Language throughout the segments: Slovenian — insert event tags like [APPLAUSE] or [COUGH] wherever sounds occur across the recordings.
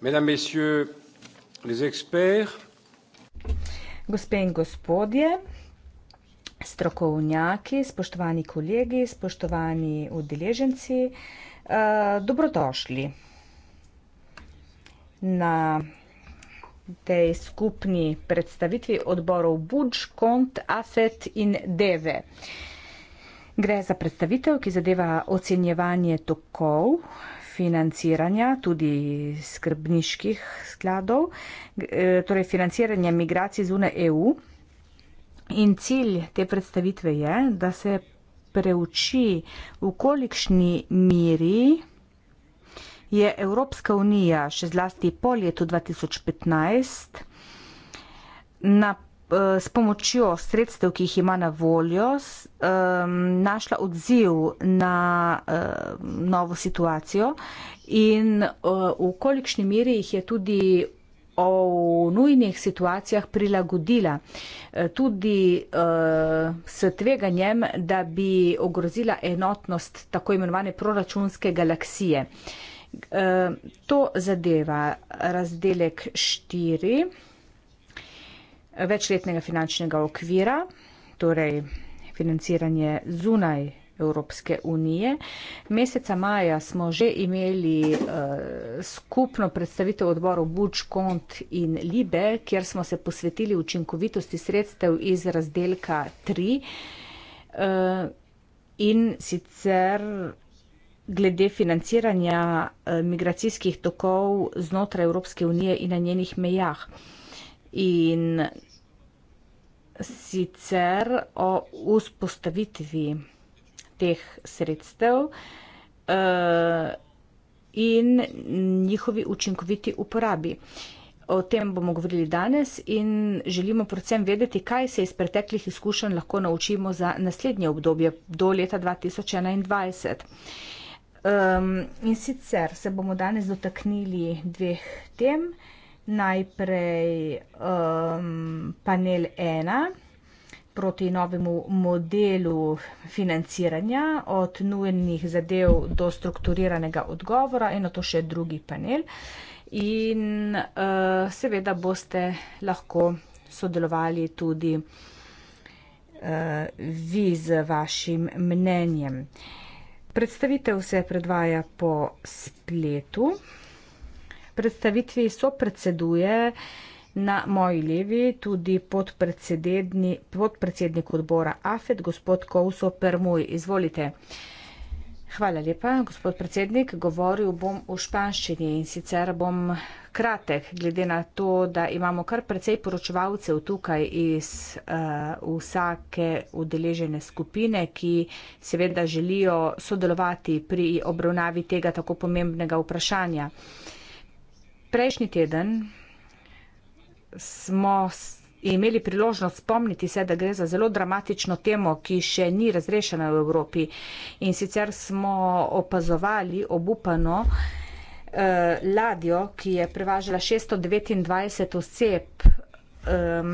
Mesdames, Messieurs les experts, Gospe in gospodje, strokovnjaki, spoštovani kolegi, spoštovani udeleženci, eh, dobrodošli na tej skupni predstavitvi odborov Buč, Kont, Afet in Deve. Gre za predstavitev, ki zadeva ocenjevanje tokov, financiranja, tudi skrbniških skladov, eh, torej financiranja migracij zune EU. In cilj te predstavitve je, da se preuči, v kolikšni miri je Evropska unija, še zlasti po letu 2015, na Eh, s pomočjo sredstev, ki jih ima na voljo, našla odziv na eh, novo situacijo in eh, v kolikšni meri jih je tudi o nujnih situacijah prilagodila, tudi s tveganjem, da bi ogrozila enotnost tako imenovane proračunske galaksije. To zadeva razdelek 4 večletnega finančnega okvira, torej financiranje zunaj Evropske unije. Meseca maja smo že imeli uh, skupno predstavitev odborov Buč, Kont in Libe, kjer smo se posvetili učinkovitosti sredstev iz razdelka 3 uh, eh, in sicer glede financiranja uh, migracijskih tokov znotraj Evropske unije in na njenih mejah. In sicer o vzpostavitvi teh sredstev eh, in njihovi učinkoviti uporabi. O tem bomo govorili danes in želimo predvsem vedeti, kaj se iz preteklih izkušenj lahko naučimo za naslednje obdobje do leta 2021. Um, ehm, in sicer se bomo danes dotaknili dveh tem. Uh, najprej um, panel ena proti novemu modelu financiranja od nujnih zadev do strukturiranega odgovora in na to še drugi panel. In uh, seveda boste lahko sodelovali tudi uh, vi z vašim mnenjem. Predstavitev se predvaja po spletu predstavitvi sopredseduje na moji levi tudi podpredsednik odbora AFET, gospod Kouso Permuj. Izvolite. Hvala lepa, gospod predsednik. Govoril bom v španščini in sicer bom kratek, glede na to, da imamo kar precej poročevalcev tukaj iz uh, vsake udeležene skupine, ki seveda želijo sodelovati pri obravnavi tega tako pomembnega vprašanja. Uh, prejšnji teden smo imeli priložnost spomniti se, da gre za zelo dramatično temo, ki še ni razrešena v Evropi. In sicer smo opazovali obupano eh, ladjo, ki je prevažala 629 oseb. Eh,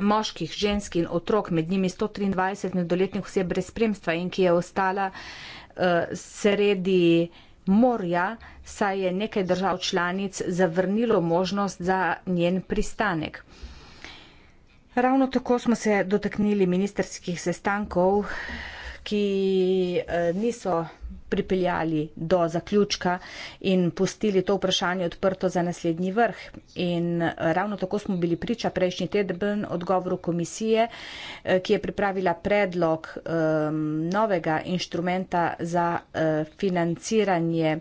moških, žensk in otrok, med njimi 123 nedoletnih oseb brez spremstva in ki je ostala uh, sredi morja saj je nekaj držav članic zavrnilo možnost za njen pristanek. Ravno tako smo se dotaknili ministerskih sestankov, ki eh, niso pripeljali do zaključka in pustili to vprašanje odprto za naslednji vrh. In eh, ravno tako smo bili priča prejšnji teden odgovoru komisije, eh, ki je pripravila predlog novega inštrumenta za financiranje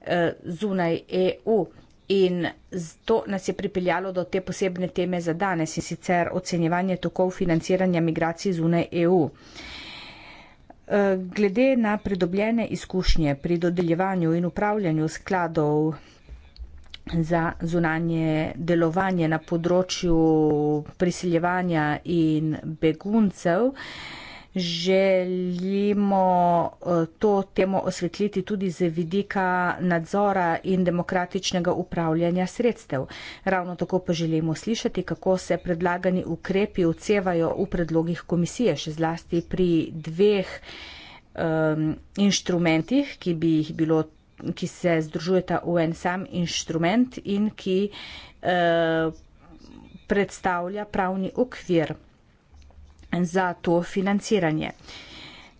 Eh, zunaj EU. In to nas je pripeljalo do te posebne teme za danes in sicer ocenjevanje tokov financiranja migracij zunaj EU. Eh, glede na pridobljene izkušnje pri dodeljevanju in upravljanju skladov za zunanje delovanje na področju priseljevanja in beguncev, želimo eh, to temo osvetliti tudi z vidika nadzora in demokratičnega upravljanja sredstev. Ravno tako pa želimo slišati, kako se predlagani ukrepi odsevajo v predlogih komisije, še zlasti pri dveh um, inštrumentih, ki bi jih bilo ki se združujeta v en sam inštrument in ki eh, predstavlja pravni okvir za to financiranje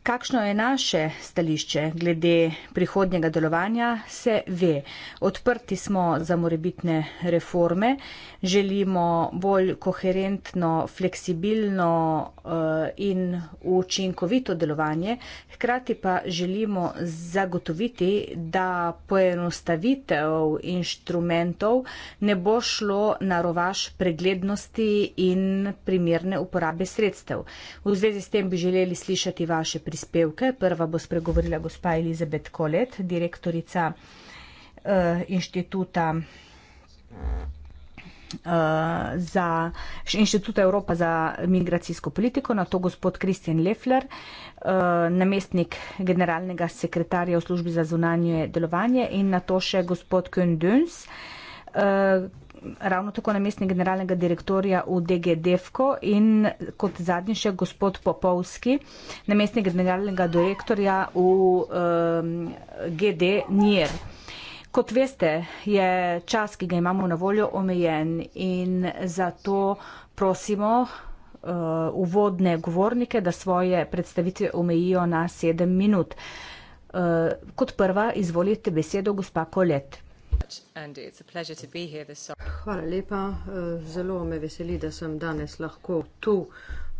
kakšno je naše stališče glede prihodnjega delovanja, se ve. Odprti smo za morebitne reforme, želimo bolj koherentno, fleksibilno eh, in učinkovito delovanje, hkrati pa želimo zagotoviti, da poenostavitev inštrumentov ne bo šlo na rovaš preglednosti in primerne uporabe sredstev. V zvezi s tem bi želeli slišati vaše pristope prispevke. Prva bo spregovorila gospa Elizabeth Kolet, direktorica uh, inštituta. Eh, za inštituta Evropa za migracijsko politiko, na to gospod Kristjan Lefler, eh, namestnik generalnega sekretarja v službi za zunanje delovanje in na to še gospod Kön Duns, ravno tako namestnik generalnega direktorja v DG Defko in kot zadnji še gospod Popovski, namestnik generalnega direktorja v um, GD Nier. Kot veste, je čas, ki ga imamo na voljo, omejen in zato prosimo uh, uvodne govornike, da svoje predstavitve omejijo na sedem minut. Uh, kot prva izvolite besedo gospa Kolet. Hvala lepa. Eh, zelo me veseli, da sem danes lahko tu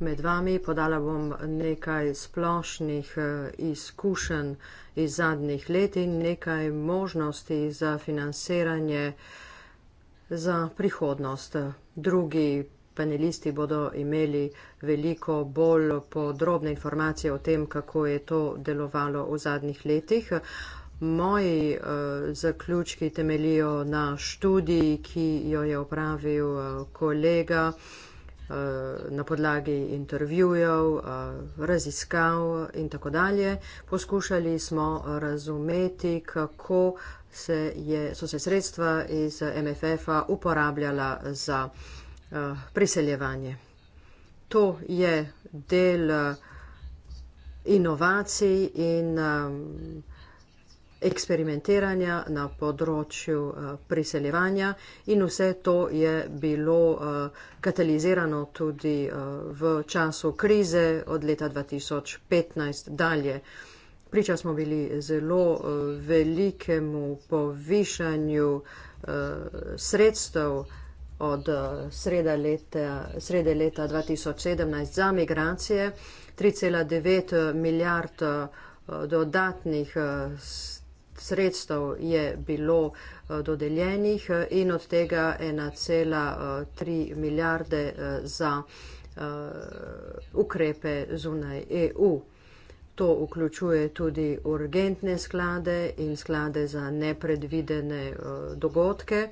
med vami. Podala bom nekaj splošnih eh, izkušenj iz zadnjih let in nekaj možnosti za financiranje za prihodnost. Drugi panelisti bodo imeli veliko bolj podrobne informacije o tem, kako je to delovalo v zadnjih letih. Moji uh, zaključki temelijo na študiji, ki jo je opravil uh, kolega uh, na podlagi intervjujev, uh, raziskav in tako dalje. Poskušali smo razumeti, kako se je, so se sredstva iz MFF-a uporabljala za uh, priseljevanje. To je del uh, inovacij in um, eksperimentiranja, na področju eh, priseljevanja in vse to je bilo eh, katalizirano tudi eh, v času krize od leta 2015 dalje. Priča smo bili zelo velikemu povišanju sredstev od leta, srede leta 2017 za migracije, 3,9 milijard dodatnih sredstev sredstev je bilo eh, dodeljenih eh, in od tega 1,3 eh, milijarde za ukrepe zunaj EU. To vključuje tudi urgentne sklade in sklade za nepredvidene dogodke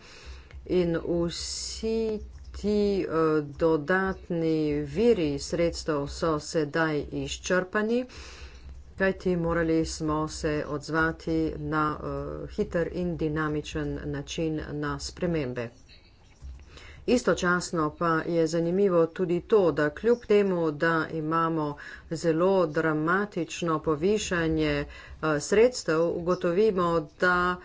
in vsi ti dodatni viri sredstev so sedaj izčrpani kajti morali smo se odzvati na uh, hiter in dinamičen način na spremembe. Istočasno pa je zanimivo tudi to, da kljub temu, da imamo zelo dramatično povišanje eh, sredstev, ugotovimo, da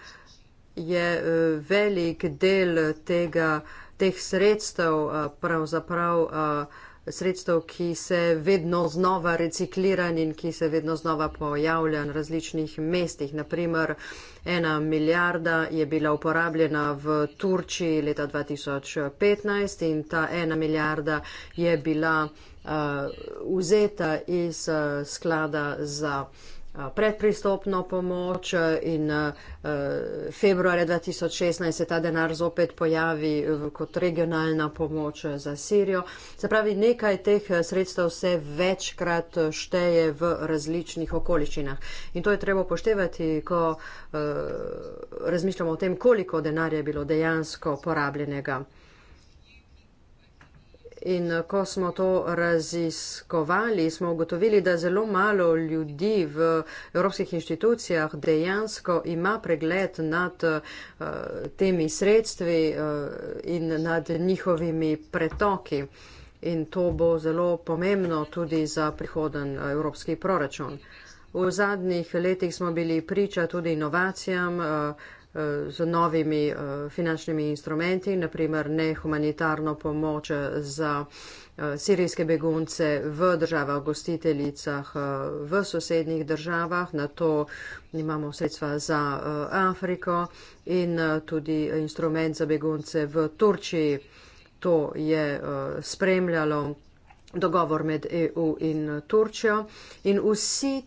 je eh, velik del tega, teh sredstev pravzaprav prav, sredstev, ki se vedno znova reciklira in ki se vedno znova pojavlja na različnih mestih. Naprimer, ena milijarda je bila uporabljena v Turčiji leta 2015 in ta ena milijarda je bila uh, vzeta iz uh, sklada za. Eh, predpristopno pomoč in eh, februarja 2016 se ta denar zopet pojavi eh, kot regionalna pomoč za Sirijo. Se pravi, nekaj teh sredstev se večkrat šteje v različnih okoliščinah. In to je treba poštevati, ko razmišljamo o tem, koliko denarja je bilo dejansko porabljenega. In eh, ko smo to raziskovali, smo ugotovili, da zelo malo ljudi v evropskih inštitucijah dejansko ima pregled nad eh, temi sredstvi eh, in nad njihovimi pretoki. In to bo zelo pomembno tudi za prihoden evropski proračun. V zadnjih letih smo bili priča tudi inovacijam, uh, Eh, z novimi eh, finančnimi instrumenti, naprimer ne humanitarno pomoč eh, za sirijske begunce v državah, gostiteljicah, v sosednjih državah, na to imamo sredstva za Afriko in tudi instrument za begunce v Turčiji. To je spremljalo dogovor med EU in Turčijo in vsi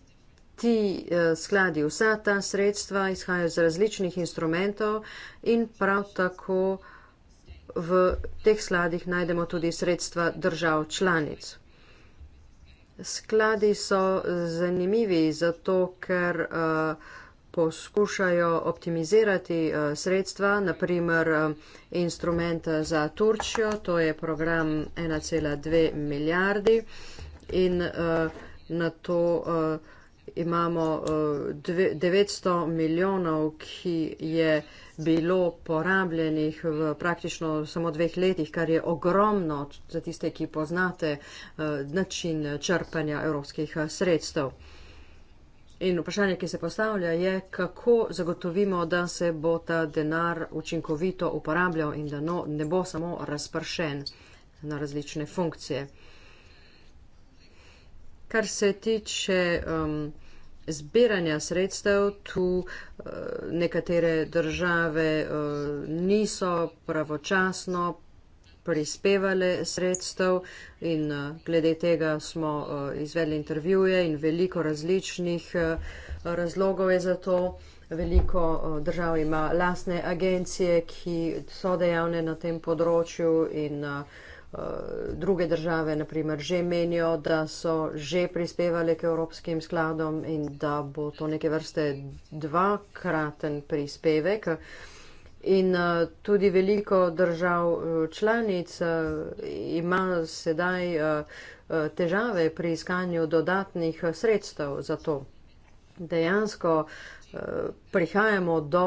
ti eh, skladi, vsa ta sredstva izhajajo z različnih instrumentov in prav tako v teh skladih najdemo tudi sredstva držav članic. Skladi so eh, zanimivi zato, ker eh, poskušajo optimizirati sredstva, naprimer instrument za Turčjo, to je program 1,2 milijardi in na to imamo eh, dve, 900 milijonov, ki je bilo porabljenih v praktično samo dveh letih, kar je ogromno za tiste, ki poznate eh, način črpanja evropskih eh, sredstev. In vprašanje, ki se postavlja, je, kako zagotovimo, da se bo ta denar učinkovito uporabljal in da no, ne bo samo razpršen na različne funkcije. Kar se tiče um, zbiranja sredstev, tu eh, nekatere države eh, niso pravočasno prispevale sredstev in eh, glede tega smo izvedli intervjuje in veliko različnih razlogov je za to. Veliko držav ima lastne agencije, ki so dejavne na tem področju in uh, Eh, druge države naprimer, že menijo, da so že prispevali k evropskim skladom in da bo to neke vrste dvakraten prispevek. In eh, tudi veliko držav eh, članic ima sedaj težave pri iskanju dodatnih sredstev za to. Dejansko prihajamo do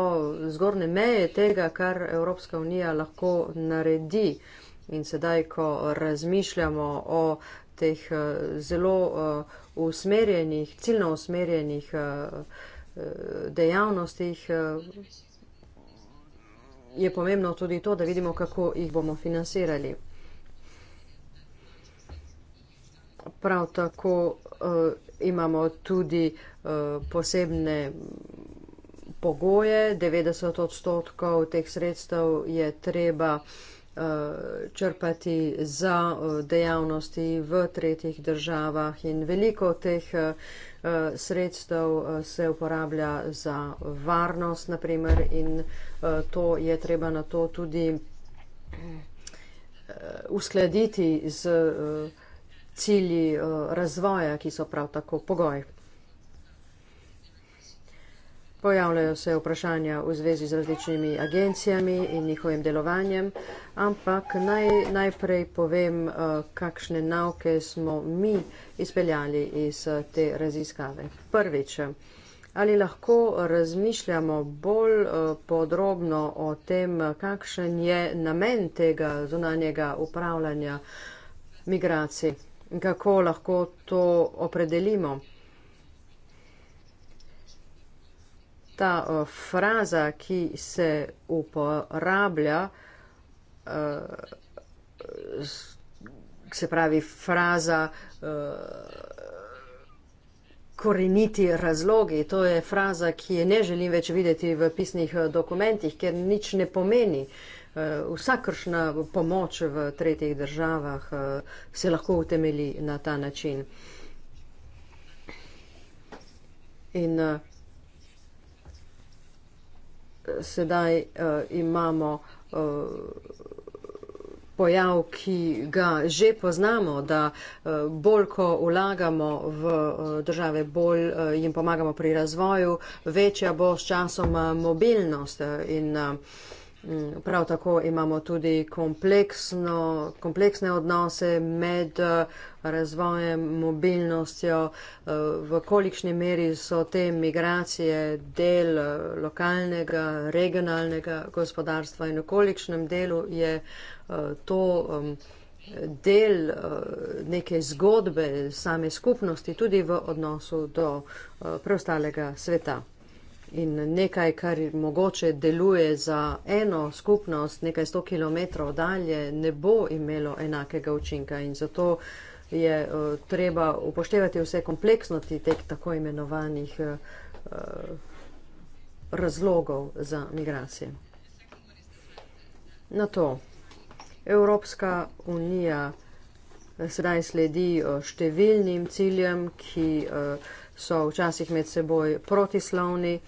zgorne meje tega, kar Evropska unija lahko naredi. In sedaj, ko razmišljamo o teh eh, zelo eh, usmerjenih, ciljno usmerjenih eh, dejavnostih, je pomembno tudi to, da vidimo, kako jih bomo financirali. Prav tako uh, imamo tudi uh, posebne pogoje. 90 odstotkov teh sredstev je treba uh, Eh, črpati za eh, dejavnosti v tretjih državah in veliko teh eh, sredstev se uporablja za varnost, naprimer, in to je treba na to tudi uskladiti z cilji razvoja, ki so prav tako pogoj. Pojavljajo se vprašanja v zvezi z različnimi agencijami in njihovim delovanjem, ampak naj, najprej povem, eh, kakšne nauke smo mi izpeljali iz eh, te raziskave. Prvič, ali lahko razmišljamo bolj eh, podrobno o tem, kakšen je namen tega zunanjega upravljanja migracij in kako lahko to opredelimo. ta uh, fraza, ki se uporablja, uh, se pravi fraza uh, koreniti razlogi, to je fraza, ki je ne želim več videti v pisnih dokumentih, ker nič ne pomeni. Vsakršna pomoč v tretjih državah se lahko utemeli na ta način. In sedaj uh, imamo uh, pojav, ki ga že poznamo, da uh, bolj, ko vlagamo v uh, države, bolj uh, jim pomagamo pri razvoju, večja bo s časom uh, mobilnost uh, in uh, Mm, prav tako imamo tudi kompleksno, kompleksne odnose med eh, razvojem, mobilnostjo, eh, v kolikšni meri so te migracije del eh, lokalnega, regionalnega gospodarstva in v kolikšnem delu je to del neke zgodbe same skupnosti tudi v odnosu do preostalega sveta in nekaj, kar mogoče deluje za eno skupnost nekaj sto kilometrov dalje, ne bo imelo enakega učinka in zato je uh, treba upoštevati vse kompleksnosti teh tako imenovanih uh, razlogov za migracije. Na to Evropska unija eh, sedaj sledi uh, številnim ciljem, ki uh, so včasih med seboj protislovni,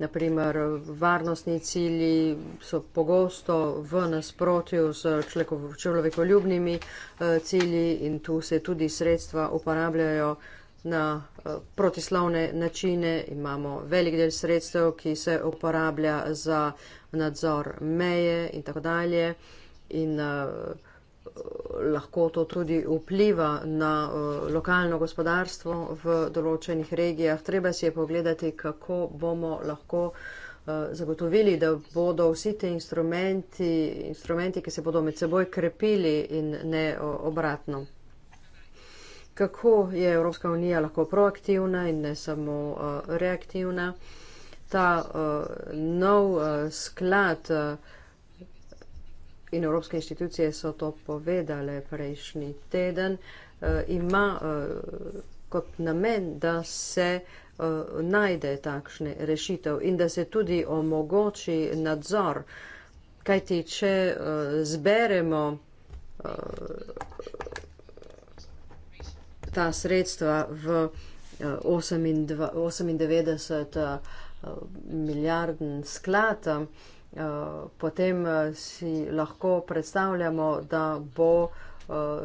naprimer varnostni cilji so pogosto v nasprotju s človekoljubnimi eh, cilji in tu se tudi sredstva uporabljajo na eh, protislovne načine. Imamo velik del sredstev, ki se uporablja za nadzor meje in tako dalje. In, uh, lahko to tudi vpliva na eh, lokalno gospodarstvo v določenih regijah. Treba si je pogledati, kako bomo lahko eh, zagotovili, da bodo vsi ti instrumenti, instrumenti, ki se bodo med seboj krepili in ne obratno. Kako je Evropska unija lahko proaktivna in ne samo eh, reaktivna? Ta nov sklad in evropske institucije so to povedale prejšnji teden, eh, ima eh, kot namen, da se eh, najde takšne rešitev in da se tudi omogoči nadzor. Kajti, če zberemo ta sredstva v 98 milijardn sklata, Eh, potem eh, si lahko predstavljamo, da bo eh,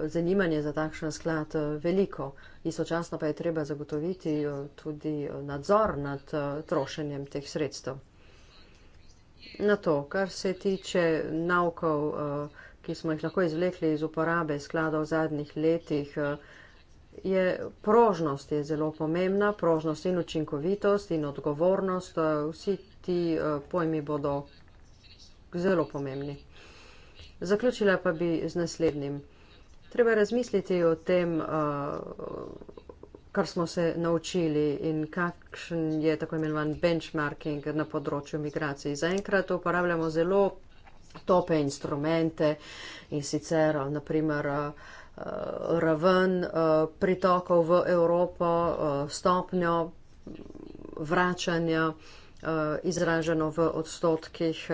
zanimanje za takšen sklad veliko. Istočasno pa je treba zagotoviti tudi nadzor nad trošenjem teh sredstev. Na to, kar se tiče naukov, ki smo jih lahko izvlekli iz uporabe sklada v zadnjih letih, je prožnost je zelo pomembna, prožnost in učinkovitost in odgovornost. Vsi ti pojmi bodo zelo pomembni. Zaključila pa bi z naslednjim. Treba razmisliti o tem, uh, kar smo se naučili in kakšen je tako imenovan benchmarking na področju migracij. Zaenkrat uporabljamo zelo tope instrumente in sicer naprimer uh, raven uh, pritokov v Evropo, stopnjo vračanja Eh, izraženo v odstotkih.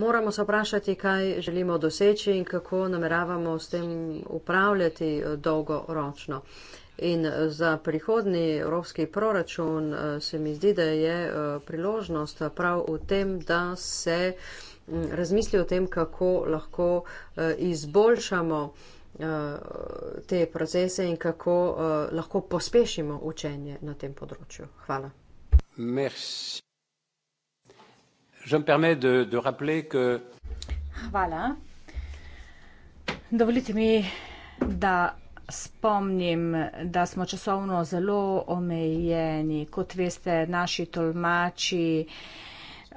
Moramo se vprašati, kaj želimo doseči in kako nameravamo s tem upravljati eh, dolgoročno. In eh, za prihodni evropski proračun se mi zdi, da je priložnost prav v tem, da se mm, razmisli o tem, kako lahko izboljšamo te procese in kako lahko pospešimo učenje na tem področju. Hvala. Merci. Je me permets de, de rappeler que... Hvala. Dovolite mi, da spomnim, da smo časovno zelo omejeni. Kot veste, naši tolmači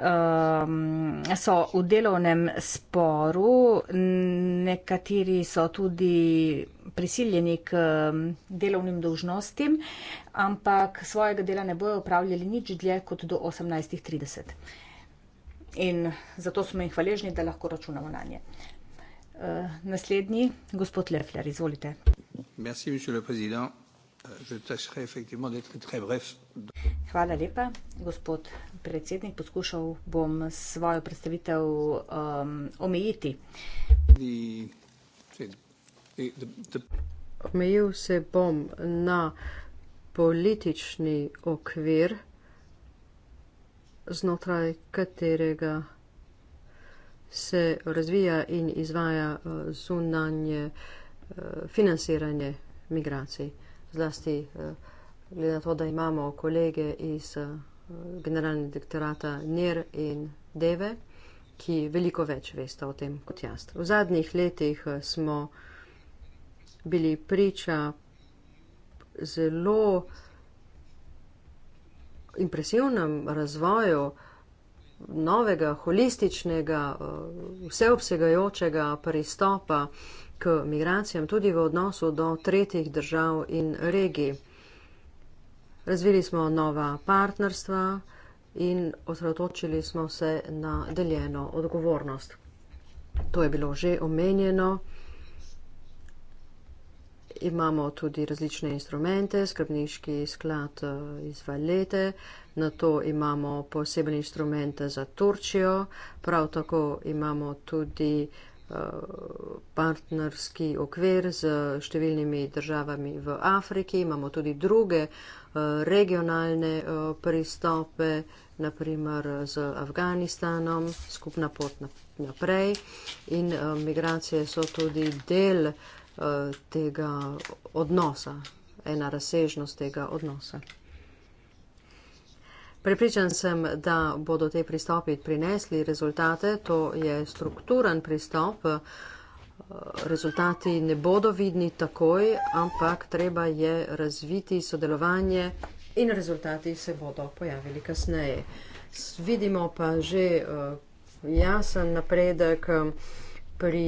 um, so v delovnem sporu, nekateri so tudi prisiljeni k um, delovnim dožnostim, ampak svojega dela ne bojo upravljali nič dlje kot do 18.30 in zato smo jim hvaležni, da lahko računamo na nje. Uh, eh, naslednji, gospod Lefler, izvolite. Merci, eh, Hvala lepa, gospod predsednik. Poskušal bom svojo predstavitev um, omejiti. Omejil se bom na politični okvir, znotraj katerega se razvija in izvaja eh, zunanje eh, financiranje migracij. Zlasti eh, glede na to, da imamo kolege iz generalnega direktorata NIR in DEVE, ki veliko več veste o tem kot jaz. V zadnjih letih smo bili priča zelo uh, impresivnem razvoju novega, holističnega, eh, vseobsegajočega pristopa k migracijam, tudi v odnosu do tretjih držav in regij. Razvili smo nova partnerstva in osredotočili smo se na deljeno odgovornost. To je bilo že omenjeno imamo tudi različne instrumente, skrbniški sklad eh, iz Valete, na to imamo poseben instrument za Turčijo, prav tako imamo tudi eh, partnerski okvir z številnimi državami v Afriki, imamo tudi druge eh, regionalne pristope, naprimer z Afganistanom, skupna pot naprej in migracije so tudi del Eh, tega odnosa, ena razsežnost tega odnosa. Prepričan sem, da bodo te pristopi prinesli rezultate, to je strukturan pristop. Eh, rezultati ne bodo vidni takoj, ampak treba je razviti sodelovanje in rezultati se bodo pojavili kasneje. Vidimo pa že eh, jasen napredek pri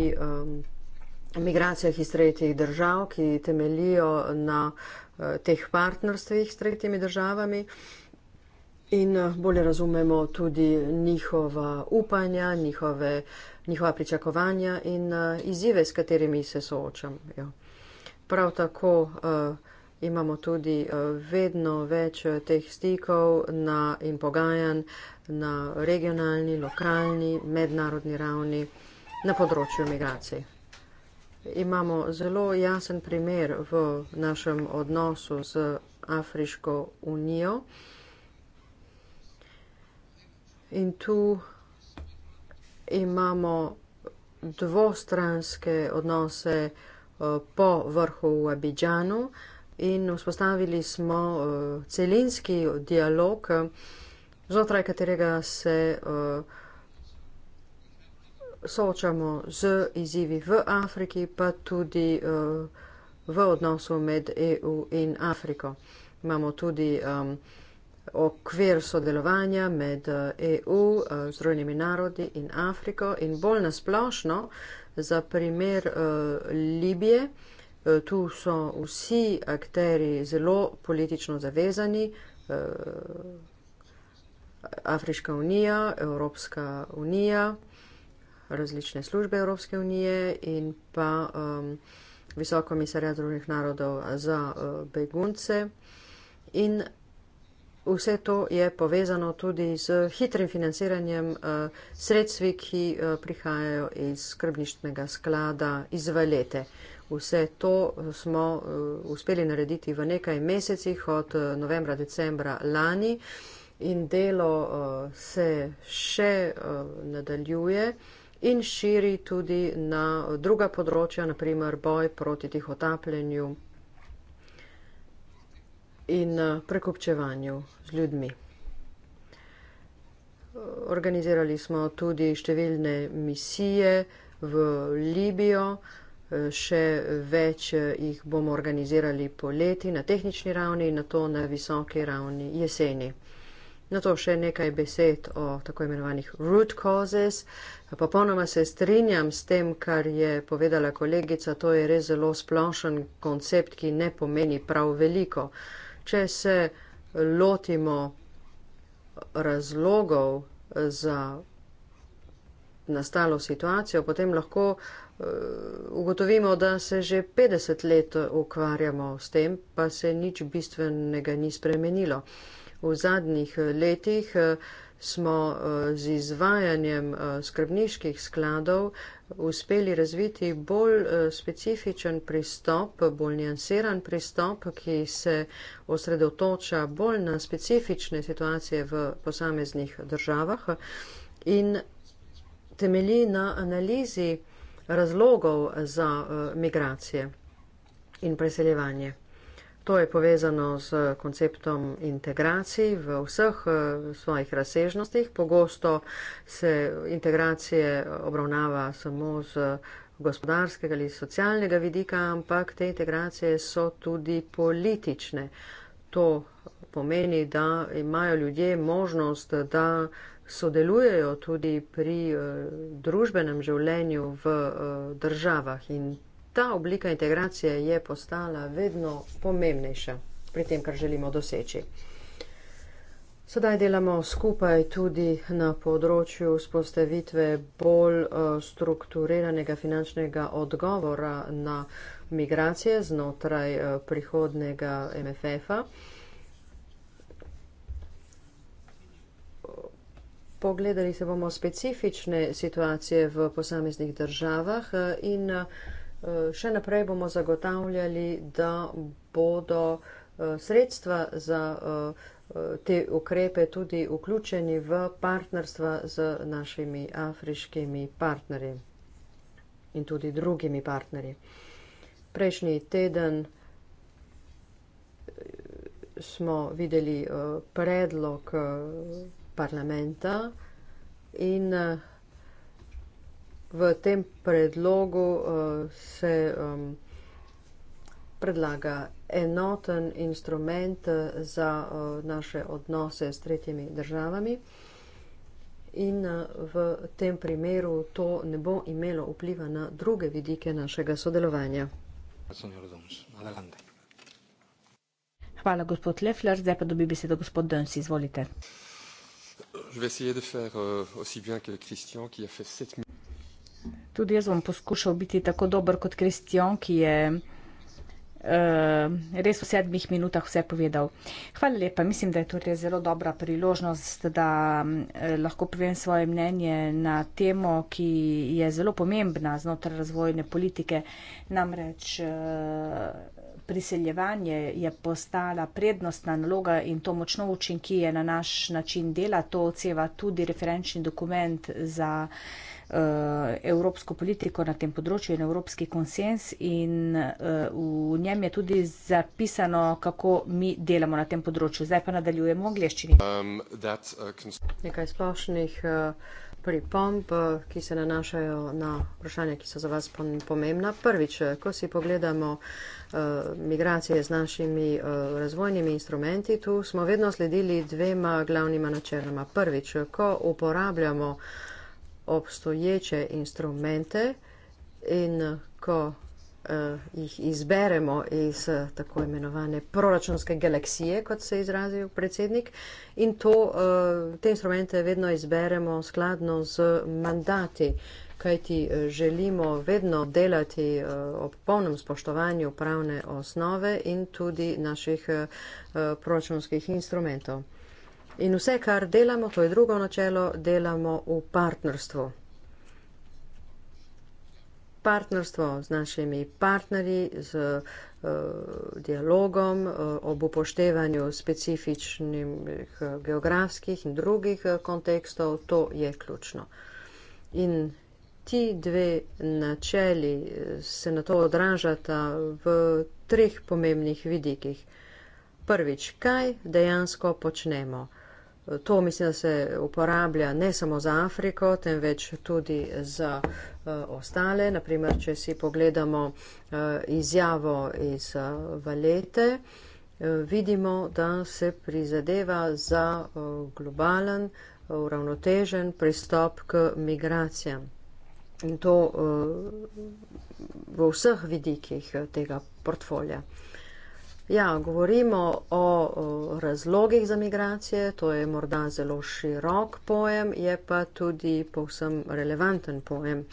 migracijah iz tretjih držav, ki temelijo na eh, teh partnerstvih s tretjimi državami. In eh, bolje razumemo tudi njihova upanja, njihove, njihova pričakovanja in eh, izzive, s katerimi se soočamo. Ja. Prav tako uh, imamo tudi vedno več teh stikov na, in pogajanj na regionalni, lokalni, mednarodni ravni na področju migracije imamo zelo jasen primer v našem odnosu z Afriško unijo. In tu imamo dvostranske odnose eh, po vrhu v Abidžanu in vzpostavili smo eh, celinski dialog, eh, znotraj katerega se uh, soočamo z izzivi v Afriki, pa tudi uh, v odnosu med EU in Afriko. Imamo tudi um, okvir sodelovanja med uh, eh, EU, uh, eh, Združenimi narodi in Afriko in bolj nasplošno za primer uh, Libije. Uh, tu so vsi akteri zelo politično zavezani. Uh, Afriška unija, Evropska unija različne službe Evropske unije in pa um, Visoko misarja drugih narodov za uh, begunce. In vse to je povezano tudi z hitrim financiranjem uh, sredstvi, ki uh, prihajajo iz skrbništnega sklada iz Valete. Vse to uh, smo uh, uspeli narediti v nekaj mesecih od uh, novembra, decembra lani in delo uh, se še uh, nadaljuje. Uh, in širi tudi na druga področja, naprimer boj proti tihotapljenju in eh, prekupčevanju z ljudmi. Organizirali smo tudi številne misije v Libijo, eh, še več eh, jih bomo organizirali poleti na tehnični ravni in na to na visoki ravni jeseni. Na to še nekaj besed o tako imenovanih root causes. Popolnoma se strinjam s tem, kar je povedala kolegica, to je res zelo splošen koncept, ki ne pomeni prav veliko. Če se lotimo razlogov za nastalo situacijo, potem lahko eh, ugotovimo, da se že 50 let ukvarjamo s tem, pa se nič bistvenega ni spremenilo v zadnjih eh, letih eh, smo eh, z izvajanjem skrbniških skladov uspeli razviti bolj specifičen pristop, bolj njansiran pristop, ki se osredotoča bolj na specifične situacije v posameznih državah in temelji na analizi razlogov za migracije in preseljevanje. To je povezano s konceptom integracij v vseh eh, svojih razsežnostih. Pogosto se integracije obravnava samo z gospodarskega ali socialnega vidika, ampak te integracije so tudi politične. To pomeni, da imajo ljudje možnost, da sodelujejo tudi pri eh, družbenem življenju v eh, državah in ta oblika integracije je postala vedno pomembnejša pri tem, kar želimo doseči. Sedaj delamo skupaj tudi na področju spostavitve bolj eh, strukturiranega finančnega odgovora na migracije znotraj eh, prihodnega MFF-a. Pogledali se bomo specifične situacije v posameznih državah eh, in Eh, še naprej bomo zagotavljali, da bodo eh, sredstva za eh, te ukrepe tudi vključeni v partnerstva z našimi afriškimi partnerji in tudi drugimi partnerji. Prejšnji teden smo videli predlog parlamenta in v tem predlogu uh, se um, predlaga enoten instrument eh, za uh, naše odnose s tretjimi državami in uh, v tem primeru to ne bo imelo vpliva na druge vidike našega sodelovanja. Hvala, gospod Lefler. Zdaj pa dobi besedo gospod Dönsi. Izvolite. Tudi jaz bom poskušal biti tako dober kot Kristjan, ki je uh, res v sedmih minutah vse povedal. Hvala lepa, mislim, da je to res zelo dobra priložnost, da uh, lahko povem svoje mnenje na temo, ki je zelo pomembna znotraj razvojne politike. Namreč uh, priseljevanje je postala prednostna naloga in to močno učinki je na naš način dela. To odseva tudi referenčni dokument za. Uh, Eh, evropsko politiko na tem področju in evropski konsens in eh, v njem je tudi zapisano, kako mi delamo na tem področju. Zdaj pa nadaljujemo v angliščini. Um, uh, Nekaj splošnih eh, pripomb, ki se nanašajo na vprašanja, ki so za vas pomembna. Prvič, ko si pogledamo migracije z našimi razvojnimi instrumenti, tu smo vedno sledili dvema glavnima načeloma. Prvič, ko uporabljamo obstoječe instrumente in ko eh, jih izberemo iz tako imenovane proračunske galaksije, kot se je izrazil predsednik, in to, eh, te instrumente vedno izberemo skladno z mandati, kajti eh, želimo vedno delati ob polnem spoštovanju pravne osnove in tudi naših proračunskih instrumentov. In vse, kar delamo, to je drugo načelo, delamo v partnerstvu. Partnerstvo z našimi partnerji, z uh, dialogom, uh, ob upoštevanju specifičnih uh, geografskih in drugih uh, kontekstov, to je ključno. In ti dve načeli se na to odražata v treh pomembnih vidikih. Prvič, kaj dejansko počnemo? To mislim, da se uporablja ne samo za Afriko, temveč tudi za uh, ostale. Naprimer, če si pogledamo uh, izjavo iz uh, Valete, uh, vidimo, da se prizadeva za uh, globalen, uravnotežen uh, pristop k migracijam. In to uh, v vseh vidikih tega portfolja. Ja, govorimo o, o razlogih za migracije, to je morda zelo širok pojem, je pa tudi povsem relevanten pojem.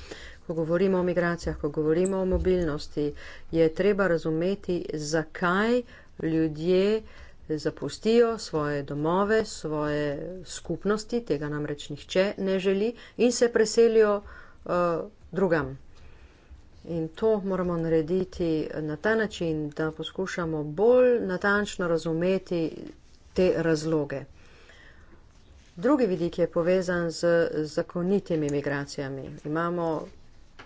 Ko govorimo o migracijah, ko govorimo o mobilnosti, je treba razumeti, zakaj ljudje zapustijo svoje domove, svoje skupnosti, tega namreč nihče ne želi in se preselijo uh, drugam. In to moramo narediti na ta način, da poskušamo bolj natančno razumeti te razloge. Drugi vidik je povezan z zakonitimi migracijami. Imamo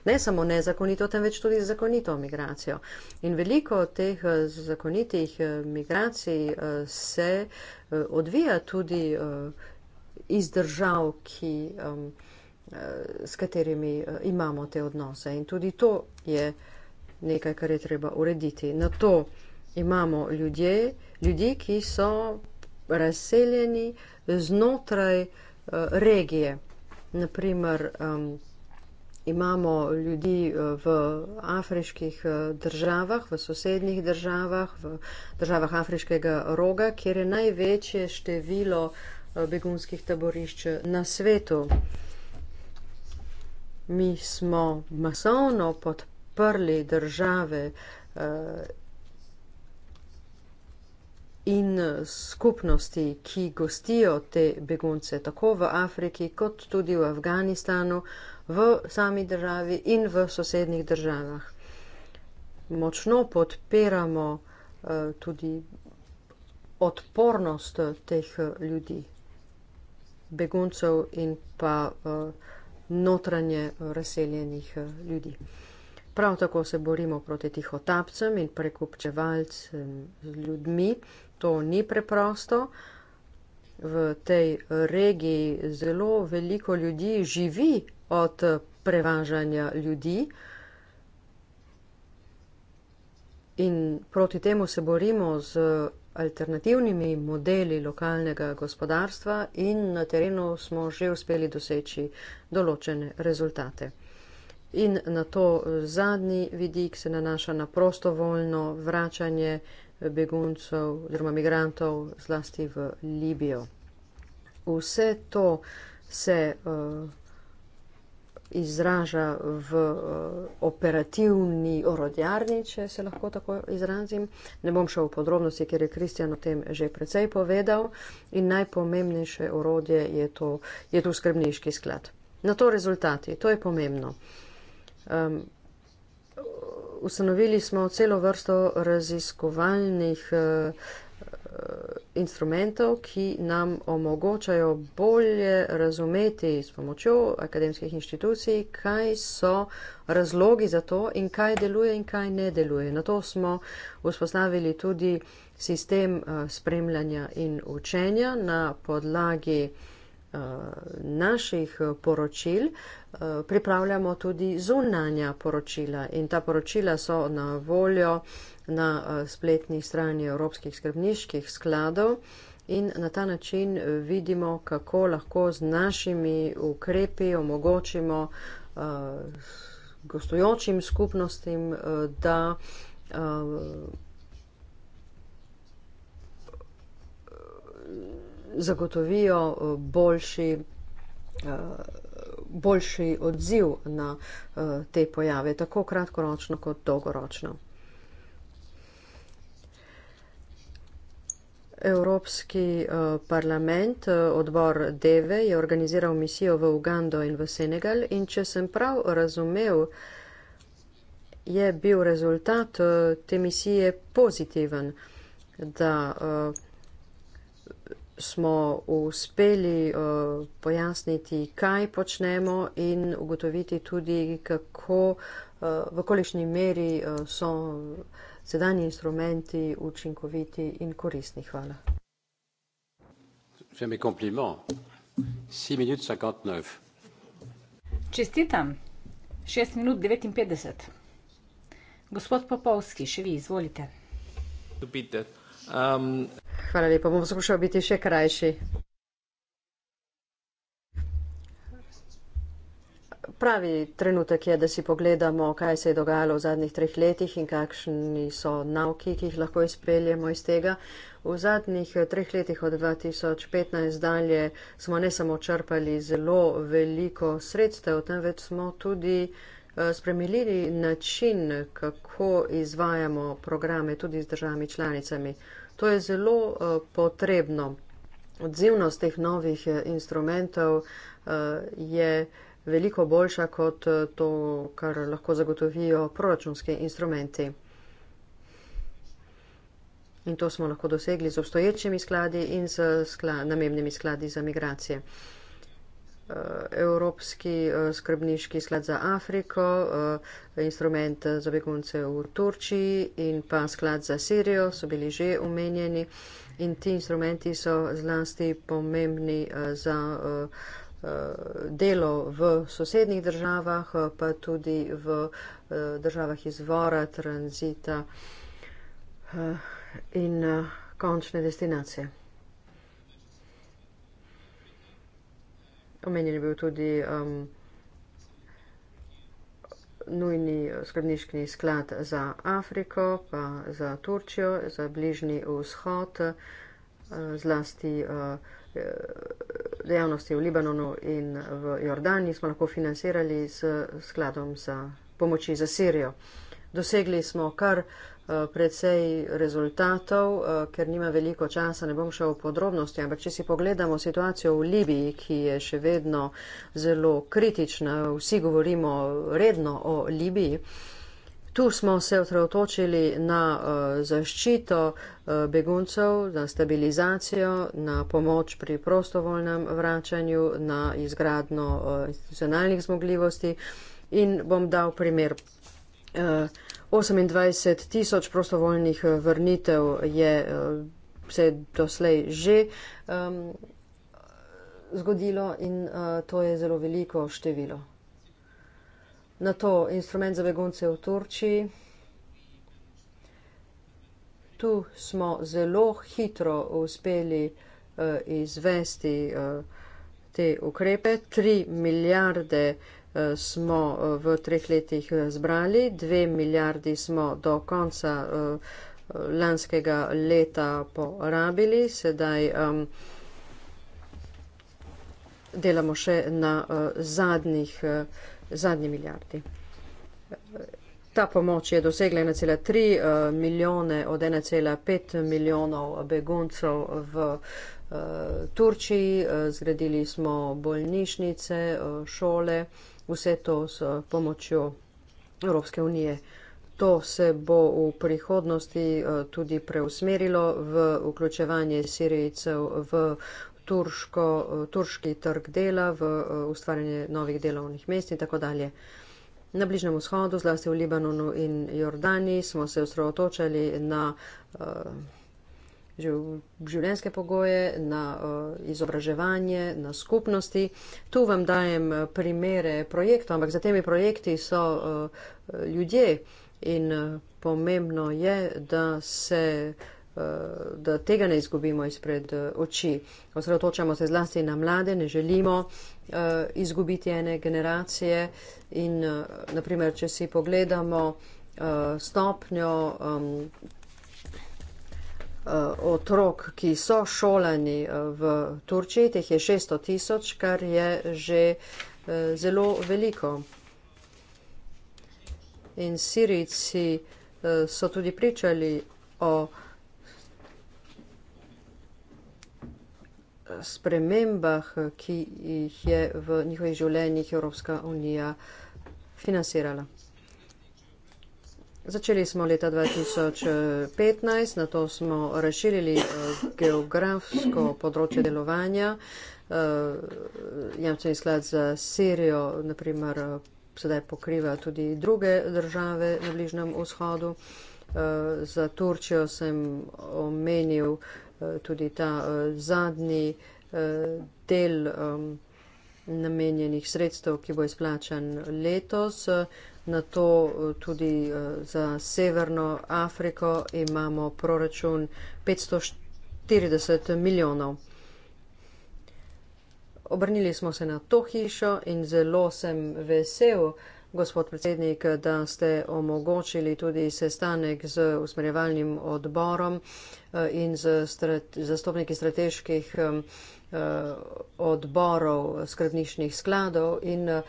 ne samo nezakonito, temveč tudi zakonito migracijo. In veliko teh eh, zakonitih eh, migracij eh, se odvija tudi iz držav, ki. Um, Eh, s katerimi eh, imamo te odnose. In tudi to je nekaj, kar je treba urediti. Na to imamo ljudje, ljudi, ki so razseljeni znotraj eh, regije. Naprimer, imamo ljudi v afriških državah, v sosednjih državah, v državah afriškega roga, kjer je največje število begunskih taborišč na svetu mi smo masovno podprli države eh, in skupnosti, ki gostijo te begunce, tako v Afriki kot tudi v Afganistanu, v sami državi in v sosednjih državah. Močno podpiramo eh, tudi odpornost teh ljudi, beguncev in pa uh, notranje eh, razseljenih eh, ljudi. Prav tako se borimo proti tihotapcem in prekupčevalcem z ljudmi. To ni preprosto. V tej regiji zelo veliko ljudi živi od eh, prevažanja ljudi in proti temu se borimo z alternativnimi modeli lokalnega gospodarstva in na terenu smo že uspeli doseči določene rezultate. In na to eh, zadnji vidik se nanaša na prostovoljno vračanje eh, beguncev oziroma migrantov zlasti v Libijo. Vse to se uh, izraža v eh, operativni orodjarni, če se lahko tako izrazim. Ne bom šel v podrobnosti, ker je Kristjan o tem že precej povedal. In najpomembnejše orodje je, to, je tu skrbniški sklad. Na to rezultati, to je pomembno. Um, ustanovili smo celo vrsto raziskovalnih uh, instrumentov, ki nam omogočajo bolje razumeti s pomočjo akademskih inštitucij, kaj so razlogi za to in kaj deluje in kaj ne deluje. Na to smo vzpostavili tudi sistem eh, spremljanja in učenja na podlagi eh, naših poročil, eh, pripravljamo tudi zunanja poročila in ta poročila so na voljo na eh, spletni strani evropskih skrbniških skladov in na ta način vidimo, kako lahko z našimi ukrepi omogočimo eh, gostujočim skupnostim, eh, da zagotovijo boljši, boljši odziv na te pojave, tako kratkoročno kot dolgoročno. Evropski eh, parlament, eh, odbor Deve, je organiziral misijo v Ugando in v Senegal in če sem prav razumel, je bil rezultat eh, te misije pozitiven, da smo uspeli pojasniti, kaj počnemo in ugotoviti tudi, kako, v kolikšni meri so sedanji instrumenti učinkoviti in koristni. Hvala. Vse mi kompliment. 6 minut 59. Čestitam. 6 minut 59. Gospod Popovski, še vi izvolite. Um... Hvala lepa, bom poskušal biti še krajši. pravi trenutek je, da si pogledamo, kaj se je dogajalo v zadnjih treh letih in kakšni so navki, ki jih lahko izpeljemo iz tega. V zadnjih treh letih od 2015 dalje smo ne samo črpali zelo veliko sredstev, temveč smo tudi eh, spremenili način, kako izvajamo programe tudi z državami članicami. To je zelo eh, potrebno. Odzivnost teh novih eh, instrumentov je veliko boljša kot eh, to, kar lahko zagotovijo proračunske instrumenti. In to smo lahko dosegli z obstoječimi skladi in z skla namemnimi skladi za migracije. Eh, Evropski eh, skrbniški sklad za Afriko, instrument za begunce v Turčiji in pa sklad za Sirijo so bili že omenjeni in ti instrumenti so zlasti pomembni za Eh, delo v sosednjih državah, eh, pa tudi v eh, državah izvora, tranzita in končne destinacije. Omenjen je bil tudi um, nujni skrbniški sklad za Afriko, pa za Turčijo, za bližnji vzhod, uh, zlasti uh, Eh, dejavnosti v Libanonu in eh, v Jordani smo lahko financirali s skladom za pomoči za Sirijo. Dosegli smo kar eh, precej rezultatov, ker nima veliko časa, ne bom šel v podrobnosti, ampak če si pogledamo situacijo v Libiji, ki je še vedno zelo kritična, vsi govorimo redno o Libiji, Tu smo se otrotočili na uh, zaščito uh, beguncev, na stabilizacijo, na pomoč pri prostovoljnem vračanju, na izgradno uh, eh, institucionalnih zmogljivosti in bom dal primer. Uh, 28 tisoč prostovoljnih vrnitev je uh, se doslej že um, zgodilo in uh, to je zelo veliko število na to instrument za begunce v Turčiji. Tu smo zelo hitro uspeli uh, izvesti uh, te ukrepe. Tri milijarde uh, smo uh, v treh letih zbrali, dve milijardi smo do konca uh, lanskega leta porabili, sedaj um, delamo še na uh, zadnjih. Uh, zadnji milijardi. Ta pomoč je dosegla 1,3 eh, milijone od 1,5 milijonov beguncev v eh, Turčiji. Eh, zgradili smo bolnišnice, šole, vse to s pomočjo Evropske unije. To se bo v prihodnosti tudi preusmerilo v vključevanje Sirijcev v turško, turški trg dela, v ustvarjanje novih delovnih mest in tako dalje. Na Bližnem vzhodu, zlasti v Libanonu in Jordaniji, smo se osredotočali na eh, življenjske pogoje, na eh, izobraževanje, na skupnosti. Tu vam dajem eh, primere projektov, ampak za temi projekti so ljudje in pomembno je, da se Eh, da tega ne izgubimo izpred eh, oči. Osredotočamo se zlasti na mlade, ne želimo eh, izgubiti ene generacije in, naprimer, če si pogledamo stopnjo otrok, ki so šolani v Turčiji, teh je 600 tisoč, kar je že zelo veliko. In Sirici so tudi pričali o spremembah, ki jih je v njihovih življenjih Evropska unija financirala. Začeli smo leta 2015, na to smo razširili eh, geografsko področje delovanja. Eh, Jamčni sklad za Sirijo, naprimer, eh, sedaj pokriva tudi druge države na Bližnjem vzhodu. Za Turčijo sem omenil tudi ta uh, zadnji uh, del um, namenjenih sredstev, ki bo izplačan letos. Na to eh, tudi za Severno Afriko imamo proračun 540 milijonov. Obrnili smo se na to hišo in zelo sem vesel, gospod predsednik, da ste omogočili tudi sestanek z usmerjevalnim odborom eh, in z zastopniki strateških eh, eh, odborov skrbniških skladov in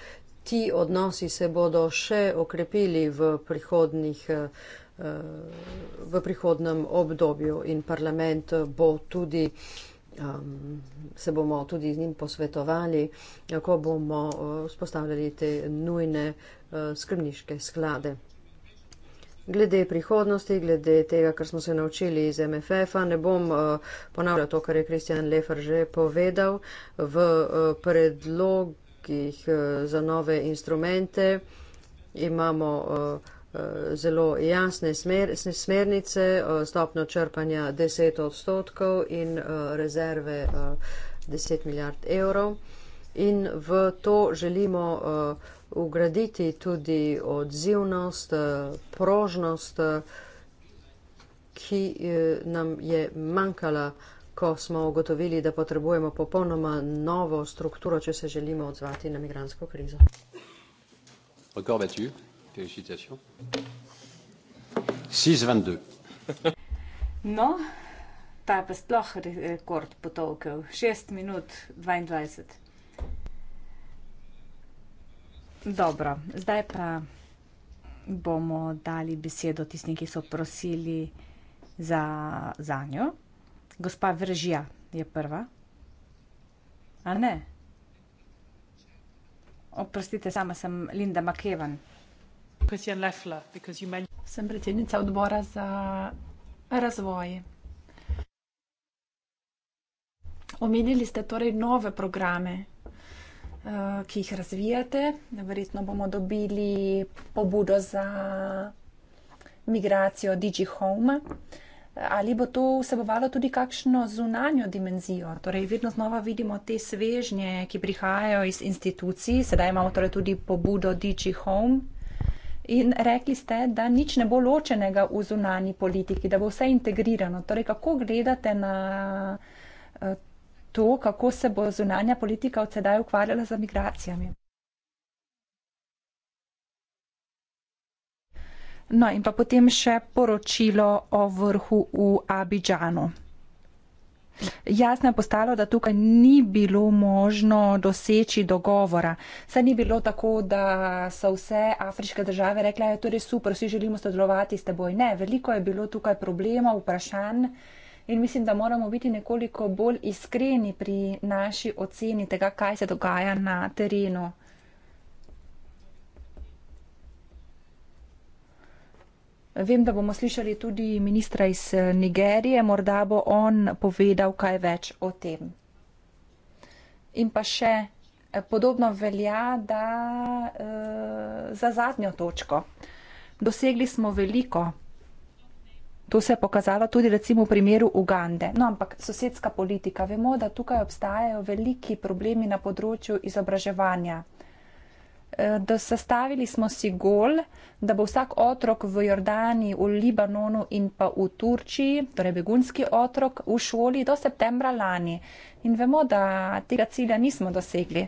ti odnosi se bodo še okrepili v prihodnih v prihodnem obdobju in parlament bo tudi um, se bomo tudi z njim posvetovali, kako bomo eh, vzpostavljali te nujne uh, skrbniške sklade. Glede prihodnosti, glede tega, kar smo se naučili iz MFF-a, ne bom uh, ponavljal to, kar je Kristjan Lefer že povedal. V uh, predlogih uh, za nove instrumente imamo uh, zelo jasne smer, smernice, stopno črpanja 10 odstotkov in rezerve 10 milijard evrov. In v to želimo ugraditi tudi odzivnost, prožnost, ki e, nam je manjkala, ko smo ugotovili, da potrebujemo popolnoma novo strukturo, če se želimo odzvati na migransko krizo. Encore battu. Félicitations. 6-22. [LAUGHS] No, ta pa sploh rekord potovkal. 6 minut 22. Dobro, zdaj pa bomo dali besedo tistim, ki so prosili za, za njo. Gospa Vržija je prva. A ne? Oprostite, sama sem Linda Makevan. Christian Leffler, because you mentioned. Sem predsednica odbora za razvoj. Omenili ste torej nove programe, eh, ki jih razvijate. Verjetno bomo dobili pobudo za migracijo DigiHome. Ali bo to vsebovalo tudi kakšno zunanjo dimenzijo? Torej, vedno znova vidimo te svežnje, ki prihajajo iz institucij. Sedaj imamo torej tudi pobudo DigiHome. In rekli ste, da nič ne bo ločenega v zunani politiki, da bo vse integrirano. Torej, kako gledate na eh, to, kako se bo zunanja politika od sedaj ukvarjala z migracijami? No, in pa potem še poročilo o vrhu v Abidžanu. Jasno je postalo, da tukaj ni bilo možno doseči dogovora. Saj ni bilo tako, da so vse afriške države rekle, da ja, je to res super, vsi želimo sodelovati s teboj. Ne, veliko je bilo tukaj problemov, vprašanj in mislim, da moramo biti nekoliko bolj iskreni pri naši oceni tega, kaj se dogaja na terenu. Vem, da bomo slišali tudi ministra iz eh, Nigerije, morda bo on povedal kaj več o tem. In pa še eh, podobno velja, da uh, za zadnjo točko. Dosegli smo veliko. To se je pokazalo tudi recimo v primeru Ugande. No, ampak sosedska politika. Vemo, da tukaj obstajajo veliki problemi na področju izobraževanja. Eh, da sestavili smo si gol, da bo vsak otrok v Jordani, v Libanonu in pa v Turčiji, torej begunski otrok, v šoli do septembra lani. In vemo, da tega cilja nismo dosegli.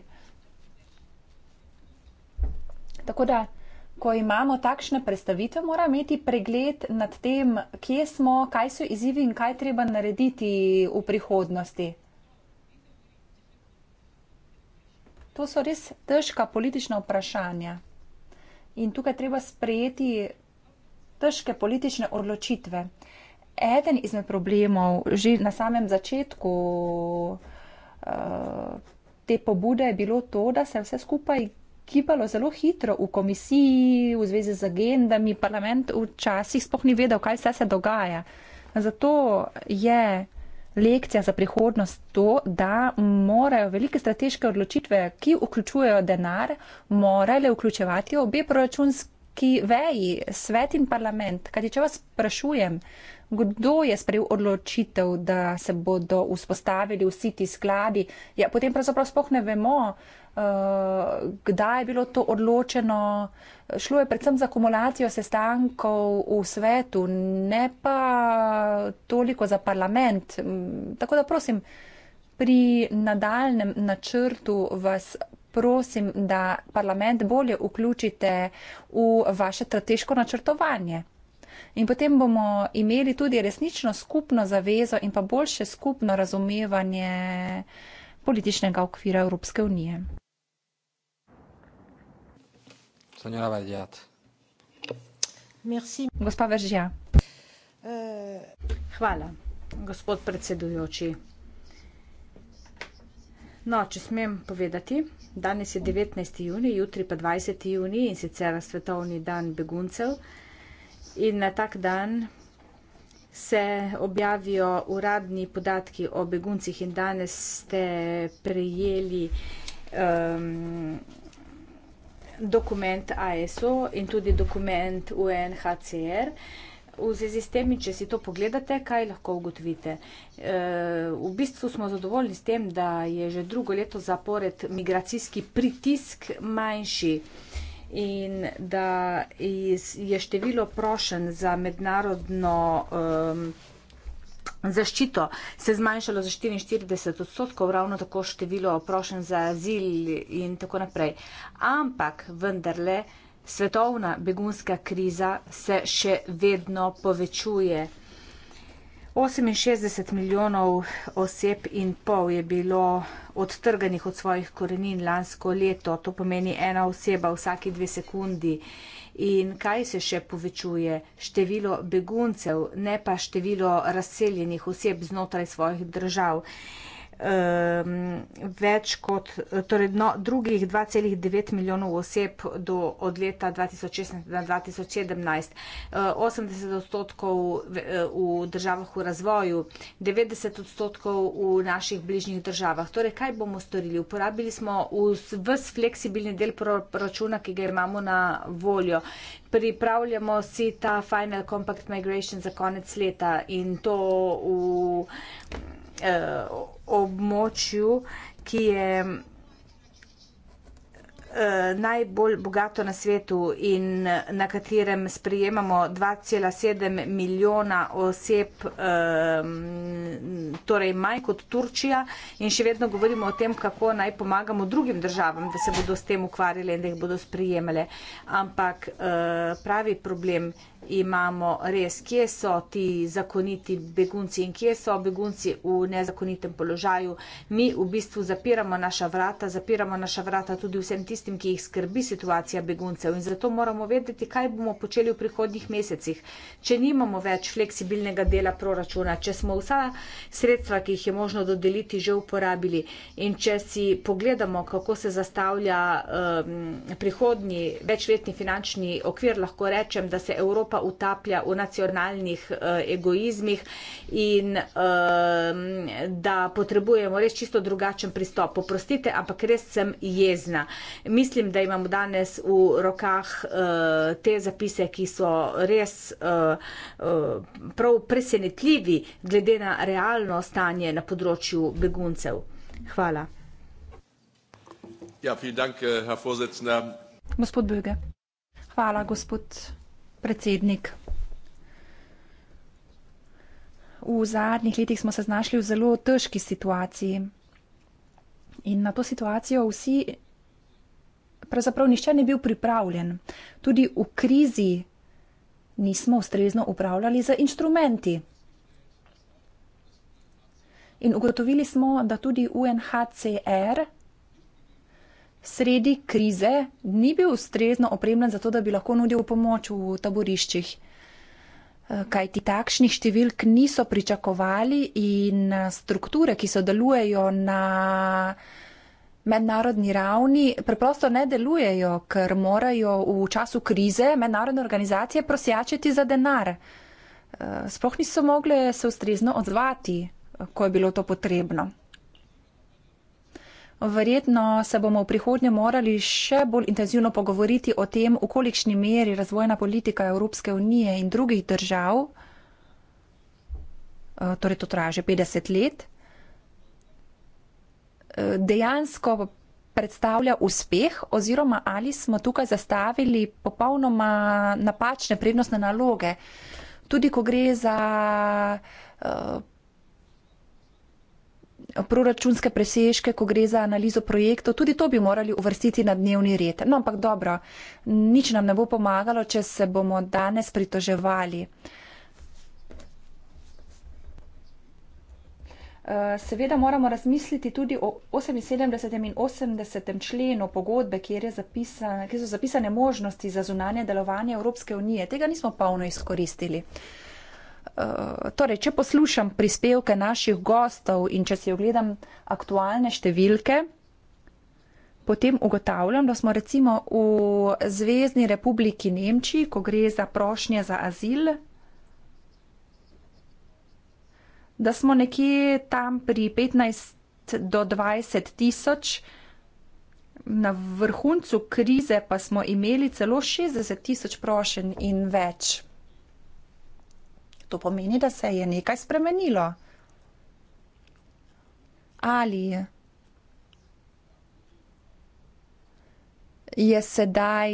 Tako da, ko imamo takšne predstavitve, moramo imeti pregled nad tem, kje smo, kaj so izzivi in kaj treba narediti v prihodnosti. To so res težka politična vprašanja. In tukaj treba sprejeti težke politične odločitve. Eden izmed problemov že na samem začetku eh, te pobude je bilo to, da se je vse skupaj gibalo zelo hitro v komisiji, v zvezi z agendami, parlament včasih spoh ni vedel, kaj vse se dogaja. Zato je lekcija za prihodnost to, da morajo velike strateške odločitve, ki vključujejo denar, morale vključevati obe proračunski veji, svet in parlament. Kaj če vas sprašujem, kdo je sprejel odločitev, da se bodo vzpostavili vsi ti skladi, ja, potem pravzaprav spohne vemo, Eh, kdaj je bilo to odločeno. Šlo je predvsem za akumulacijo sestankov v svetu, ne pa toliko za parlament. Mm, tako da prosim, pri nadaljem načrtu vas prosim, da parlament bolje vključite v vaše strateško načrtovanje. In potem bomo imeli tudi resnično skupno zavezo in pa boljše skupno razumevanje političnega okvira Evropske unije. Señora Valdiat. Merci. Gospa Veržija. Eh, hvala, gospod predsedujoči. No, če smem povedati, danes je 19. juni, jutri pa 20. juni in sicer svetovni dan beguncev. In na tak dan se objavijo uradni podatki o beguncih in danes ste prejeli um, dokument ASO in tudi dokument UNHCR. V zvezi s tem, če si to pogledate, kaj lahko ugotovite? E, v bistvu smo zadovoljni s tem, da je že drugo leto zapored migracijski pritisk manjši in da je število prošen za mednarodno um, zaščito se je zmanjšalo za 44 odstotkov, ravno tako število prošen za azil in tako naprej. Ampak vendarle svetovna begunska kriza se še vedno povečuje. 68 milijonov oseb in pol je bilo odtrganih od svojih korenin lansko leto, to pomeni ena oseba vsaki dve sekundi in kaj se še povečuje, število beguncev, ne pa število razseljenih oseb znotraj svojih držav uh, več kot, torej no, drugih 2,9 milijonov oseb do, od leta 2016 na 2017. Uh, 80 odstotkov v, uh, v državah v razvoju, 90 odstotkov v naših bližnjih državah. Torej, kaj bomo storili? Uporabili smo vs fleksibilni del proračuna, ki ga imamo na voljo. Pripravljamo si ta Final Compact Migration za konec leta in to v. Uh, območju, ki je eh, najbolj bogato na svetu in eh, na katerem sprejemamo 2,7 milijona oseb, ehm, torej manj kot Turčija in še vedno govorimo o tem, kako naj pomagamo drugim državam, da se bodo s tem ukvarjali in da jih bodo sprejemali. Ampak eh, pravi problem je, imamo res, kje so ti zakoniti begunci in kje so begunci v nezakonitem položaju. Mi v bistvu zapiramo naša vrata, zapiramo naša vrata tudi vsem tistim, ki jih skrbi situacija beguncev in zato moramo vedeti, kaj bomo počeli v prihodnjih mesecih. Če nimamo več fleksibilnega dela proračuna, če smo vsa sredstva, ki jih je možno dodeliti, že uporabili in če si pogledamo, kako se zastavlja um, prihodnji večletni finančni okvir, lahko rečem, da se Evropa pa utaplja v nacionalnih uh, egoizmih in uh, da potrebujemo res čisto drugačen pristop. Poprostite, ampak res sem jezna. Mislim, da imamo danes v rokah uh, te zapise, ki so res uh, uh, prav presenetljivi glede na realno stanje na področju beguncev. Hvala. Ja, vielen Dank, Herr Vorsitzender. Gospod Böge. Hvala, gospod predsednik. V zadnjih letih smo se znašli v zelo težki situaciji. In na to situacijo vsi, pravzaprav nišče ni bil pripravljen. Tudi v krizi nismo ustrezno upravljali z instrumenti. In ugotovili smo, da tudi UNHCR sredi krize ni bil ustrezno opremljen za to, da bi lahko nudil pomoč v taboriščih. Eh, Kaj ti takšnih številk niso pričakovali in eh, strukture, ki sodelujejo na mednarodni ravni, preprosto ne delujejo, ker morajo v času krize mednarodne organizacije prosjačiti za denar. Eh, sploh niso mogle se ustrezno odzvati, ko je bilo to potrebno. Verjetno se bomo v prihodnje morali še bolj intenzivno pogovoriti o tem, v kolikšni meri razvojna politika Evropske unije in drugih držav, eh, torej to traja že 50 let, eh, dejansko predstavlja uspeh oziroma ali smo tukaj zastavili popolnoma napačne prednostne naloge. Tudi ko gre za eh, proračunske presežke, ko gre za analizo projektov, tudi to bi morali uvrstiti na dnevni red. No, ampak dobro, nič nam ne bo pomagalo, če se bomo danes pritoževali. Eh, seveda moramo razmisliti tudi o 78. in 80. členu pogodbe, kjer, zapisane, kjer so zapisane možnosti za zunanje delovanje Evropske unije. Tega nismo polno izkoristili. Eh, torej, če poslušam prispevke naših gostov in če si ogledam aktualne številke, potem ugotavljam, da smo recimo v Zvezdni republiki Nemčiji, ko gre za prošnje za azil, da smo nekje tam pri 15 do 20 tisoč. Na vrhuncu krize pa smo imeli celo 60 tisoč prošen in več. To pomeni, da se je nekaj spremenilo. Ali je sedaj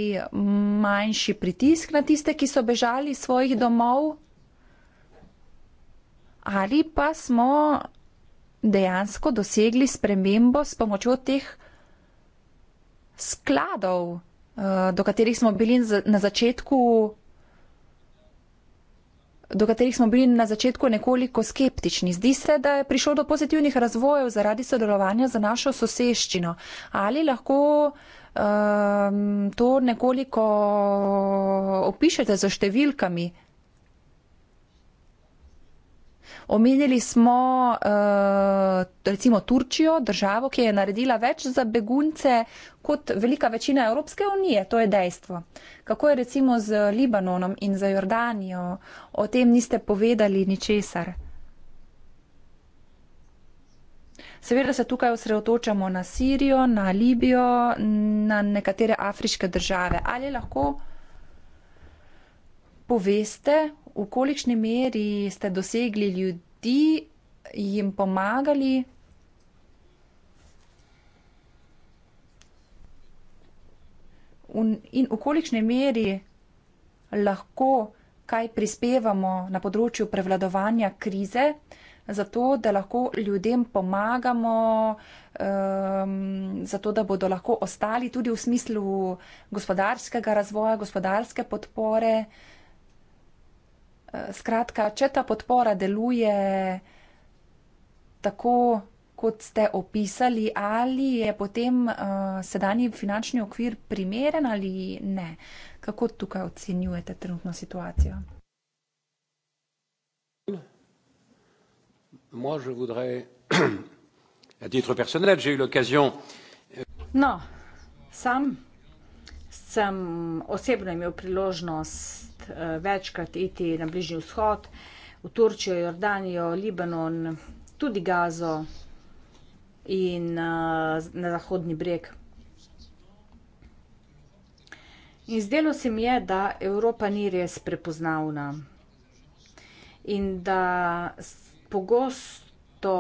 manjši pritisk na tiste, ki so bežali iz svojih domov? Ali pa smo dejansko dosegli spremembo s pomočjo teh skladov, eh, do katerih smo bili na začetku do katerih smo bili na začetku nekoliko skeptični. Zdi se, da je prišlo do pozitivnih razvojev zaradi sodelovanja za našo soseščino. Ali lahko um, to nekoliko opišete z številkami, Omenili smo uh, recimo Turčijo, državo, ki je naredila več za begunce kot velika večina Evropske unije. To je dejstvo. Kako je recimo z Libanonom in z Jordanijo? O tem niste povedali ničesar. Seveda se tukaj osredotočamo na Sirijo, na Libijo, na nekatere afriške države. Ali lahko poveste v kolikšni meri ste dosegli ljudi, jim pomagali? In v kolikšni meri lahko kaj prispevamo na področju prevladovanja krize, zato da lahko ljudem pomagamo, um, zato da bodo lahko ostali tudi v smislu gospodarskega razvoja, gospodarske podpore. Uh, Skratka, če ta podpora deluje tako, kot ste opisali, ali je potem uh, sedanji finančni okvir primeren ali ne? Kako tukaj ocenjujete trenutno situacijo? No, sam sem osebno imel priložnost Eh, večkrat iti na Bližnji vzhod, v Turčijo, Jordanijo, Libanon, tudi Gazo in eh, na Zahodni breg. In zdelo se mi je, da Evropa ni res prepoznavna in da pogosto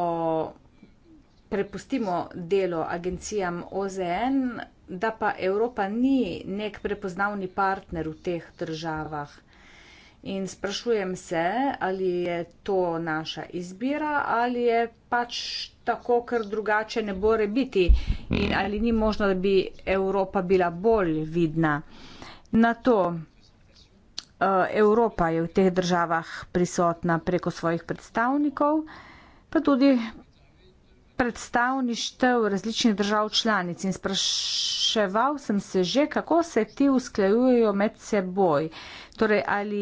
prepustimo delo agencijam OZN da pa Evropa ni nek prepoznavni partner v teh državah. In sprašujem se, ali je to naša izbira, ali je pač tako, ker drugače ne bo rebiti in ali ni možno, da bi Evropa bila bolj vidna. Na to eh, Evropa je v teh državah prisotna preko svojih predstavnikov, pa tudi predstavništev različnih držav članic in spraševal sem se že, kako se ti usklajujejo med seboj, torej ali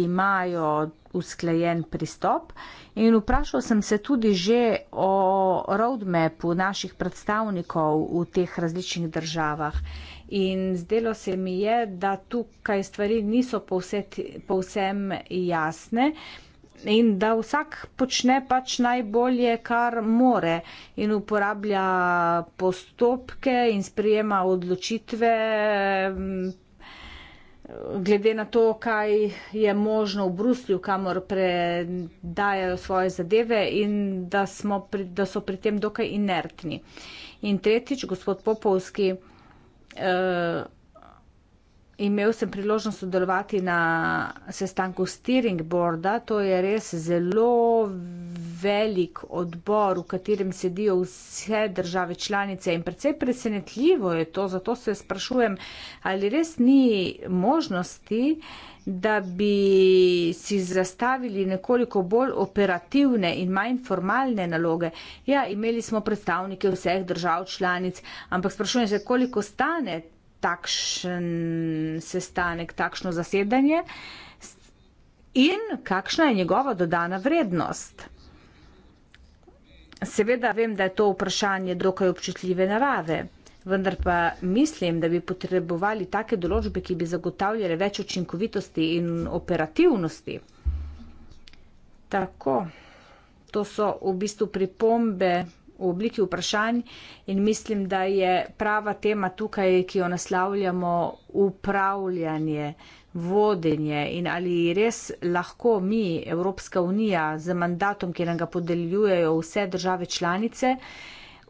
imajo usklajen pristop in vprašal sem se tudi že o roadmapu naših predstavnikov v teh različnih državah in zdelo se mi je, da tukaj stvari niso povsem jasne in da vsak počne pač najbolje, kar more in uporablja postopke in sprijema odločitve mm, glede na to, kaj je možno v Bruslju, kamor predajajo svoje zadeve in da, smo, da so pri tem dokaj inertni. In tretjič, gospod Popovski, eh, Imel sem priložnost sodelovati na sestanku steering boarda. To je res zelo velik odbor, v katerem sedijo vse države članice in precej presenetljivo je to. Zato se sprašujem, ali res ni možnosti, da bi si zastavili nekoliko bolj operativne in manj formalne naloge. Ja, imeli smo predstavnike vseh držav članic, ampak sprašujem se, koliko stane takšen sestanek, takšno zasedanje in kakšna je njegova dodana vrednost. Seveda vem, da je to vprašanje dokaj občutljive narave, vendar pa mislim, da bi potrebovali take določbe, ki bi zagotavljale več učinkovitosti in operativnosti. Tako, to so v bistvu pripombe v obliki vprašanj in mislim, da je prava tema tukaj, ki jo naslavljamo, upravljanje, vodenje in ali res lahko mi, Evropska unija, z mandatom, ki nam ga podeljujejo vse države članice,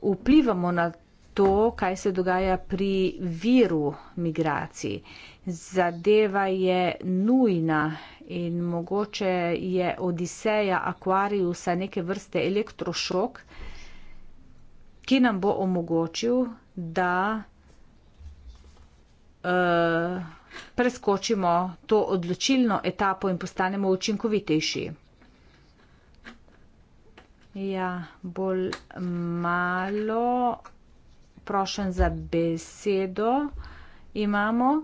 vplivamo na to, kaj se dogaja pri viru migracij. Zadeva je nujna in mogoče je odiseja Aquariusa neke vrste elektrošok, ki nam bo omogočil, da uh, preskočimo to odločilno etapo in postanemo učinkovitejši. Ja, bolj malo prošen za besedo imamo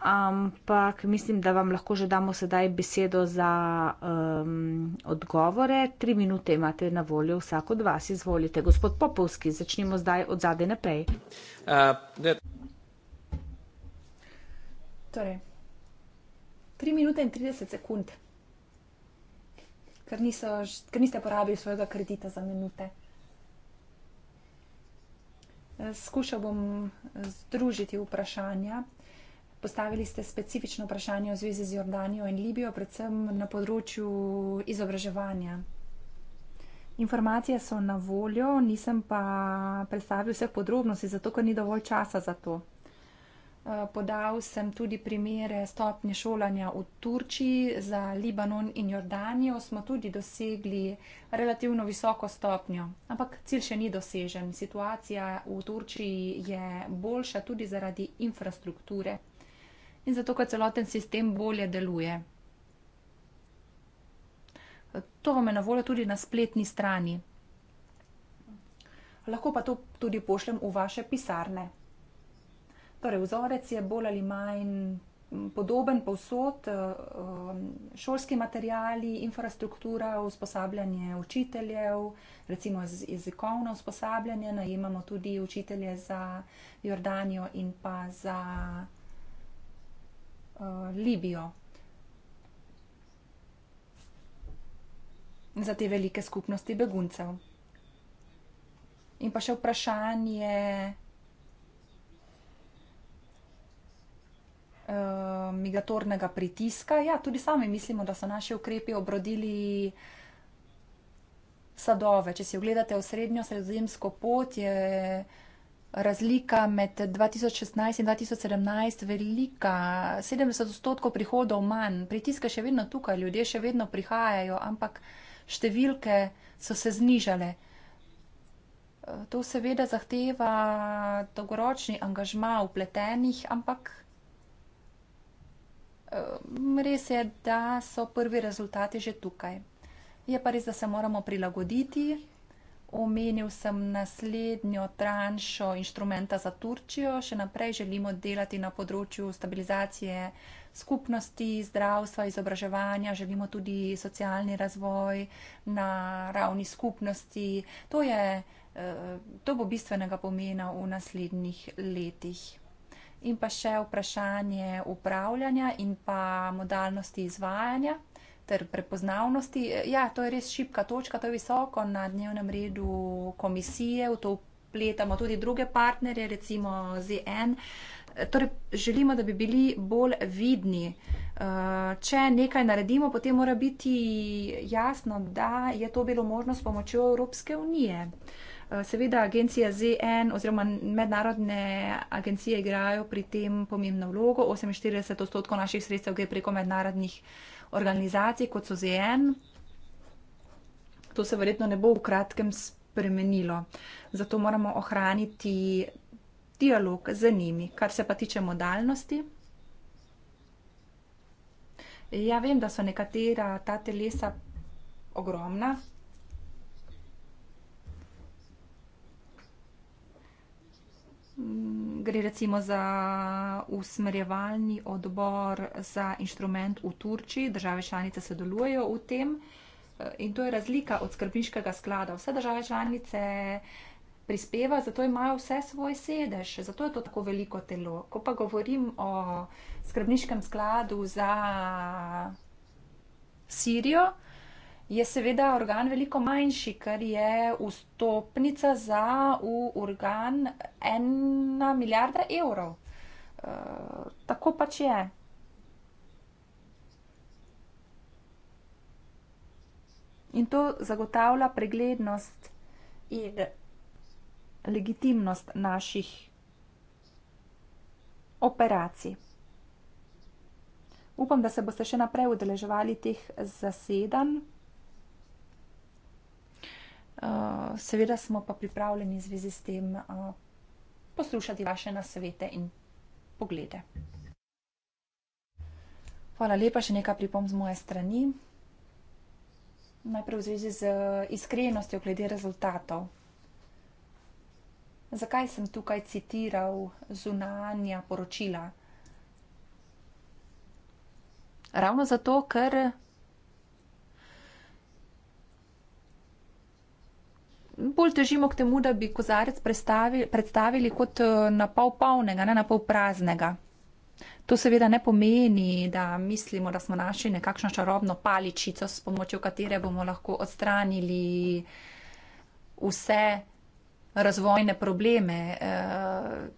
ampak mislim, da vam lahko že damo sedaj besedo za um, odgovore. Tri minute imate na voljo vsak od vas. Izvolite, gospod Popovski, začnimo zdaj od zadaj naprej. Uh, torej, tri minute in 30 sekund, ker, niso, ker niste porabili svojega kredita za minute. Skušal bom združiti vprašanja. Postavili ste specifično vprašanje v zvezi z Jordanijo in Libijo, predvsem na področju izobraževanja. Informacije so na voljo, nisem pa predstavil vseh podrobnosti, zato ker ni dovolj časa za to. Eh, podal sem tudi primere stopnje šolanja v Turčiji, za Libanon in Jordanijo smo tudi dosegli relativno visoko stopnjo, ampak cilj še ni dosežen. Situacija v Turčiji je boljša tudi zaradi infrastrukture in zato, ker celoten sistem bolje deluje. To vam je na voljo tudi na spletni strani. Lahko pa to tudi pošljem v vaše pisarne. Torej, vzorec je bolj ali manj podoben povsod, eh, eh, šolski materijali, infrastruktura, usposabljanje učiteljev, recimo jezikovno usposabljanje, najemamo tudi učitelje za Jordanijo in pa za. Eh, Libijo. Za te velike skupnosti beguncev. In pa še vprašanje, uh, migratornega pritiska. Ja, tudi sami mislimo, da so naši ukrepi obrodili sadove. Če si ogledate osrednjo sredozemsko pot, je uh, razlika med 2016 in 2017 velika, 70 odstotkov prihodov manj, pritiske še vedno tukaj, ljudje še vedno prihajajo, ampak številke so se znižale. To seveda zahteva dolgoročni angažma upletenih, ampak res je, da so prvi rezultati že tukaj. Je pa res, da se moramo prilagoditi. Omenil sem naslednjo tranšo inštrumenta za Turčijo. Še naprej želimo delati na področju stabilizacije skupnosti, zdravstva, izobraževanja. Želimo tudi socialni razvoj na ravni skupnosti. To, je, eh, to bo bistvenega pomena v naslednjih letih. In pa še vprašanje upravljanja in pa modalnosti izvajanja ter prepoznavnosti. Ja, to je res šipka točka, to je visoko na dnevnem redu komisije, v to upletamo tudi druge partnerje, recimo ZN. Torej, želimo, da bi bili bolj vidni. Eh, če nekaj naredimo, potem mora biti jasno, da je to bilo možno s pomočjo Evropske unije. Eh, seveda agencija ZN oziroma mednarodne agencije igrajo pri tem pomembno vlogo. 48 odstotkov naših sredstev gre preko mednarodnih organizacij, kot so ZN, to se verjetno ne bo v kratkem spremenilo. Zato moramo ohraniti dialog z njimi. Kar se pa tiče modalnosti, ja vem, da so nekatera ta telesa ogromna, Mm, gre recimo za usmerjevalni odbor za inštrument v Turčiji, države članice sodelujejo v tem eh, in to je razlika od skrbniškega sklada. Vse države članice prispeva, zato imajo vse svoj sedež, zato je to tako veliko telo. Ko pa govorim o skrbniškem skladu za Sirijo, je seveda organ veliko manjši, ker je vstopnica za v organ ena milijarda evrov. E, tako pač je. In to zagotavlja preglednost in legitimnost naših operacij. Upam, da se boste še naprej udeleževali teh zasedanj. Eh, seveda smo pa pripravljeni v zvezi s tem uh, poslušati vaše nasvete in poglede. Hvala lepa, še nekaj pripomb z moje strani. Najprej v zvezi z eh, iskrenostjo glede rezultatov. Zakaj sem tukaj citiral zunanja poročila? Ravno zato, ker bolj težimo k temu, da bi kozarec predstavili, predstavili kot eh, na pol polnega, ne na pol praznega. To seveda ne pomeni, da mislimo, da smo našli nekakšno čarobno paličico, s pomočjo katere bomo lahko odstranili vse razvojne probleme. Eh,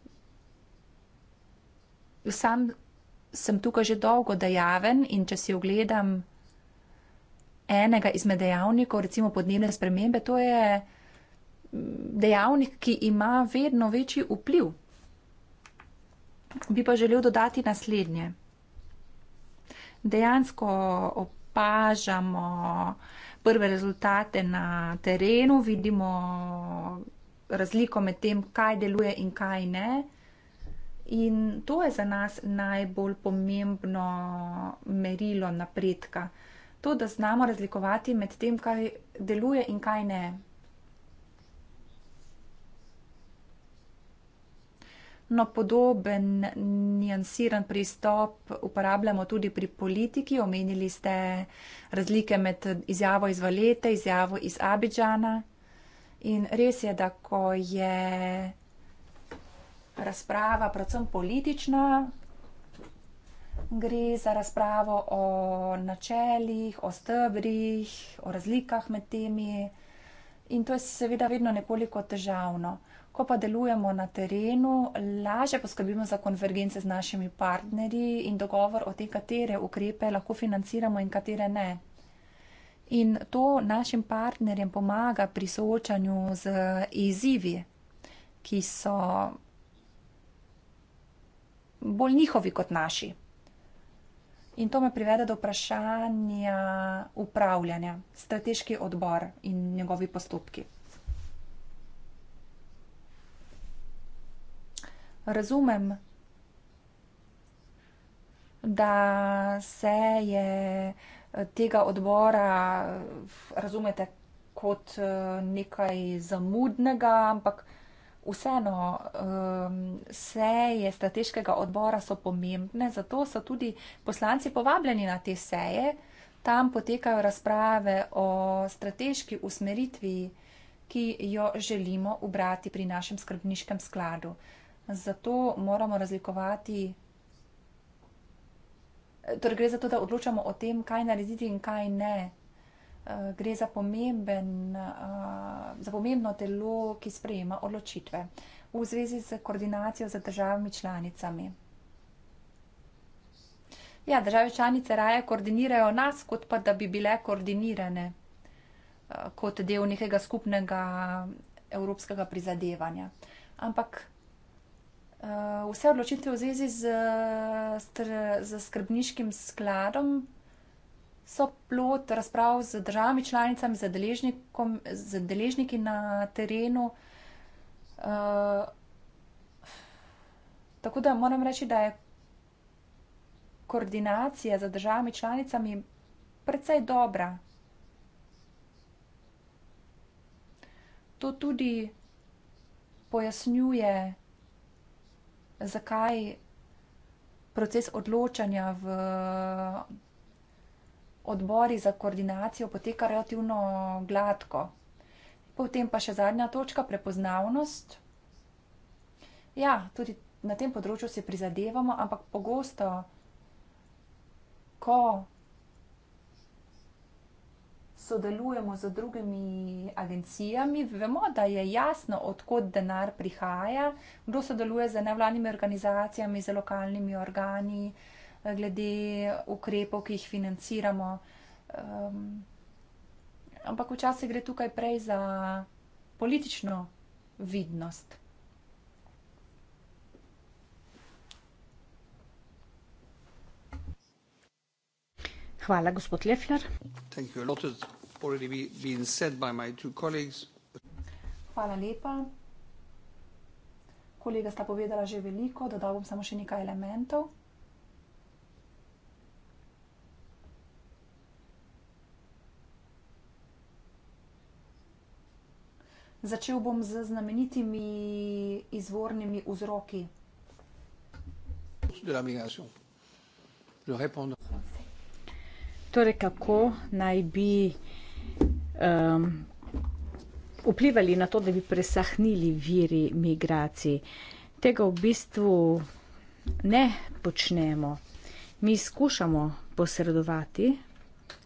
sam sem tukaj že dolgo dejaven in če si ogledam enega izmed dejavnikov, recimo podnebne spremembe, to je dejavnik, ki ima vedno večji vpliv. Bi pa želel dodati naslednje. Dejansko opažamo prve rezultate na terenu, vidimo razliko med tem, kaj deluje in kaj ne. In to je za nas najbolj pomembno merilo napredka. To, da znamo razlikovati med tem, kaj deluje in kaj ne. No, podoben nijansiran pristop uporabljamo tudi pri politiki. Omenili ste razlike med izjavo iz Valete, izjavo iz Abidžana. In res je, da ko je razprava predvsem politična, gre za razpravo o načeljih, o stebrih, o razlikah med temi. In to je seveda vedno nekoliko težavno. Ko pa delujemo na terenu, lažje poskrbimo za konvergence z našimi partnerji in dogovor o te, katere ukrepe lahko financiramo in katere ne. In to našim partnerjem pomaga pri soočanju z izzivi, ki so bolj njihovi kot naši. In to me privede do vprašanja upravljanja, strateški odbor in njegovi postopki. razumem, da se je eh, tega odbora, eh, razumete, kot eh, nekaj zamudnega, ampak vseeno ehm, seje strateškega odbora so pomembne, zato so tudi poslanci povabljeni na te seje. Tam potekajo razprave o strateški usmeritvi, ki jo želimo ubrati pri našem skrbniškem skladu. Zato moramo razlikovati, torej gre za to, da odločamo o tem, kaj narediti in kaj ne. Eh, gre za, pomemben, eh, za pomembno telo, ki sprejema odločitve v zvezi z koordinacijo z državami članicami. Ja, države članice raje koordinirajo nas, kot pa da bi bile koordinirane eh, kot del nekega skupnega evropskega prizadevanja. Ampak Eh, vse odločitve v zvezi z, z skrbniškim skladom so plot razprav z državami članicami, z, z deležniki na terenu. Eh, tako da moram reči, da je koordinacija z državami članicami precej dobra. To tudi pojasnjuje zakaj proces odločanja v odbori za koordinacijo poteka relativno gladko. Potem pa še zadnja točka, prepoznavnost. Ja, tudi na tem področju se prizadevamo, ampak pogosto, ko sodelujemo z drugimi agencijami, vemo, da je jasno, odkot denar prihaja, kdo sodeluje z nevladnimi organizacijami, z lokalnimi organi, eh, glede ukrepov, ki jih financiramo. Um, ampak včasih gre tukaj prej za politično vidnost. Hvala, gospod Lefler. Hvala lepa. Kolega sta povedala že veliko, dodal bom samo še nekaj elementov. Začel bom z znamenitimi izvornimi vzroki. Je répondre. Torej, kako naj bi, um, vplivali na to, da bi presahnili viri migracij. Tega v bistvu ne počnemo. Mi skušamo posredovati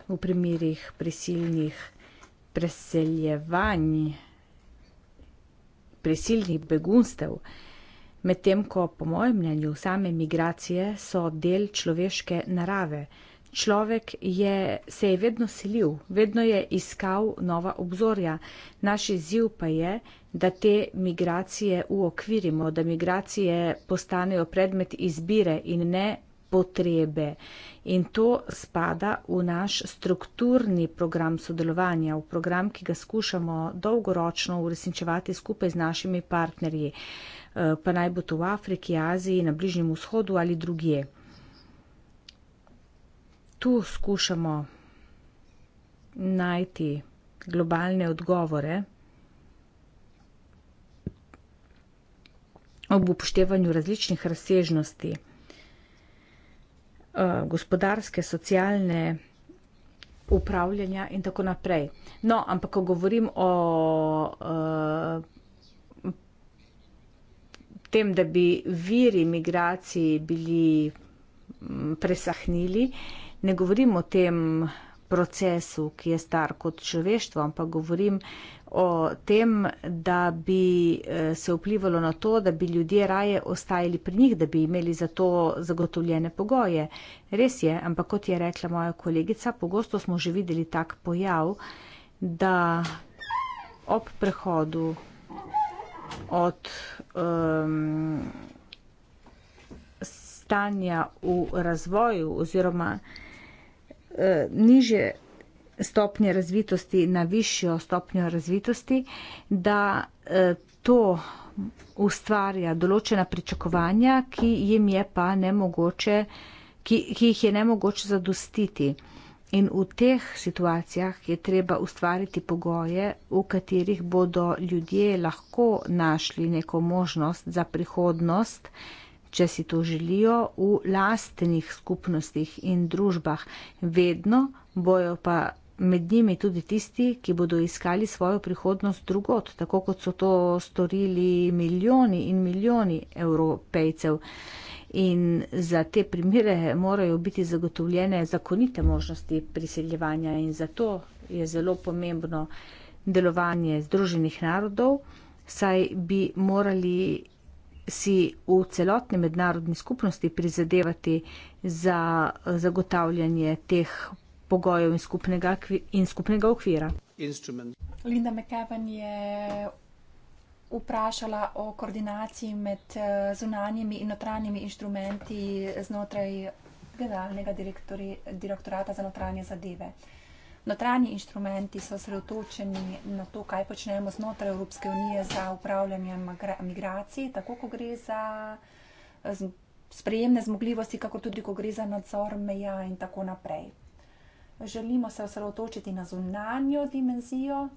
v primerih prisilnih preseljevanj, prisilnih begunstev, medtem ko po mojem mnenju same migracije so del človeške narave človek je, se je vedno silil, vedno je iskal nova obzorja. Naš izziv pa je, da te migracije uokvirimo, da migracije postanejo predmet izbire in ne potrebe. In to spada v naš strukturni program sodelovanja, v program, ki ga skušamo dolgoročno uresničevati skupaj z našimi partnerji, eh, pa naj bo to v Afriki, Aziji, na Bližnjem vzhodu ali drugje tu skušamo najti globalne odgovore ob upoštevanju različnih razsežnosti eh, gospodarske, socialne, upravljanja in tako naprej. No, ampak ko govorim o eh, tem, da bi viri migracij bili mm, presahnili, uh, ne govorim o tem procesu, ki je star kot človeštvo, ampak govorim o tem, da bi eh, se vplivalo na to, da bi ljudje raje ostajali pri njih, da bi imeli za to zagotovljene pogoje. Res je, ampak kot je rekla moja kolegica, pogosto smo že videli tak pojav, da ob prehodu od um, stanja v razvoju oziroma Eh, niže stopnje razvitosti na višjo stopnjo razvitosti, da eh, to ustvarja določena pričakovanja, ki jim je pa nemogoče, ki, ki jih je nemogoče zadostiti. In v teh situacijah je treba ustvariti pogoje, v katerih bodo ljudje lahko našli neko možnost za prihodnost, če si to želijo, v lastnih skupnostih in družbah. Vedno bojo pa med njimi tudi tisti, ki bodo iskali svojo prihodnost drugot, tako kot so to storili milijoni in milijoni evropejcev. In za te primere morajo biti zagotovljene zakonite možnosti priseljevanja in zato je zelo pomembno delovanje Združenih narodov, saj bi morali si v celotni mednarodni skupnosti prizadevati za zagotavljanje teh pogojev in skupnega, in skupnega okvira. Instrument. Linda McKeven je vprašala o koordinaciji med eh, zunanjimi in notranjimi inštrumenti znotraj generalnega direktorata za notranje zadeve. Notranji inštrumenti so sredotočeni na to, kaj počnemo znotraj Evropske unije za upravljanje migracij, tako ko gre za eh, sprejemne zmogljivosti, kako tudi ko gre za nadzor meja in tako naprej. Želimo se osredotočiti na zunanjo dimenzijo,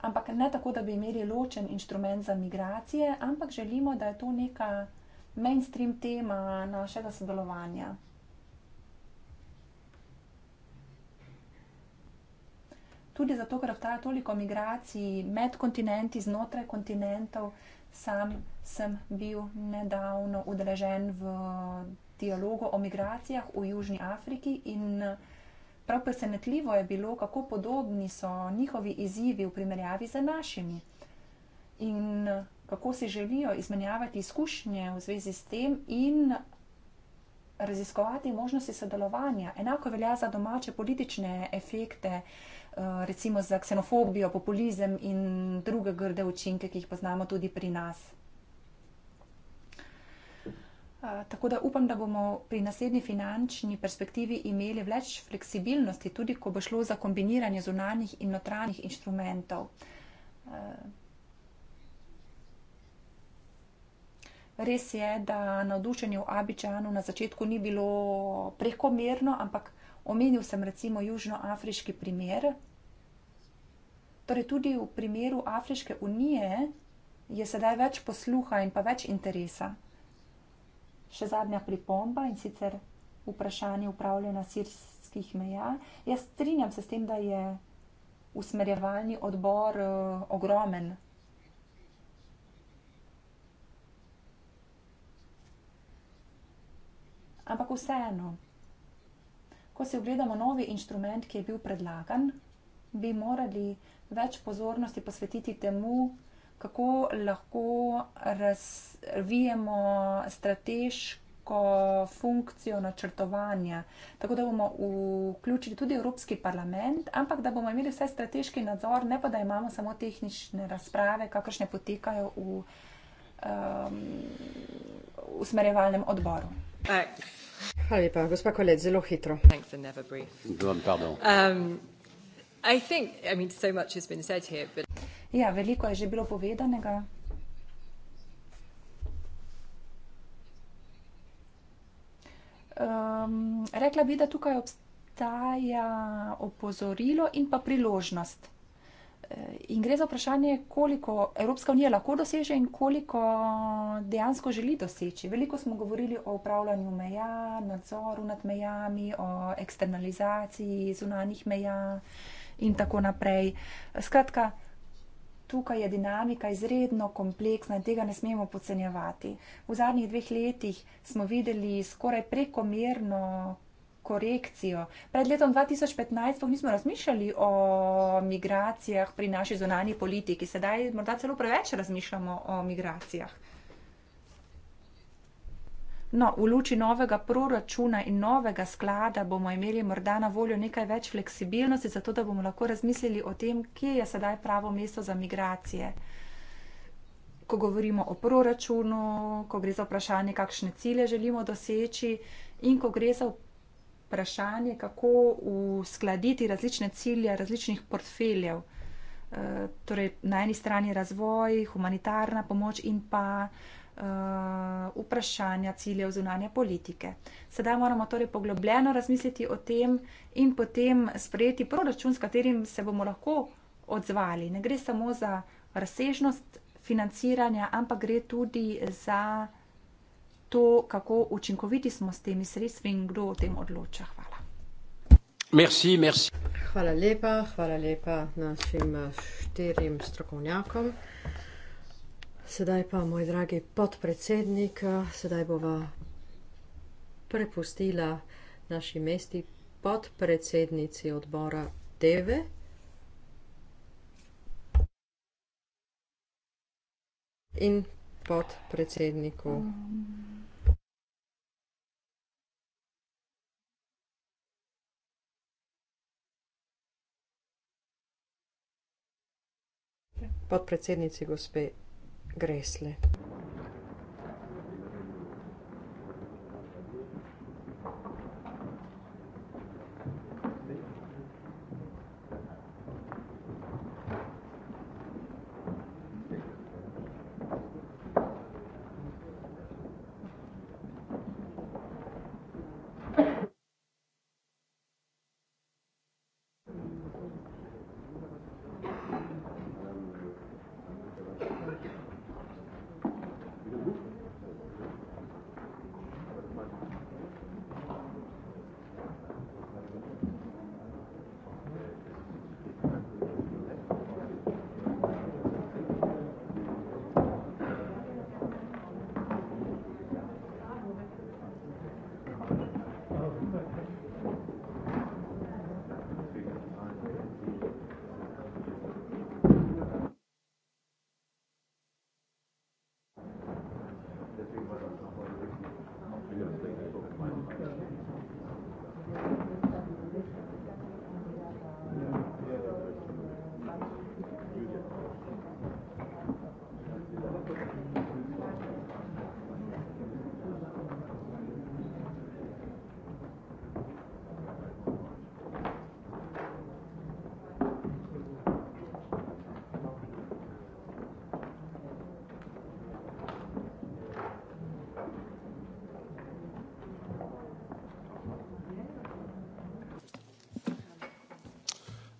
ampak ne tako, da bi imeli ločen inštrument za migracije, ampak želimo, da je to neka mainstream tema našega sodelovanja. tudi zato, ker obstaja toliko migracij med kontinenti, znotraj kontinentov. Sam sem bil nedavno udeležen v dialogu o migracijah v Južni Afriki in prav presenetljivo je bilo, kako podobni so njihovi izzivi v primerjavi z našimi in kako si želijo izmenjavati izkušnje v zvezi s tem in raziskovati možnosti sodelovanja. Enako velja za domače politične efekte. Eh, recimo za ksenofobijo, populizem in druge grde učinke, ki jih poznamo tudi pri nas. Eh, tako da upam, da bomo pri naslednji finančni perspektivi imeli več fleksibilnosti, tudi ko bo šlo za kombiniranje zunanjih in notranjih inštrumentov. Eh, res je, da navdušenje v Abidžanu na začetku ni bilo prekomerno, ampak Omenil sem recimo južnoafriški primer. Torej, tudi v primeru Afriške unije je sedaj več posluha in pa več interesa. Še zadnja pripomba in sicer vprašanje upravljanja sirskih meja. Jaz strinjam se s tem, da je usmerjevalni odbor eh, ogromen. Ampak vseeno ko si ogledamo novi inštrument, ki je bil predlagan, bi morali več pozornosti posvetiti temu, kako lahko razvijemo strateško funkcijo načrtovanja. Tako da bomo vključili tudi Evropski parlament, ampak da bomo imeli vse strateški nadzor, ne pa da imamo samo tehnične razprave, kakršne potekajo v um, usmerjevalnem odboru. Hvala lepa, gospa Kolec, zelo hitro. Um, ja, veliko je že bilo povedanega. Um, rekla bi, da tukaj obstaja opozorilo in pa priložnost. Eh, in gre za vprašanje, koliko Evropska unija lahko doseže in koliko dejansko želi doseči. Veliko smo govorili o upravljanju meja, nadzoru nad mejami, o eksternalizaciji zunanih meja in tako naprej. Skratka, tukaj je dinamika izredno kompleksna in tega ne smemo podcenjevati. V zadnjih dveh letih smo videli skoraj prekomerno korekcijo. Pred letom 2015 nismo razmišljali o migracijah pri naši zonani politiki, sedaj morda celo preveč razmišljamo o migracijah. No, v luči novega proračuna in novega sklada bomo imeli morda na voljo nekaj več fleksibilnosti, zato da bomo lahko razmislili o tem, kje je sedaj pravo mesto za migracije. Ko govorimo o proračunu, ko gre za vprašanje, kakšne cilje želimo doseči in ko gre za vprašanje, vprašanje, kako uskladiti različne cilje različnih portfeljev. Eh, torej, na eni strani razvoj, humanitarna pomoč in pa eh, vprašanja ciljev zunanje politike. Sedaj moramo torej poglobljeno razmisliti o tem in potem sprejeti proračun, s katerim se bomo lahko odzvali. Ne gre samo za razsežnost financiranja, ampak gre tudi za to, kako učinkoviti smo s temi sredstvi in kdo o tem odloča. Hvala. Merci, merci. Hvala lepa, hvala lepa našim štirim strokovnjakom. Sedaj pa, moj dragi podpredsednik, sedaj bova prepustila naši mesti podpredsednici odbora Teve. In podpredsedniku. Mm. podpredsednici gospe Gresle.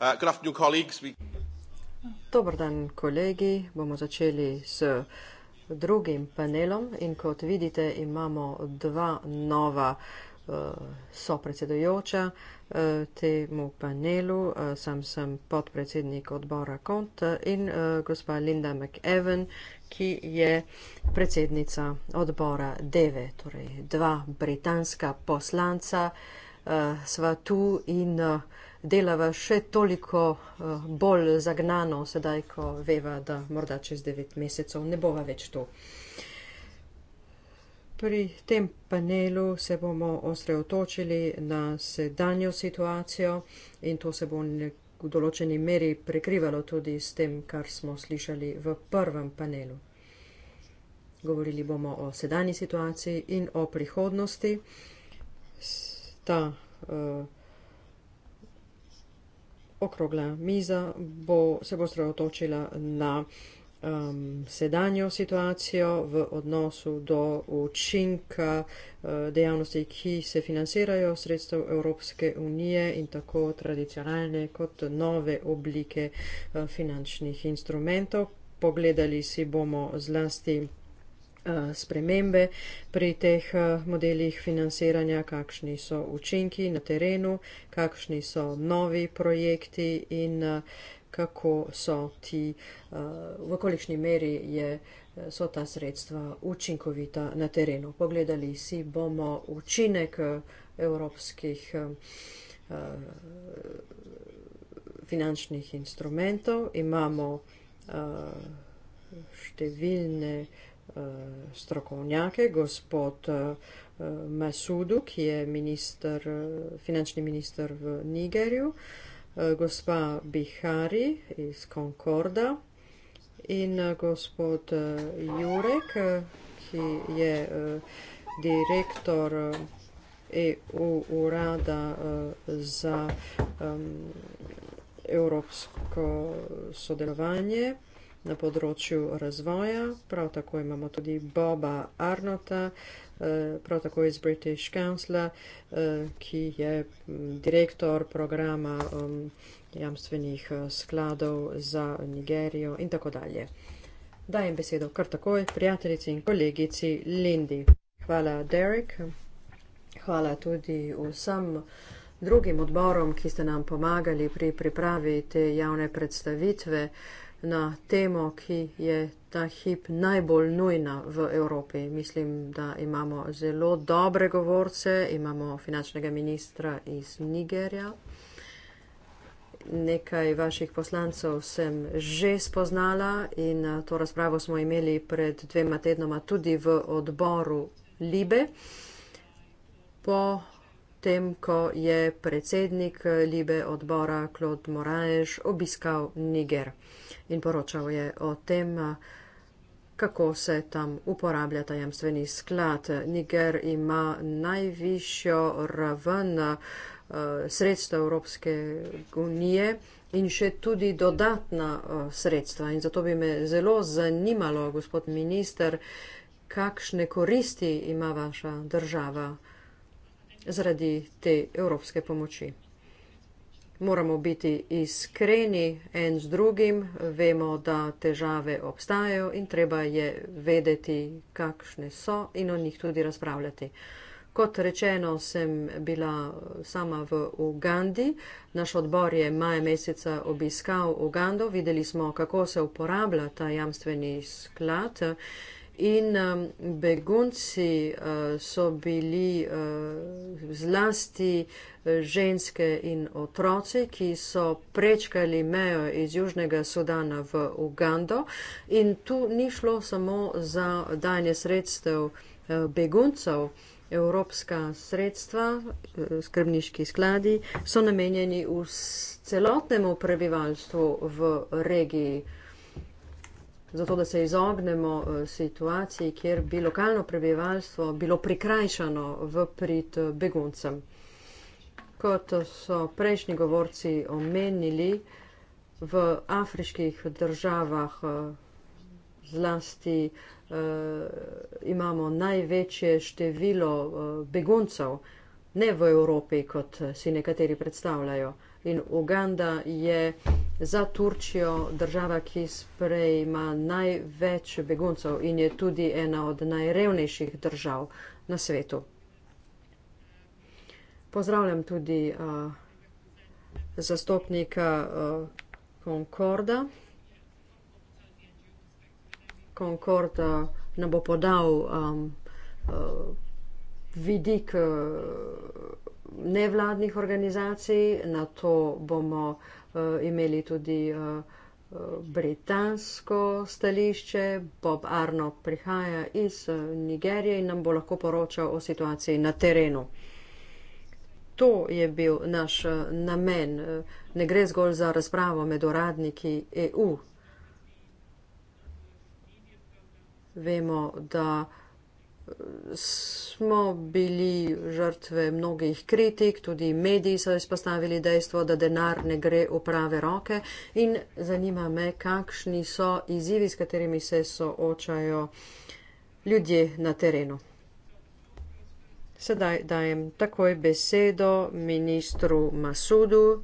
Uh, Dobar dan, kolegi. Bomo začeli s drugim panelom in kot vidite imamo dva nova uh, sopredsedujoča uh, temu panelu. Sam sem podpredsednik odbora KONT in gospa Linda McEwen, ki je predsednica odbora DEVE, torej dva britanska poslanca sva tu in delava še toliko eh, bolj zagnano, sedaj, ko veva, da morda čez devet mesecev ne bova več tu. Pri tem panelu se bomo osredotočili na sedanjo situacijo in to se bo v določeni meri prekrivalo tudi s tem, kar smo slišali v prvem panelu. Govorili bomo o sedanji situaciji in o prihodnosti. Ta uh, okrogla miza bo, se bo sredotočila na um, sedanjo situacijo v odnosu do učinka uh, dejavnosti, ki se financirajo sredstev Evropske unije in tako tradicionalne kot nove oblike uh, finančnih instrumentov. Pogledali si bomo zlasti Eh, spremembe pri teh eh, modelih financiranja, kakšni so učinki na terenu, kakšni so novi projekti in eh, kako so ti, v kolikšni meri je, so ta sredstva učinkovita na terenu. Pogledali si bomo učinek evropskih finančnih instrumentov. Imamo številne Eh, strokovnjake, gospod eh, Mesudu, ki je minister, eh, finančni minister v Nigerju, gospa Bihari iz Concorda in gospod Jurek, ki je direktor EU e urada za evropsko sodelovanje na področju razvoja. Prav tako imamo tudi Boba Arnota, eh, prav tako iz British Council, eh, ki je mm, direktor programa mm, jamstvenih eh, skladov za Nigerijo in tako dalje. Dajem besedo kar takoj prijateljici in kolegici Lindi. Hvala, Derek. Hvala tudi vsem drugim odborom, ki ste nam pomagali pri pripravi te javne predstavitve na temo, ki je ta hip najbolj nujna v Evropi. Mislim, da imamo zelo dobre govorce, imamo finančnega ministra iz Nigerja. Nekaj vaših poslancev sem že spoznala in eh, to razpravo smo imeli pred dvema tednoma tudi v odboru Libe. Po tem, ko je predsednik Libe odbora Klod Moraes obiskal Niger in poročal je o tem, kako se tam uporablja tajemstveni sklad. Niger ima najvišjo raven eh, sredstva Evropske unije in še tudi dodatna eh, sredstva. In zato bi me zelo zanimalo, gospod minister, kakšne koristi ima vaša država zaradi te evropske pomoči. Moramo biti iskreni en z drugim, vemo, da težave obstajajo in treba je vedeti, kakšne so in o njih tudi razpravljati. Kot rečeno, sem bila sama v Ugandi. Naš odbor je maja meseca obiskal Ugando. Videli smo, kako se uporablja ta jamstveni sklad. In um, begunci uh, so bili uh, zlasti uh, ženske in otroci, ki so prečkali mejo iz Južnega Sudana v Ugando. In tu ni šlo samo za danje sredstev uh, beguncev. Evropska sredstva, uh, skrbniški skladi, so namenjeni celotnemu prebivalstvu v regiji zato da se izognemo eh, situaciji, kjer bi lokalno prebivalstvo bilo prikrajšano v prid eh, beguncem. Kot so prejšnji govorci omenili, v afriških državah eh, zlasti imamo največje število beguncev, ne v Evropi, kot si nekateri predstavljajo in Uganda je za Turčijo država, ki sprejma največ beguncev in je tudi ena od najrevnejših držav na svetu. Pozdravljam tudi uh, zastopnika uh, Concorda. Concord uh, nam bo podal um, uh, vidik uh, nevladnih organizacij, na to bomo eh, imeli tudi eh, britansko stališče. Bob Arno prihaja iz eh, Nigerije in nam bo lahko poročal o situaciji na terenu. To je bil naš namen. Ne gre zgolj za razpravo med uradniki EU. Vemo, da smo bili žrtve mnogih kritik, tudi mediji so izpostavili dejstvo, da denar ne gre v prave roke in zanima me, kakšni so izzivi, s katerimi se soočajo ljudje na terenu. Sedaj dajem takoj besedo ministru Masudu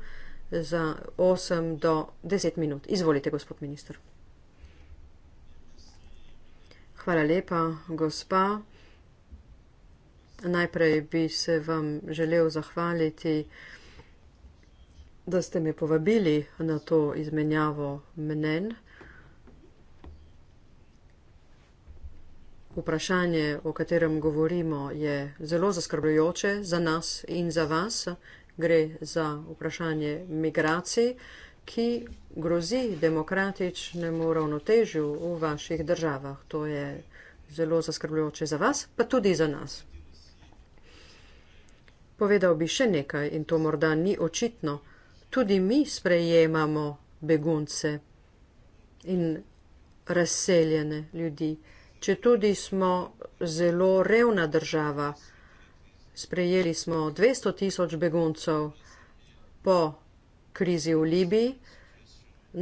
za 8 do 10 minut. Izvolite, gospod minister. Hvala lepa, gospa. Najprej bi se vam želel zahvaliti, da ste me povabili na to izmenjavo mnen. Vprašanje, o katerem govorimo, je zelo zaskrbljujoče za nas in za vas. Gre za vprašanje migracij, ki grozi demokratičnemu ravnotežju v vaših državah. To je zelo zaskrbljujoče za vas, pa tudi za nas. Povedal bi še nekaj, in to morda ni očitno. Tudi mi sprejemamo begunce in razseljene ljudi. Če tudi smo zelo revna država, sprejeli smo 200 tisoč beguncev po krizi v Libiji,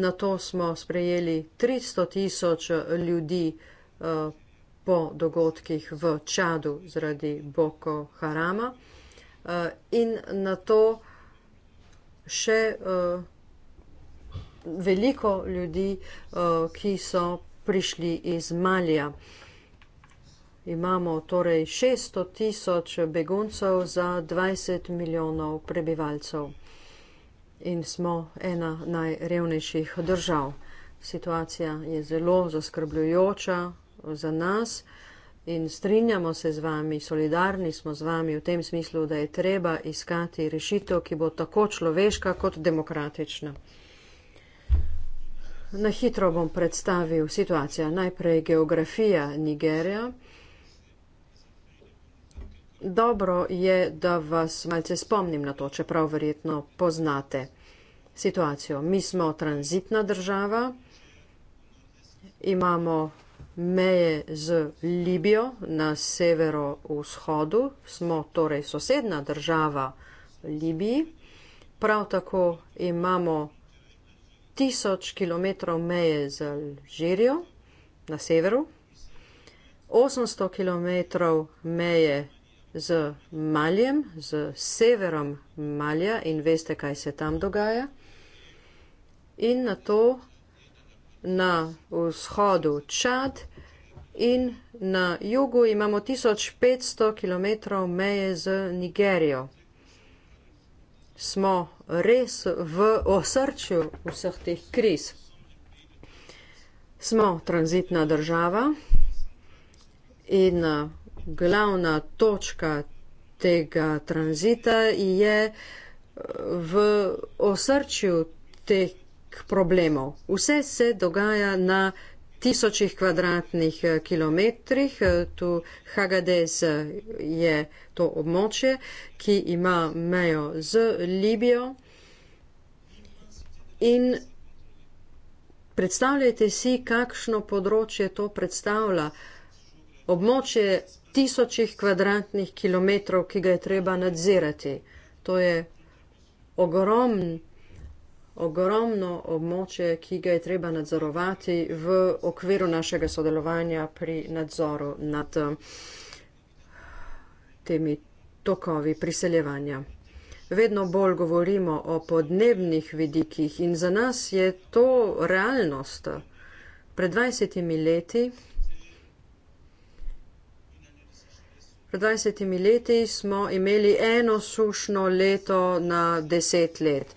na to smo sprejeli 300 tisoč ljudi uh, po dogodkih v Čadu zaradi Boko Harama. Eh, in na to še eh, veliko ljudi, eh, ki so prišli iz Malija. Imamo torej 600 tisoč beguncev za 20 milijonov prebivalcev in smo ena najrevnejših držav. Situacija je zelo zaskrbljujoča za nas in strinjamo se z vami, solidarni smo z vami v tem smislu, da je treba iskati rešitev, ki bo tako človeška kot demokratična. Na hitro bom predstavil situacijo. Najprej geografija Nigerija. Dobro je, da vas malce spomnim na to, čeprav verjetno poznate situacijo. Mi smo tranzitna država, imamo meje z Libijo na severovzhodu, smo torej sosedna država Libiji. Prav tako imamo tisoč kilometrov meje z Alžirijo na severu, 800 kilometrov meje z Maljem, z severom Malja in veste, kaj se tam dogaja. In na to na vzhodu Čad in na jugu imamo 1500 km meje z Nigerijo. Smo res v osrčju vseh teh kriz. Smo tranzitna država in glavna točka tega tranzita je v osrčju te problemov. Vse se dogaja na tisočih kvadratnih eh, kilometrih. Eh, tu Hagades eh, je to območje, ki ima mejo z Libijo. In predstavljajte si, kakšno področje to predstavlja. Območje tisočih kvadratnih kilometrov, ki ga je treba nadzirati. To je ogromno ogromno območje, ki ga je treba nadzorovati v okviru našega sodelovanja pri nadzoru nad eh, temi tokovi priseljevanja. Vedno bolj govorimo o podnebnih vidikih in za nas je to realnost. Pred 20 leti. Pred 20 leti smo imeli eno sušno leto na 10 let.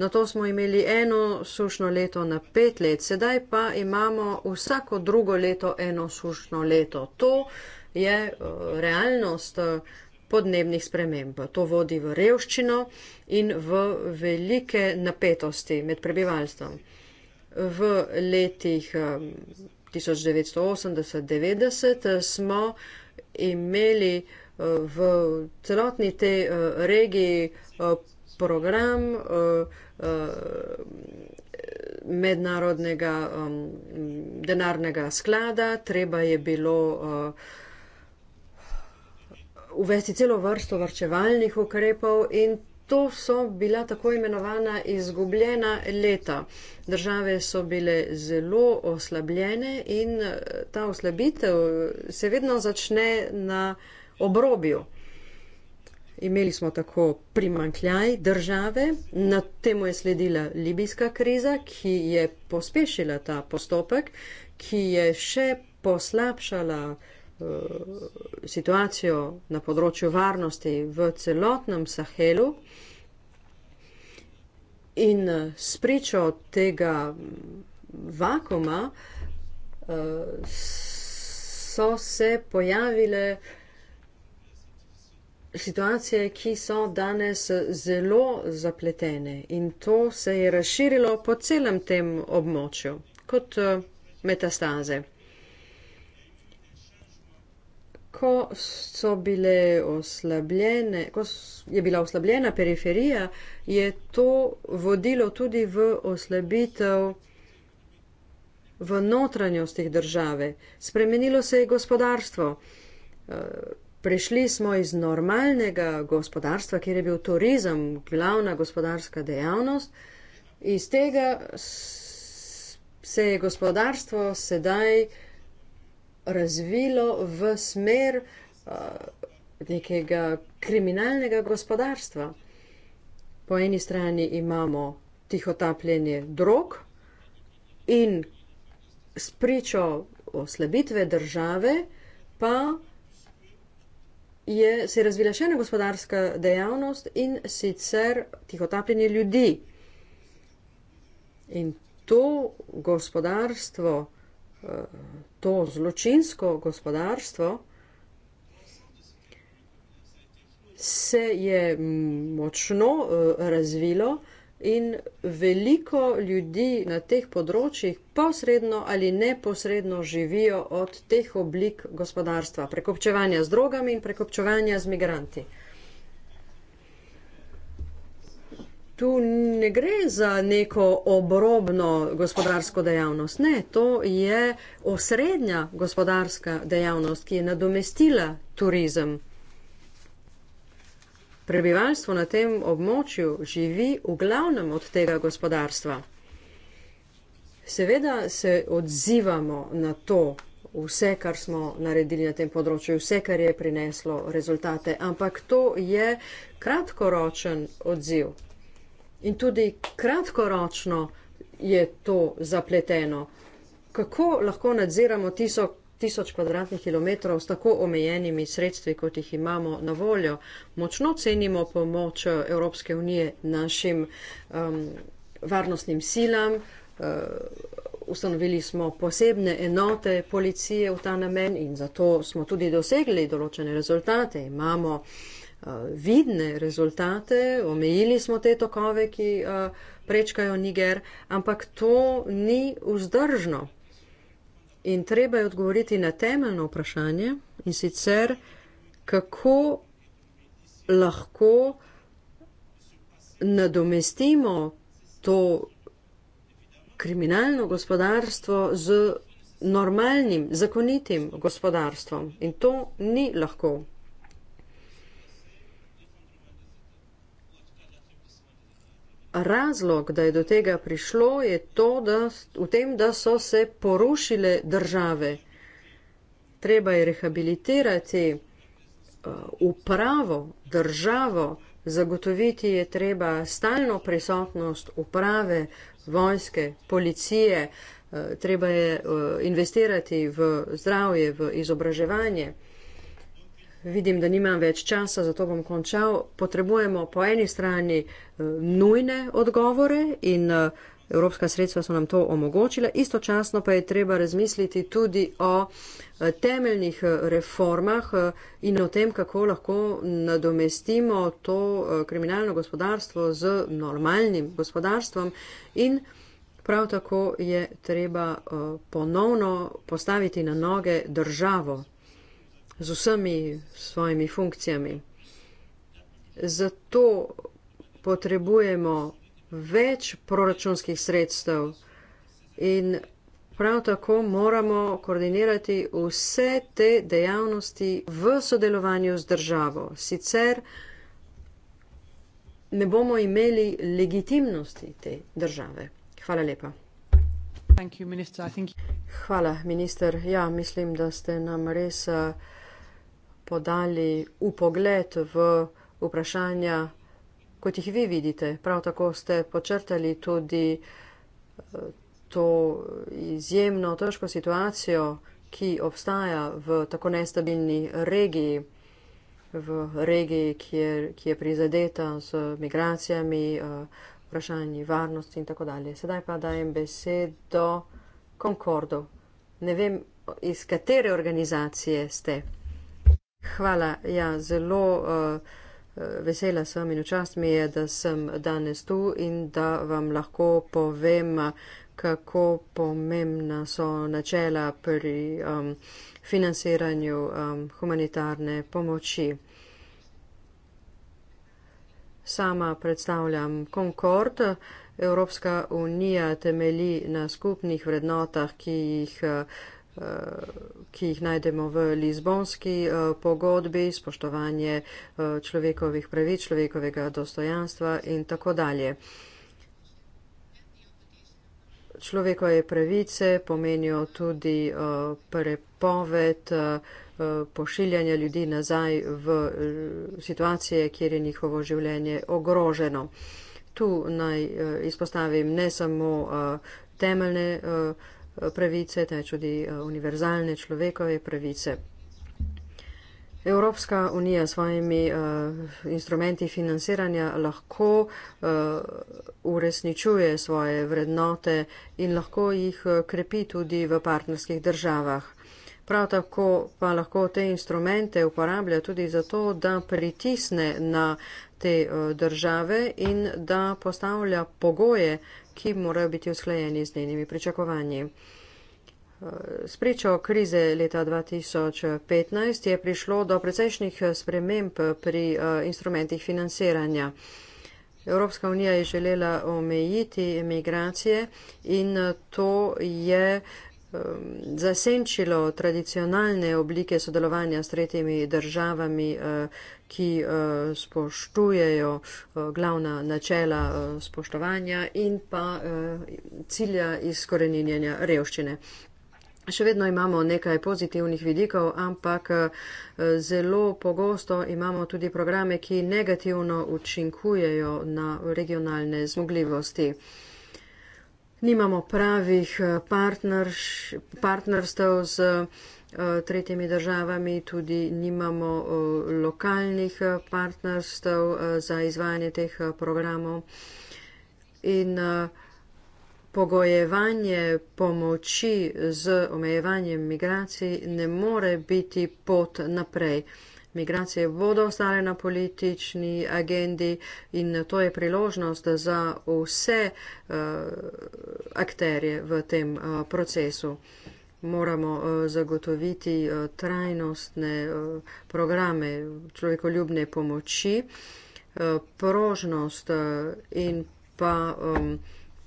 Na to smo imeli eno sušno leto na pet let, sedaj pa imamo vsako drugo leto eno sušno leto. To je eh, realnost eh, podnebnih sprememb. To vodi v revščino in v velike napetosti med prebivalstvom. V letih 1980-90 eh, smo imeli v celotni tej regiji program Eh, mednarodnega um, denarnega sklada, treba je bilo uh, uvesti celo vrsto varčevalnih ukrepov in to so bila tako imenovana izgubljena leta. Države so bile zelo oslabljene in eh, ta oslabitev se vedno začne na obrobju. Imeli smo tako primankljaj države, na temu je sledila libijska kriza, ki je pospešila ta postopek, ki je še poslabšala uh, situacijo na področju varnosti v celotnem Sahelu. In eh, spričo tega vakuma uh, so se pojavile uh, situacije, ki so danes zelo zapletene in to se je razširilo po celem tem območju kot eh, metastaze. Ko, so bile oslabljene, ko je bila oslabljena periferija, je to vodilo tudi v oslabitev v notranjostih države. Spremenilo se je gospodarstvo. Eh, Prešli smo iz normalnega gospodarstva, kjer je bil turizem glavna gospodarska dejavnost, iz tega se je gospodarstvo sedaj razvilo v smer uh, nekega kriminalnega gospodarstva. Po eni strani imamo tihotapljenje drog in spričo oslabitve države, pa je se razvila še ena gospodarska dejavnost in sicer tihotapljenje ljudi. In to gospodarstvo, eh, to zločinsko gospodarstvo se je mm, močno eh, razvilo in veliko ljudi na teh področjih posredno ali neposredno živijo od teh oblik gospodarstva, prekopčevanja z drogami in prekopčevanja z migranti. Tu ne gre za neko obrobno gospodarsko dejavnost, ne, to je osrednja gospodarska dejavnost, ki je nadomestila turizem. Prebivalstvo na tem območju živi v glavnem od tega gospodarstva. Seveda se odzivamo na to, vse, kar smo naredili na tem področju, vse, kar je prineslo rezultate, ampak to je kratkoročen odziv. In tudi kratkoročno je to zapleteno. Kako lahko nadziramo tisto, tisoč kvadratnih kilometrov s tako omejenimi sredstvi, kot jih imamo na voljo. Močno cenimo pomoč eh, Evropske unije našim um, varnostnim silam. Uh, ustanovili smo posebne enote policije v ta namen in zato smo tudi dosegli določene rezultate. Imamo uh, vidne rezultate, omejili smo te tokove, ki uh, prečkajo Niger, ampak to ni vzdržno. In treba je odgovoriti na temeljno vprašanje in sicer, kako lahko nadomestimo to kriminalno gospodarstvo z normalnim, zakonitim gospodarstvom. In to ni lahko. Razlog, da je do tega prišlo, je to, da, v tem, da so se porušile države. Treba je rehabilitirati uh, upravo, državo, zagotoviti je treba stalno prisotnost uprave, vojske, policije, uh, treba je uh, investirati v zdravje, v izobraževanje. Vidim, da nimam več časa, zato bom končal. Potrebujemo po eni strani eh, nujne odgovore in eh, evropska sredstva so nam to omogočile. Istočasno pa je treba razmisliti tudi o eh, temeljnih reformah in o tem, kako lahko nadomestimo to kriminalno gospodarstvo z normalnim gospodarstvom. In prav tako je treba ponovno postaviti na noge državo z vsemi svojimi funkcijami. Zato potrebujemo več proračunskih sredstev in prav tako moramo koordinirati vse te dejavnosti v sodelovanju z državo. Sicer ne bomo imeli legitimnosti te države. Hvala lepa. Hvala, minister. Ja, mislim, da ste nam res. Uh, podali upogled v vprašanja, kot jih vi vidite. Prav tako ste počrtali tudi eh, to izjemno težko situacijo, ki obstaja v tako nestabilni regiji, v regiji, kjer, ki je prizadeta z migracijami, eh, vprašanji varnosti in tako dalje. Sedaj pa dajem besedo Concordu. Ne vem, iz katere organizacije ste. Hvala. Ja, zelo uh, vesela sem in včast mi je, da sem danes tu in da vam lahko povem, kako pomembna so načela pri um, financiranju um, humanitarne pomoči. Sama predstavljam Concord. Evropska unija temeli na skupnih vrednotah, ki jih uh, ki jih najdemo v Lizbonski eh, pogodbi, spoštovanje eh, človekovih pravi, človekovega dostojanstva in tako dalje. Človekove pravice pomenijo tudi eh, prepoved pošiljanja ljudi nazaj v situacije, kjer je njihovo življenje ogroženo. Tu naj izpostavim ne samo temeljne pravice, te tudi eh, univerzalne človekove pravice. Evropska unija s svojimi uh, instrumenti financiranja lahko uh, uresničuje svoje vrednote in lahko jih krepi tudi v partnerskih državah. Prav tako pa lahko te instrumente uporablja tudi zato, da pritisne na te uh, države in da postavlja pogoje uh, ki morajo biti usklajeni z njenimi pričakovanji. S pričo krize leta 2015 je prišlo do precejšnjih sprememb pri eh, instrumentih financiranja. Evropska unija je želela omejiti emigracije in eh, to je eh, zasenčilo tradicionalne oblike sodelovanja s tretjimi državami, ki uh, spoštujejo uh, glavna načela uh, spoštovanja in pa uh, cilja izkoreninjanja revščine. Še vedno imamo nekaj pozitivnih vidikov, ampak zelo pogosto imamo tudi programe, ki negativno učinkujejo na regionalne zmogljivosti. Nimamo pravih partners, partnerstv z. Eh, tretjimi državami, tudi nimamo eh, lokalnih eh, partnerstv za izvajanje teh programov. In pogojevanje pomoči z omejevanjem migracij ne more biti pot naprej. Migracije bodo ostale na politični agendi in to je priložnost za vse uh, akterje v tem uh, procesu. Uh, moramo eh, zagotoviti eh, trajnostne eh, programe človekoljubne pomoči, prožnost in pa um,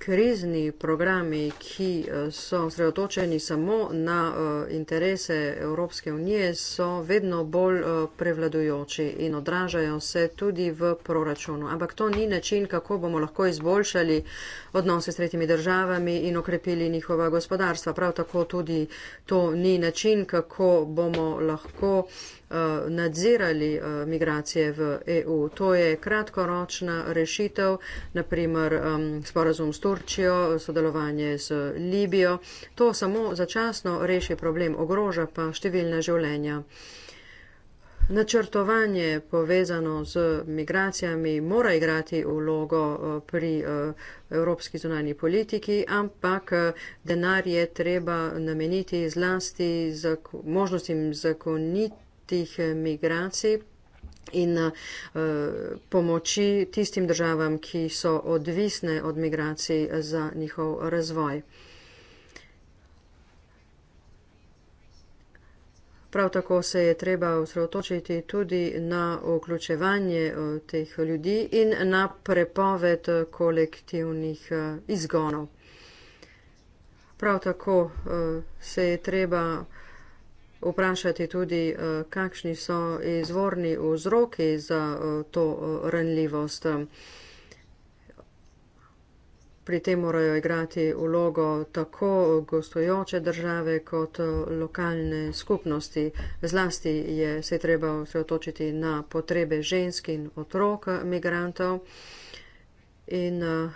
krizni programi, ki eh, so sredotočeni samo na eh, interese Evropske unije, so vedno bolj eh, prevladujoči in odražajo se tudi v proračunu. Ampak to ni način, kako bomo lahko izboljšali odnose s tretjimi državami in okrepili njihova gospodarstva. Prav tako tudi to ni način, kako bomo lahko Eh, nadzirali eh, migracije v EU. To je kratkoročna rešitev, naprimer sporazum s Turčijo, sodelovanje z Libijo. To samo začasno reši problem, ogroža pa številne življenja. Načrtovanje povezano z migracijami mora igrati vlogo eh, pri evropski zunanji politiki, ampak denar je treba nameniti zlasti z možnostim zakonit teh eh, migracij in eh, pomoči tistim državam, ki so odvisne od migracij za njihov razvoj. Prav tako se je treba osredotočiti tudi na vključevanje eh, teh ljudi in na prepoved kolektivnih izgonov. Prav tako se je treba vprašati tudi, eh, kakšni so izvorni vzroki za eh, to eh, ranljivost. Pri tem morajo igrati vlogo tako gostujoče države kot lokalne skupnosti. Zlasti je se treba osredotočiti na potrebe žensk in otrok migrantov in uh,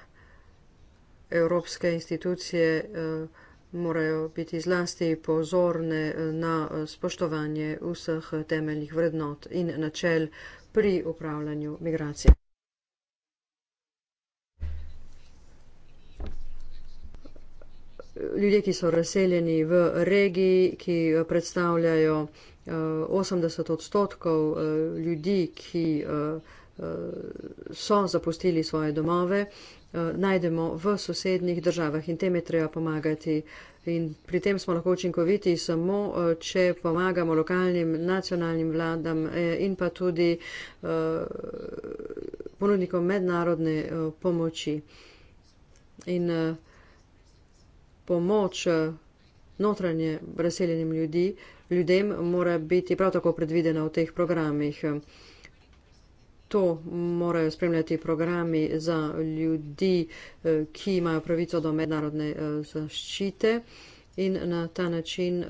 evropske institucije. Uh, morajo biti zlasti pozorne eh, na eh, spoštovanje vseh temeljnih vrednot in načel pri upravljanju migracije. Ljudje, ki so razseljeni v regiji, ki eh, predstavljajo 80 odstotkov ljudi, ki so zapustili svoje domove, Eh, najdemo v sosednjih državah in tem je treba pomagati. In pri tem smo lahko učinkoviti samo, eh, če pomagamo lokalnim, nacionalnim vladam eh, in pa tudi ponudnikom mednarodne pomoči. In pomoč notranje razseljenim ljudi, ljudem mora biti prav tako predvidena v teh programih to morajo spremljati programi za ljudi, eh, ki imajo pravico do mednarodne eh, zaščite in na ta način eh,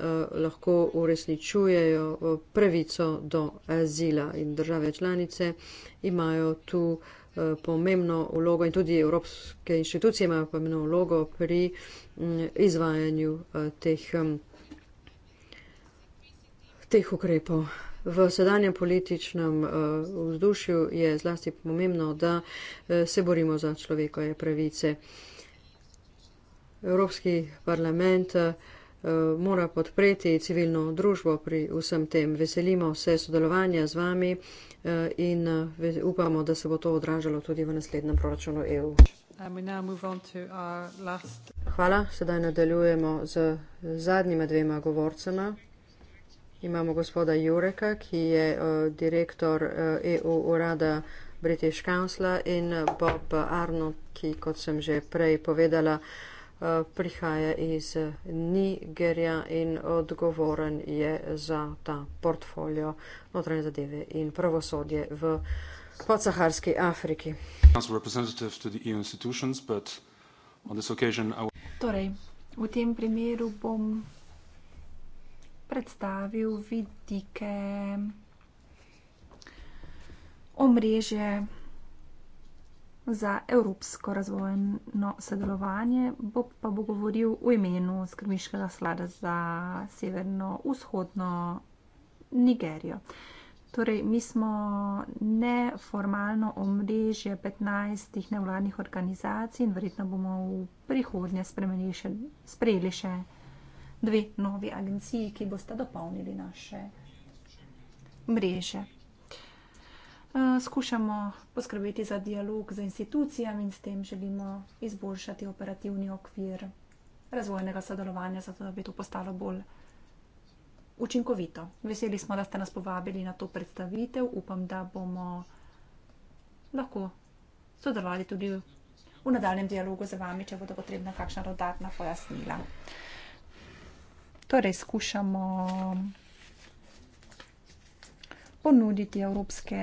lahko uresničujejo pravico do azila. In države članice imajo tu pomembno vlogo in tudi evropske inštitucije imajo pomembno vlogo pri mm, izvajanju teh, mm, teh ukrepov v sedanjem političnem eh, vzdušju je zlasti pomembno, da eh, se borimo za človekove pravice. Evropski parlament eh, mora podpreti civilno družbo pri vsem tem. Veselimo se sodelovanja z vami in upamo, da se bo to odražalo tudi v naslednjem proračunu EU. Hvala. Sedaj nadaljujemo z zadnjima dvema govorcema. Imamo gospoda Jureka, ki je uh, direktor uh, eh, EU urada British Council in Bob Arno, ki, kot sem že prej povedala, uh, prihaja iz Nigerja in odgovoren je za ta portfolio notranje zadeve in pravosodje v podsaharski Afriki. E torej, v tem primeru bom predstavil vidike omrežje za evropsko razvojno sodelovanje, pa bo govoril v imenu Skrmiškega slada za severno-vzhodno Nigerijo. Torej, mi smo neformalno omrežje 15 nevladnih organizacij in verjetno bomo v prihodnje še, sprejeli še dve novi agenciji, ki boste dopolnili naše mreže. Eh, skušamo poskrbeti za dialog z institucijami in s tem želimo izboljšati operativni okvir razvojnega sodelovanja, zato da bi to postalo bolj učinkovito. Veseli smo, da ste nas povabili na to predstavitev. Upam, da bomo lahko sodelovali tudi v nadaljem dialogu z vami, če bodo potrebna kakšna dodatna pojasnila torej skušamo ponuditi evropske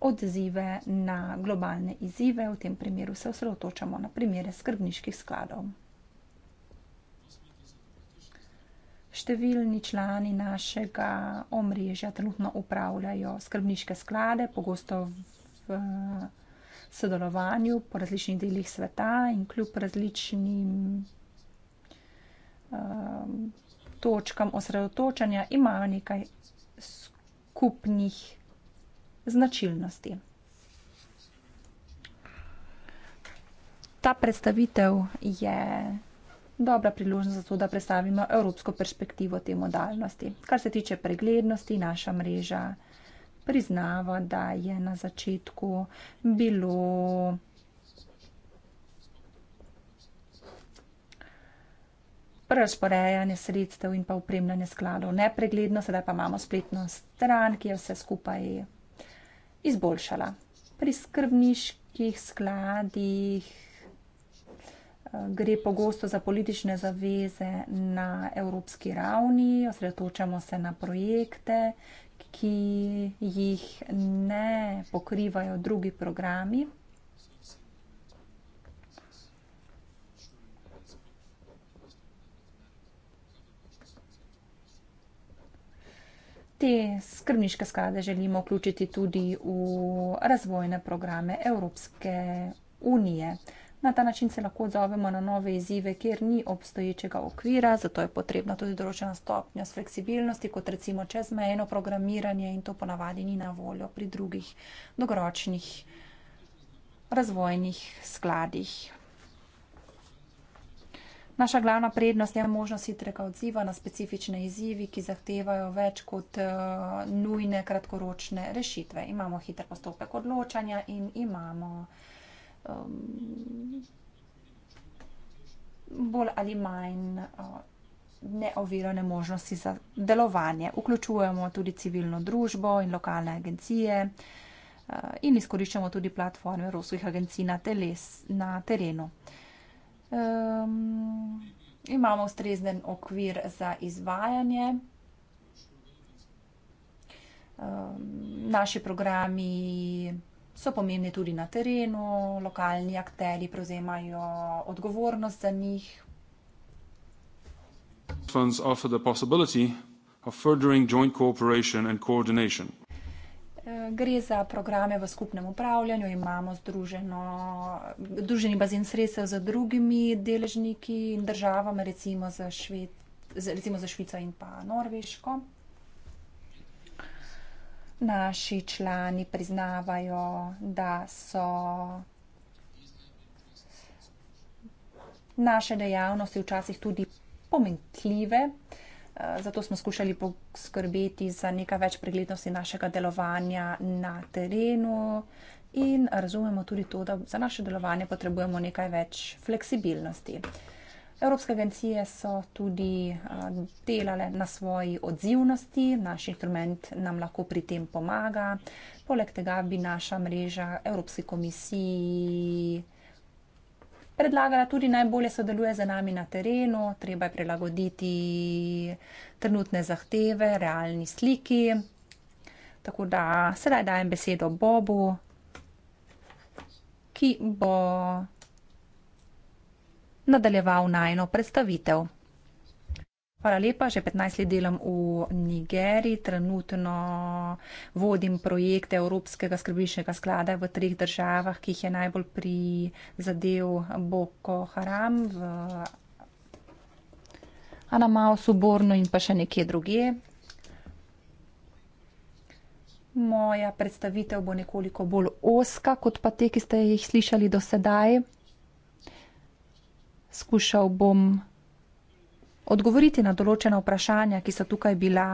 odzive na globalne izzive. V tem primeru se osredotočamo na primere skrbniških skladov. Številni člani našega omrežja trenutno upravljajo skrbniške sklade, pogosto v sodelovanju po različnih delih sveta in kljub različnim Um, točkam osredotočanja imajo nekaj skupnih značilnosti. Ta predstavitev je dobra priložnost za to, da predstavimo evropsko perspektivo te modalnosti. Kar se tiče preglednosti, naša mreža priznava, da je na začetku bilo prerasporejanje sredstev in pa upremljanje skladov nepregledno, sedaj pa imamo spletno stran, ki je vse skupaj izboljšala. Pri skrbniških skladih eh, gre pogosto za politične zaveze na evropski ravni, osredotočamo se na projekte, ki jih ne pokrivajo drugi programi. te skrbniške sklade želimo vključiti tudi v razvojne programe Evropske unije. Na ta način se lahko odzovemo na nove izzive, kjer ni obstoječega okvira, zato je potrebna tudi določena stopnja fleksibilnosti, kot recimo čezmejno programiranje in to ponavadi ni na voljo pri drugih dogoročnih razvojnih skladih. Naša glavna prednost je možnost hitrega odziva na specifične izzivi, ki zahtevajo več kot uh, nujne kratkoročne rešitve. Imamo hiter postopek odločanja in imamo um, bolj ali manj uh, neovirane možnosti za delovanje. Vključujemo tudi civilno družbo in lokalne agencije uh, in izkoriščamo tudi platforme ruskih agencij na, teles, na terenu. Uh, um, imamo ustrezen okvir za izvajanje. Um, naši programi so pomembni tudi na terenu, lokalni akteri prevzemajo odgovornost za njih. Funds offer the possibility of furthering joint cooperation and coordination. Eh, gre za programe v skupnem upravljanju, imamo združeno, združeni bazen sredstev z drugimi deležniki in državami, recimo za, Šved, recimo za Švico in pa Norveško. Naši člani priznavajo, da so naše dejavnosti včasih tudi pomenkljive. Eh, zato smo skušali poskrbeti za nekaj več preglednosti našega delovanja na terenu in razumemo tudi to, da za naše delovanje potrebujemo nekaj več fleksibilnosti. Evropske agencije so tudi eh, delale na svoji odzivnosti, naš instrument nam lahko pri tem pomaga. Poleg tega bi naša mreža Evropski komisiji predlagala tudi najbolje sodeluje z nami na terenu, treba je prilagoditi trenutne zahteve, realni sliki. Tako da sedaj dajem besedo Bobu, ki bo nadaljeval najno predstavitev. Hvala lepa. Že 15 let delam v Nigeriji. Trenutno vodim projekte Evropskega skrbiščnega sklada v treh državah, ki jih je najbolj prizadel Boko Haram. V Anamao, Suborno in pa še nekje druge. Moja predstavitev bo nekoliko bolj oska, kot pa te, ki ste jih slišali do sedaj. Skušal bom odgovoriti na določena vprašanja, ki so tukaj bila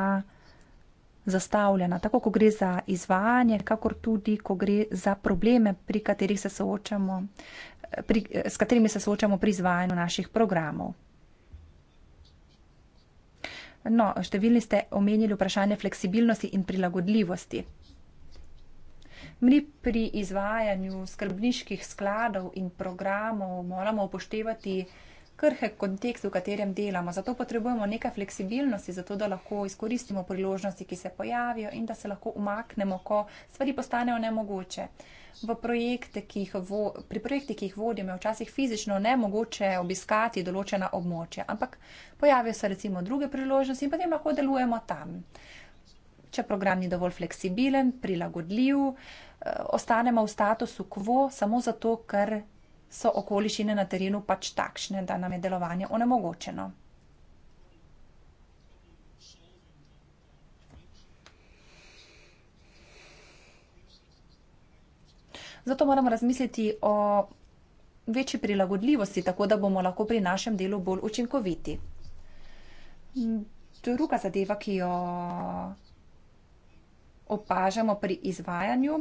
zastavljena, tako ko gre za izvajanje, kakor tudi ko gre za probleme, pri katerih se soočamo, pri, s katerimi se soočamo pri izvajanju naših programov. No, številni ste omenili vprašanje fleksibilnosti in prilagodljivosti. Mi pri izvajanju skrbniških skladov in programov moramo upoštevati krhek kontekst, v katerem delamo. Zato potrebujemo nekaj fleksibilnosti, zato da lahko izkoristimo priložnosti, ki se pojavijo in da se lahko umaknemo, ko stvari postanejo nemogoče. Projekte, vo, pri projektih, ki jih vodim, je včasih fizično nemogoče obiskati določena območja, ampak pojavijo se recimo druge priložnosti in potem lahko delujemo tam. Če program ni dovolj fleksibilen, prilagodljiv, eh, ostanemo v statusu quo samo zato, ker so okoliščine na terenu pač takšne, da nam je delovanje onemogočeno. Zato moramo razmisliti o večji prilagodljivosti, tako da bomo lahko pri našem delu bolj učinkoviti. Druga zadeva, ki jo opažamo pri izvajanju,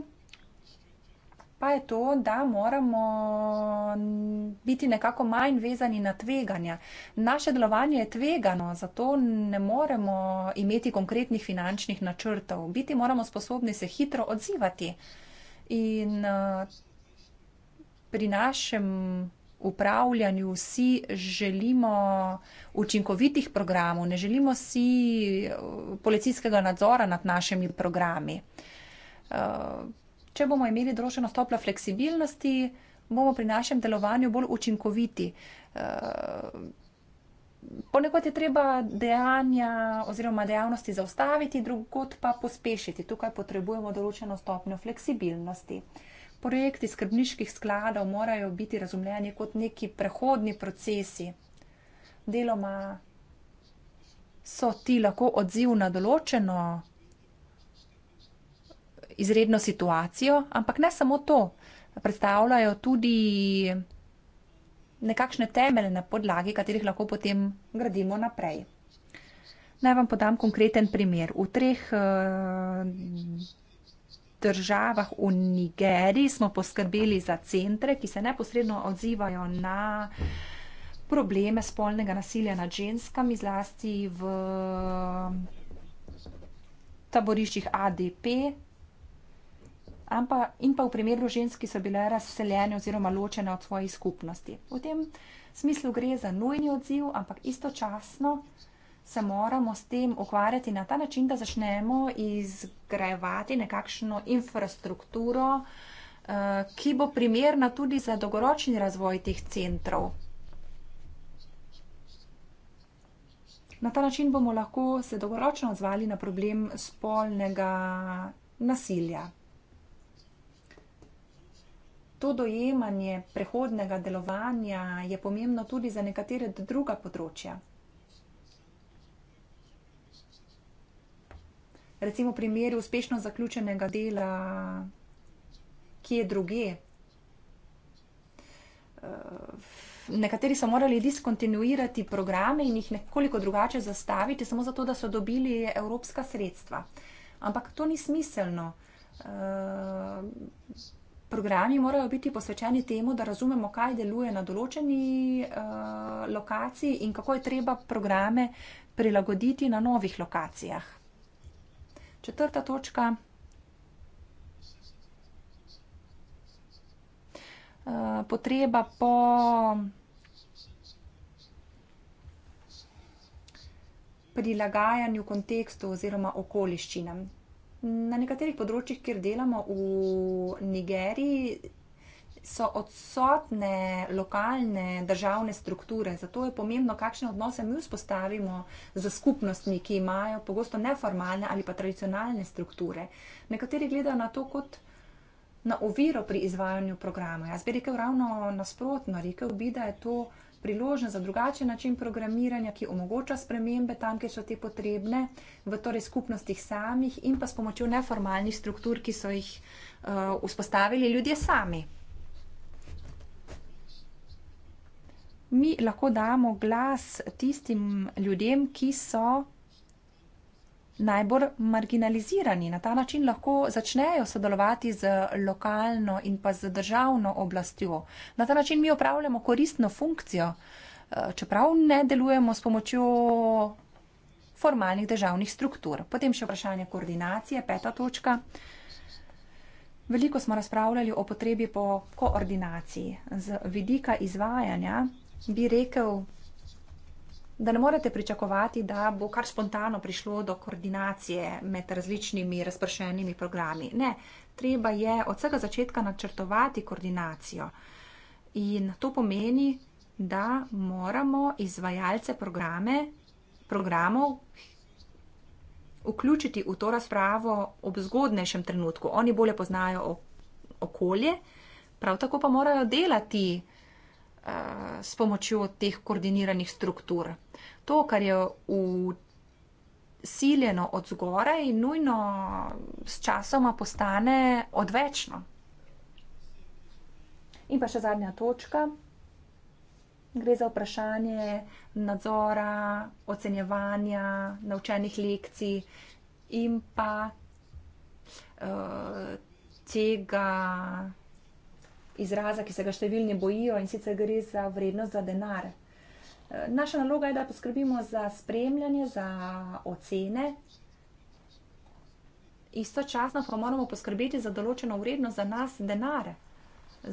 pa je to, da moramo biti nekako manj vezani na tveganja. Naše delovanje je tvegano, zato ne moremo imeti konkretnih finančnih načrtov. Biti moramo sposobni se hitro odzivati. In eh, pri našem upravljanju si želimo učinkovitih programov, ne želimo si eh, policijskega nadzora nad našimi programi. Eh, Če bomo imeli določeno stopnjo fleksibilnosti, bomo pri našem delovanju bolj učinkoviti. Eh, ponekod je treba dejanja oziroma dejavnosti zaustaviti, drugod pa pospešiti. Tukaj potrebujemo določeno stopnjo fleksibilnosti. Projekti skrbniških skladov morajo biti razumljeni kot neki prehodni procesi. Deloma so ti lahko odziv na določeno izredno situacijo, ampak ne samo to. Predstavljajo tudi nekakšne temelje na podlagi, katerih lahko potem gradimo naprej. Naj vam podam konkreten primer. V treh eh, državah v Nigeriji smo poskrbeli za centre, ki se neposredno odzivajo na probleme spolnega nasilja nad ženskami, zlasti v taboriščih ADP, ampak in pa v primeru žensk, ki so bile razseljene oziroma ločene od svojih skupnosti. V tem smislu gre za nujni odziv, ampak istočasno se moramo s tem ukvarjati na ta način, da začnemo izgrajevati nekakšno infrastrukturo, eh, ki bo primerna tudi za dolgoročni razvoj teh centrov. Na ta način bomo lahko se dolgoročno odzvali na problem spolnega nasilja to dojemanje prehodnega delovanja je pomembno tudi za nekatere druga področja. Recimo v primeru uspešno zaključenega dela, ki je druge. Eh, nekateri so morali diskontinuirati programe in jih nekoliko drugače zastaviti, samo zato, da so dobili evropska sredstva. Ampak to ni smiselno. Eh, programi morajo biti posvečeni temu, da razumemo, kaj deluje na določeni uh, lokaciji in kako je treba programe prilagoditi na novih lokacijah. Četrta točka. Eh, potreba po prilagajanju kontekstu oziroma okoliščinam na nekaterih področjih, kjer delamo v Nigeriji, so odsotne lokalne državne strukture. Zato je pomembno, kakšne odnose mi vzpostavimo z skupnostmi, ki imajo pogosto neformalne ali pa tradicionalne strukture. Nekateri gledajo na to kot na oviro pri izvajanju programa. Jaz bi rekel ravno nasprotno, rekel bi, da je to priložnost za drugačen način programiranja, ki omogoča spremembe tam, kjer so te potrebne, v torej skupnostih samih in pa s pomočjo neformalnih struktur, ki so jih uh, vzpostavili ljudje sami. Mi lahko damo glas tistim ljudem, ki so najbolj marginalizirani. Na ta način lahko začnejo sodelovati z lokalno in pa z državno oblastjo. Na ta način mi opravljamo koristno funkcijo, eh, čeprav ne delujemo s pomočjo formalnih državnih struktur. Potem še vprašanje koordinacije, peta točka. Veliko smo razpravljali o potrebi po koordinaciji z vidika izvajanja, bi rekel, da ne morete pričakovati, da bo kar spontano prišlo do koordinacije med različnimi razpršenimi programi. Ne, treba je od vsega začetka načrtovati koordinacijo. In to pomeni, da moramo izvajalce programe, programov vključiti v to razpravo ob zgodnejšem trenutku. Oni bolje poznajo okolje, prav tako pa morajo delati Eh, s pomočjo teh koordiniranih struktur. To, kar je usiljeno od zgoraj, nujno s časoma postane odvečno. In pa še zadnja točka. Gre za vprašanje nadzora, ocenjevanja, naučenih lekcij in pa uh, tega izraza, ki se ga številni bojijo in sicer gre za vrednost za denar. Eh, naša naloga je, da poskrbimo za spremljanje, za ocene. Istočasno pa moramo poskrbeti za določeno vrednost za nas denar,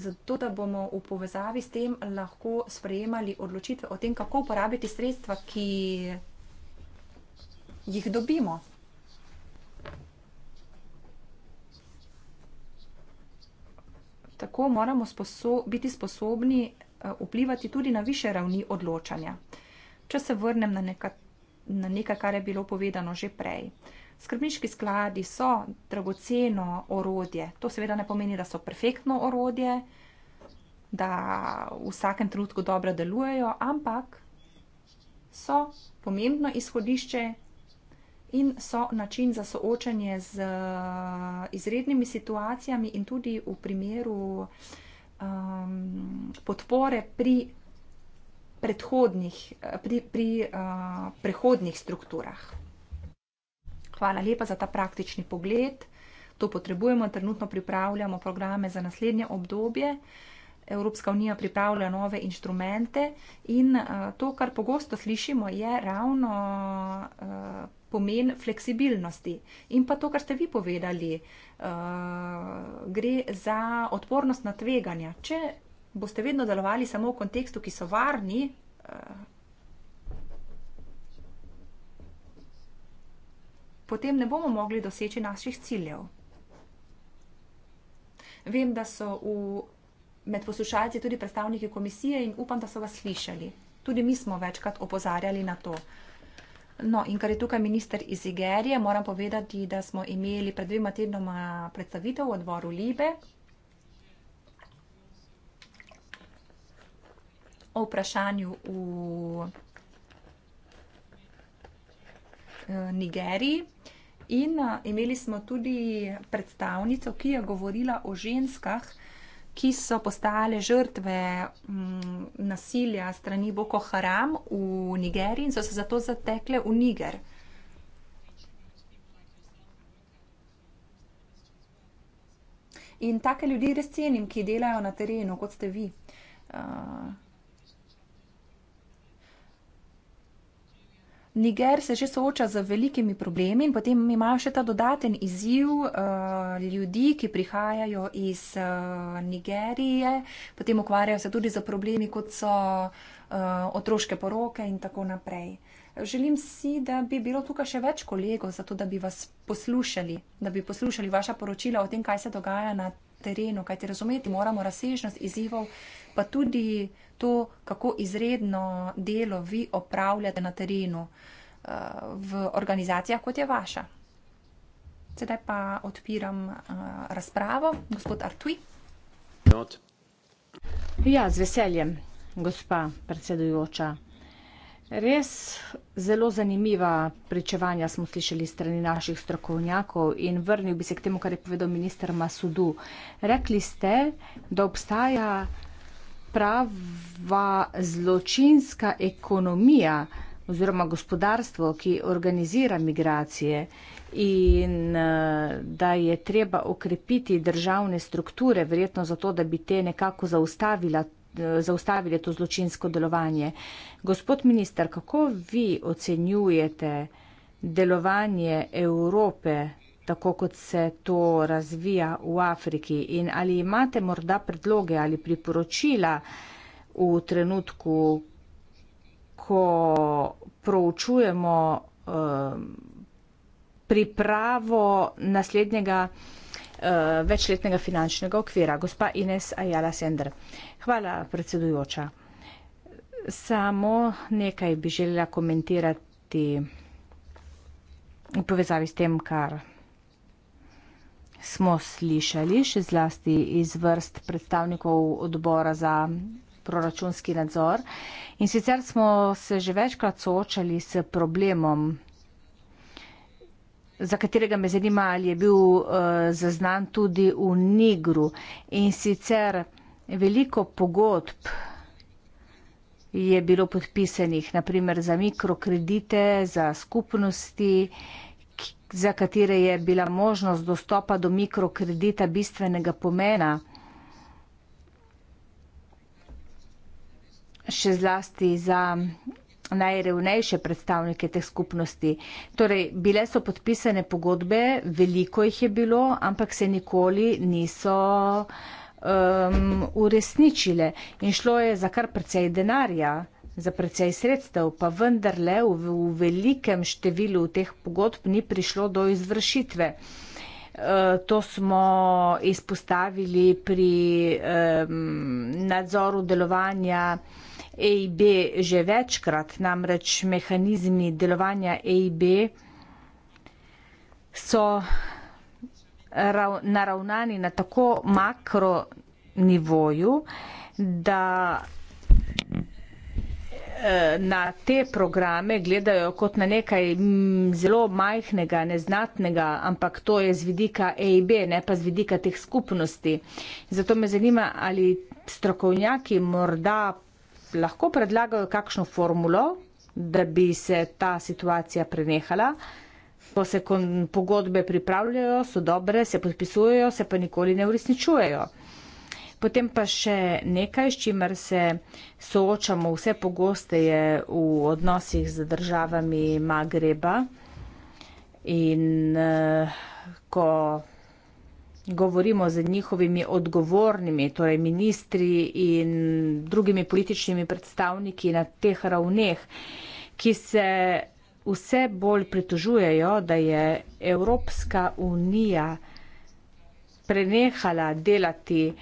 zato da bomo v povezavi s tem lahko sprejemali odločitve o tem, kako uporabiti sredstva, ki jih dobimo. Tako moramo sposo biti sposobni eh, vplivati tudi na više ravni odločanja. Če se vrnem na, neka, na nekaj, kar je bilo povedano že prej. Skrbniški skladi so dragoceno orodje. To seveda ne pomeni, da so perfektno orodje, da v vsakem trenutku dobro delujejo, ampak so pomembno izhodišče, in so način za soočanje z eh, izrednimi situacijami in tudi v primeru um, podpore pri predhodnih, eh, pri, pri uh, prehodnih strukturah. Hvala lepa za ta praktični pogled. To potrebujemo, trenutno pripravljamo programe za naslednje obdobje. Evropska unija pripravlja nove inštrumente in uh, to, kar pogosto slišimo, je ravno uh, pomen fleksibilnosti. In pa to, kar ste vi povedali, uh, gre za odpornost na tveganja. Če boste vedno delovali samo v kontekstu, ki so varni. Uh, Potem ne bomo mogli doseči naših ciljev. Vem, da so v, med poslušalci tudi predstavniki komisije in upam, da so vas slišali. Tudi mi smo večkrat opozarjali na to. Uh, No, in kar je tukaj minister iz Igerije, moram povedati, da smo imeli pred dvema tednoma predstavitev v odboru Libe. O vprašanju v eh, Nigeriji. In eh, imeli smo tudi predstavnico, ki je govorila o ženskah, ki so postale žrtve mm, nasilja strani Boko Haram v Nigeriji in so se zato zatekle v Niger. In take ljudi res cenim, ki delajo na terenu, kot ste vi. Uh, Niger se že sooča z velikimi problemi in potem ima še ta dodaten izziv uh, ljudi, ki prihajajo iz uh, Nigerije, potem ukvarjajo se tudi z problemi, kot so uh, otroške poroke in tako naprej. Želim si, da bi bilo tukaj še več kolegov, zato da bi vas poslušali, da bi poslušali vaša poročila o tem, kaj se dogaja na terenu, kajti razumeti moramo razsežnost izzivov, pa tudi to, kako izredno delo vi opravljate na terenu eh, v organizacijah, kot je vaša. Sedaj pa odpiram eh, razpravo. Gospod Artui. Ja, z veseljem, gospa predsedujoča. Res zelo zanimiva pričevanja smo slišali strani naših strokovnjakov in vrnil bi se k temu, kar je povedal minister Masudu. Rekli ste, da obstaja prava zločinska ekonomija oziroma gospodarstvo, ki organizira migracije in eh, da je treba okrepiti državne strukture, verjetno zato, da bi te nekako zaustavila zaustavili to zločinsko delovanje. Gospod minister, kako vi ocenjujete delovanje Evrope, tako kot se to razvija v Afriki in ali imate morda predloge ali priporočila v trenutku, ko proučujemo eh, pripravo naslednjega Eh, večletnega finančnega okvira. Gospa Ines Ajala Sender. Hvala, predsedujoča. Samo nekaj bi želela komentirati v povezavi s tem, kar smo slišali, še zlasti iz vrst predstavnikov odbora za proračunski nadzor. In sicer smo se že večkrat soočali s problemom za katerega me zanima, ali je bil uh, zaznan tudi v Nigru. In sicer veliko pogodb je bilo podpisanih, naprimer za mikrokredite, za skupnosti, za katere je bila možnost dostopa do mikrokredita bistvenega pomena. Še zlasti za najrevnejše predstavnike teh skupnosti. Torej, bile so podpisane pogodbe, veliko jih je bilo, ampak se nikoli niso um, uresničile. In šlo je za kar precej denarja, za precej sredstev, pa vendarle v, v velikem številu teh pogodb ni prišlo do izvršitve. Uh, to smo izpostavili pri um, nadzoru delovanja EIB že večkrat, namreč mehanizmi delovanja EIB so naravnani na tako makro nivoju, da e, na te programe gledajo kot na nekaj zelo majhnega, neznatnega, ampak to je z vidika EIB, ne pa z vidika teh skupnosti. Zato me zanima, ali strokovnjaki morda lahko predlagajo kakšno formulo, da bi se ta situacija prenehala. Ko se pogodbe pripravljajo, so dobre, se podpisujejo, se pa nikoli ne uresničujejo. Potem pa še nekaj, s čimer se soočamo vse pogosteje v odnosih z državami Magreba in eh, ko govorimo z njihovimi odgovornimi, torej ministri in drugimi političnimi predstavniki na teh ravneh, ki se vse bolj pritožujejo, da je Evropska unija prenehala delati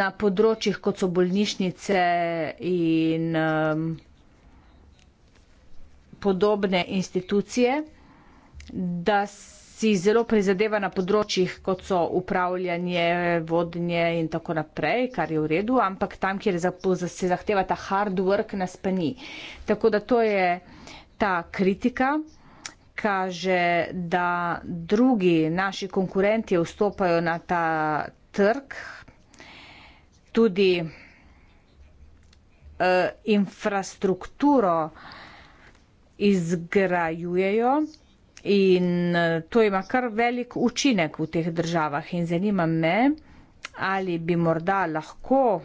na področjih, kot so bolnišnice in um, podobne institucije, da se si zelo prizadeva na področjih, kot so upravljanje, vodnje in tako naprej, kar je v redu, ampak tam, kjer se zahteva ta hard work, nas pa ni. Tako da to je ta kritika, kaže, da drugi naši konkurenti vstopajo na ta trg, tudi uh, infrastrukturo izgrajujejo. In e, to ima kar velik učinek v teh državah. In zanima me, ali bi morda lahko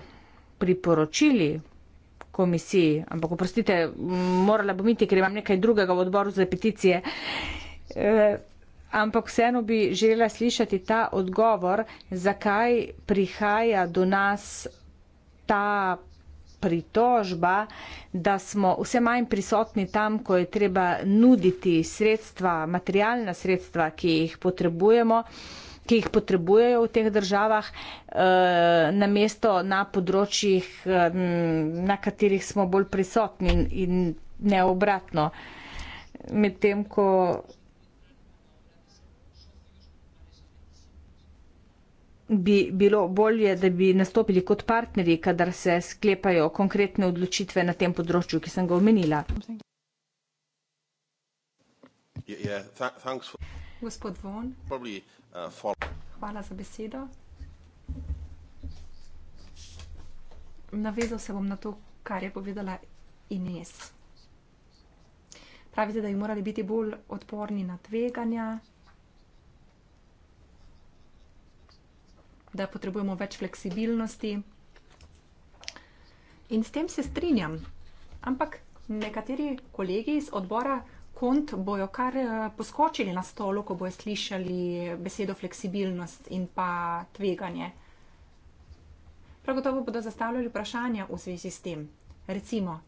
priporočili komisiji, ampak oprostite, morala bom iti, ker imam nekaj drugega v odboru za peticije. E, ampak vseeno bi želela slišati ta odgovor, zakaj prihaja do nas ta pritožba, da smo vse manj prisotni tam, ko je treba nuditi sredstva, materialna sredstva, ki jih potrebujemo, ki jih potrebujejo v teh državah, eh, na mesto na področjih, eh, na katerih smo bolj prisotni in ne obratno. Medtem, ko bi bilo bolje, da bi nastopili kot partnerji, kadar se sklepajo konkretne odločitve na tem področju, ki sem ga omenila. Gospod Von, uh, hvala za besedo. Navezal se bom na to, kar je povedala Ines. Pravite, da bi morali biti bolj odporni na tveganja. da potrebujemo več fleksibilnosti. In s tem se strinjam. Ampak nekateri kolegi iz odbora KONT bojo kar eh, poskočili na stolu, ko bojo slišali besedo fleksibilnost in pa tveganje. Prav gotovo bodo zastavljali vprašanja v zvezi s tem. Recimo,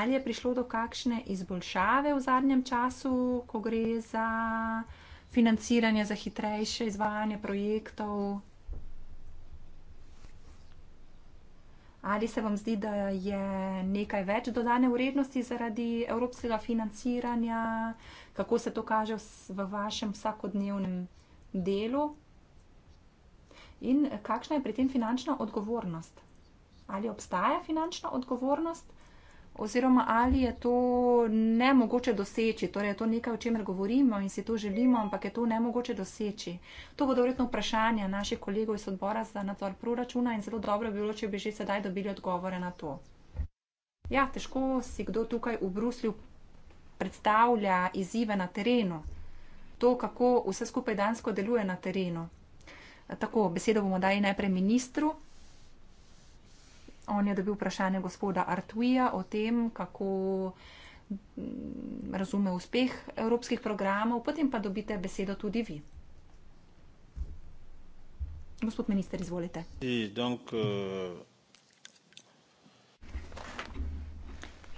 ali je prišlo do kakšne izboljšave v zadnjem času, ko gre za financiranje, za hitrejše izvajanje projektov, Ali se vam zdi, da je nekaj več dodane vrednosti zaradi evropskega financiranja? Kako se to kaže v vašem vsakodnevnem delu? In kakšna je pri tem finančna odgovornost? Ali obstaja finančna odgovornost? oziroma ali je to ne mogoče doseči, torej je to nekaj, o čemer govorimo in si to želimo, ampak je to ne mogoče doseči. To bodo verjetno vprašanja naših kolegov iz odbora za nadzor proračuna in zelo dobro bi bilo, če bi že sedaj dobili odgovore na to. Ja, težko si kdo tukaj v Bruslju predstavlja izzive na terenu, to, kako vse skupaj dansko deluje na terenu. Tako, besedo bomo dali najprej ministru on je dobil vprašanje gospoda Artuija o tem, kako mm, razume uspeh evropskih programov, potem pa dobite besedo tudi vi. Gospod minister, izvolite. Euh,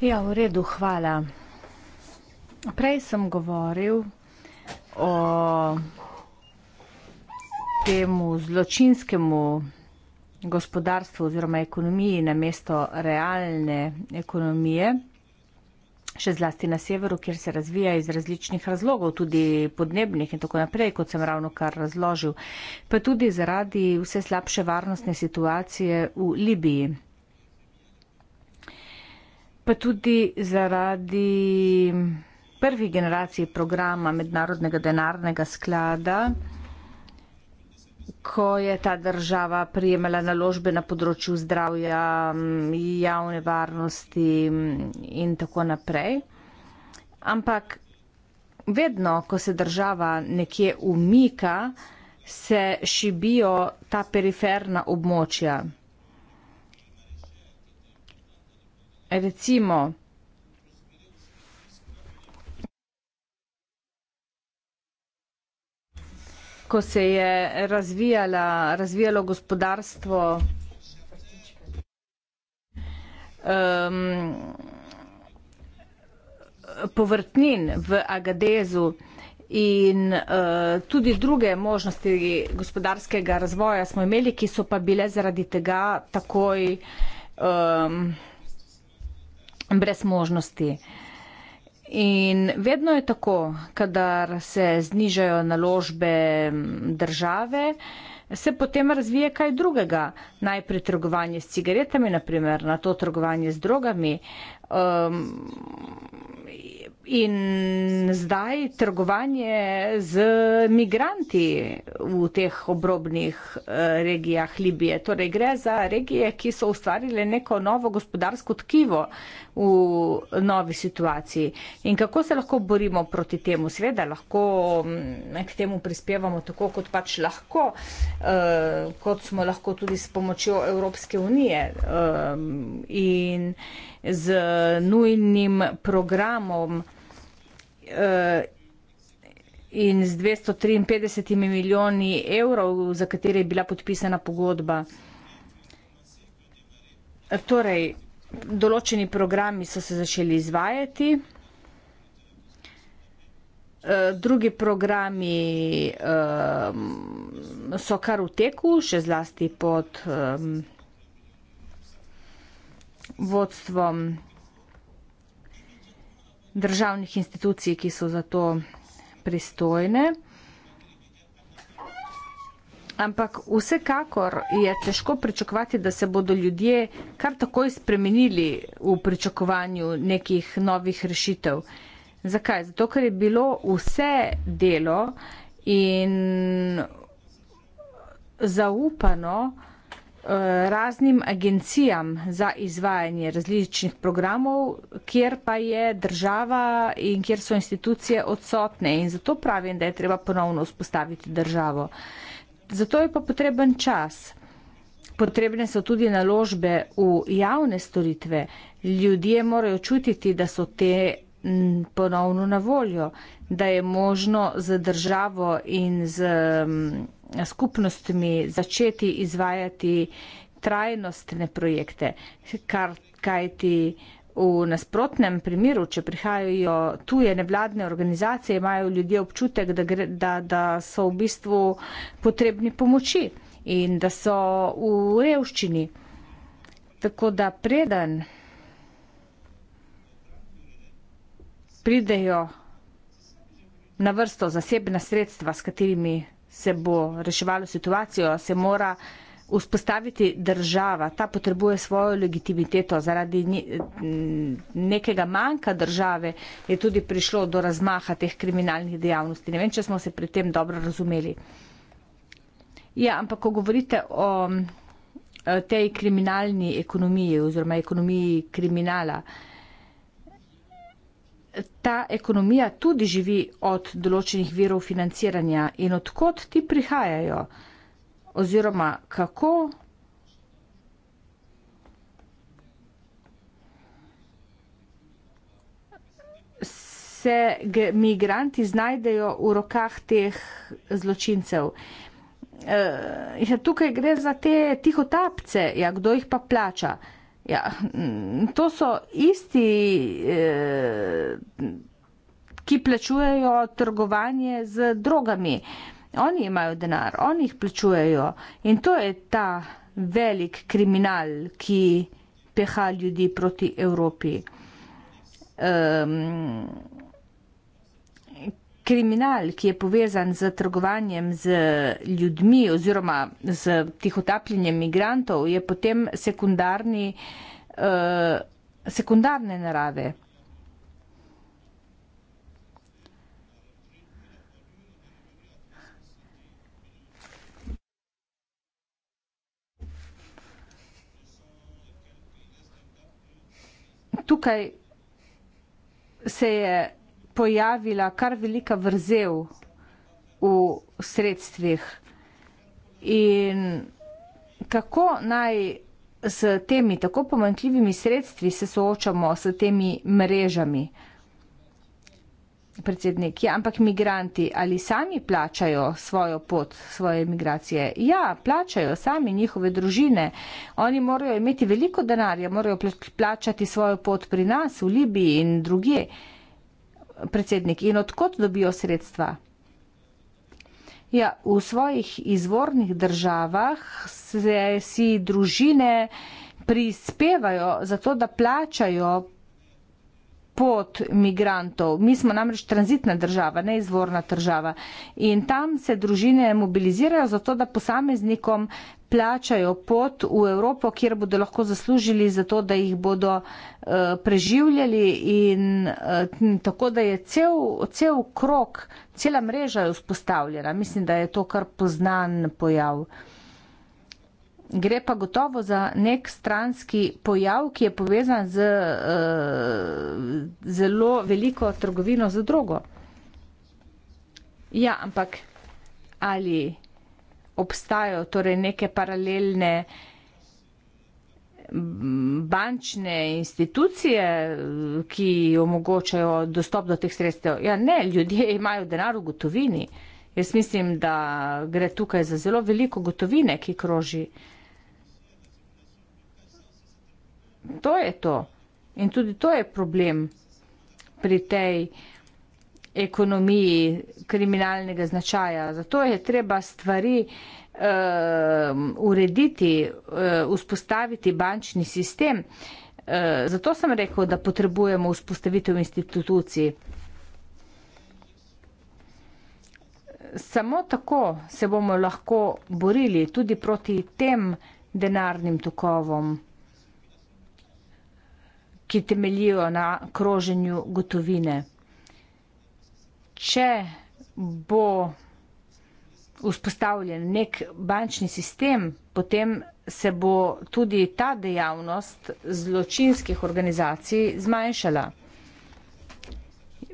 ja, v redu, hvala. Prej sem govoril o temu zločinskemu gospodarstvu oziroma ekonomiji na mesto realne ekonomije, še zlasti na severu, kjer se razvija iz različnih razlogov, tudi podnebnih in tako naprej, kot sem ravno kar razložil, pa tudi zaradi vse slabše varnostne situacije v Libiji. Pa tudi zaradi prvi generaciji programa Mednarodnega denarnega sklada, ko je ta država prijemala naložbe na področju zdravja, javne varnosti in tako naprej. Ampak vedno, ko se država nekje umika, se šibijo ta periferna območja. Recimo, ko se je razvijala, razvijalo gospodarstvo. Um, povrtnin v Agadezu in uh, tudi druge možnosti gospodarskega razvoja smo imeli, ki so pa bile zaradi tega takoj um, brez možnosti. Uh, In vedno je tako, kadar se znižajo naložbe države, se potem razvije kaj drugega. Najprej trgovanje s cigaretami, naprimer, na to trgovanje z drogami. Um, In zdaj trgovanje z migranti v teh obrobnih eh, regijah Libije. Torej gre za regije, ki so ustvarile neko novo gospodarsko tkivo v novi situaciji. In kako se lahko borimo proti temu? Sveda lahko mm, k temu prispevamo tako, kot pač lahko, eh, kot smo lahko tudi s pomočjo Evropske unije eh, in z nujnim programom, Eh, in z 253 milijoni evrov, za katere je bila podpisana pogodba. Torej, določeni programi so se začeli izvajati, eh, drugi programi eh, so kar v teku, še zlasti pod vodstvom državnih institucij, ki so za to pristojne. Ampak vsekakor je težko pričakovati, da se bodo ljudje kar takoj spremenili v pričakovanju nekih novih rešitev. Zakaj? Zato, ker je bilo vse delo in zaupano, Eh, raznim agencijam za izvajanje različnih programov, kjer pa je država in kjer so institucije odsotne in zato pravim, da je treba ponovno vzpostaviti državo. Zato je pa potreben čas. Potrebne so tudi naložbe v javne storitve. Ljudje morajo čutiti, da so te ponovno na voljo, da je možno z državo in z. Um, skupnostmi začeti izvajati trajnostne projekte, kar kajti v nasprotnem primeru, če prihajajo tuje nevladne organizacije, imajo ljudje občutek, da, gre, da, da so v bistvu potrebni pomoči in da so v revščini. Tako da preden pridejo na vrsto zasebna sredstva, s katerimi se bo reševalo situacijo, se mora vzpostaviti država. Ta potrebuje svojo legitimiteto. Zaradi nekega manjka države je tudi prišlo do razmaha teh kriminalnih dejavnosti. Ne vem, če smo se pri tem dobro razumeli. Ja, ampak ko govorite o e, tej kriminalni ekonomiji oziroma ekonomiji kriminala, ta ekonomija tudi živi od določenih virov financiranja in odkot ti prihajajo oziroma kako. se migranti znajdejo v rokah teh zločincev. E, tukaj gre za te tihotapce, ja, kdo jih pa plača. E, Ja, mm, to so isti, eh, ki plačujejo trgovanje z drogami. Oni imajo denar, oni jih plačujejo in to je ta velik kriminal, ki peha ljudi proti Evropi. Um, kriminal, ki je povezan z trgovanjem z ljudmi oziroma z tihotapljenjem migrantov, je potem sekundarni, uh, sekundarne narave. Tukaj se je pojavila kar velika vrzel v sredstvih. In kako naj s temi tako pomankljivimi sredstvi se soočamo s temi mrežami? Predsednik, ja, ampak migranti ali sami plačajo svojo pot, svoje migracije? Ja, plačajo sami njihove družine. Oni morajo imeti veliko denarja, morajo plačati svojo pot pri nas, v Libiji in drugje. Uh, predsednik. In odkot dobijo sredstva? Ja, v svojih izvornih državah se si družine prispevajo za to, da plačajo pot migrantov. Mi smo namreč tranzitna država, ne izvorna država. In tam se družine mobilizirajo zato, da posameznikom plačajo pot v Evropo, kjer bodo lahko zaslužili za to, da jih bodo uh, preživljali in uh, tako, da je cel, cel krok, cela mreža je vzpostavljena. Mislim, da je to kar poznan pojav gre pa gotovo za nek stranski pojav, ki je povezan z uh, zelo veliko trgovino za drogo. Ja, ampak ali obstajajo torej neke paralelne bančne institucije, ki omogočajo dostop do teh sredstev. Ja, ne, ljudje imajo denar v gotovini. Jaz mislim, da gre tukaj za zelo veliko gotovine, ki kroži. Uh, To je to. In tudi to je problem pri tej ekonomiji kriminalnega značaja. Zato je treba stvari uh, urediti, uh, vzpostaviti bančni sistem. Uh, zato sem rekel, da potrebujemo vzpostavitev institucij. Samo tako se bomo lahko borili tudi proti tem denarnim tokovom ki temeljijo na kroženju gotovine. Če bo vzpostavljen nek bančni sistem, potem se bo tudi ta dejavnost zločinskih organizacij zmanjšala.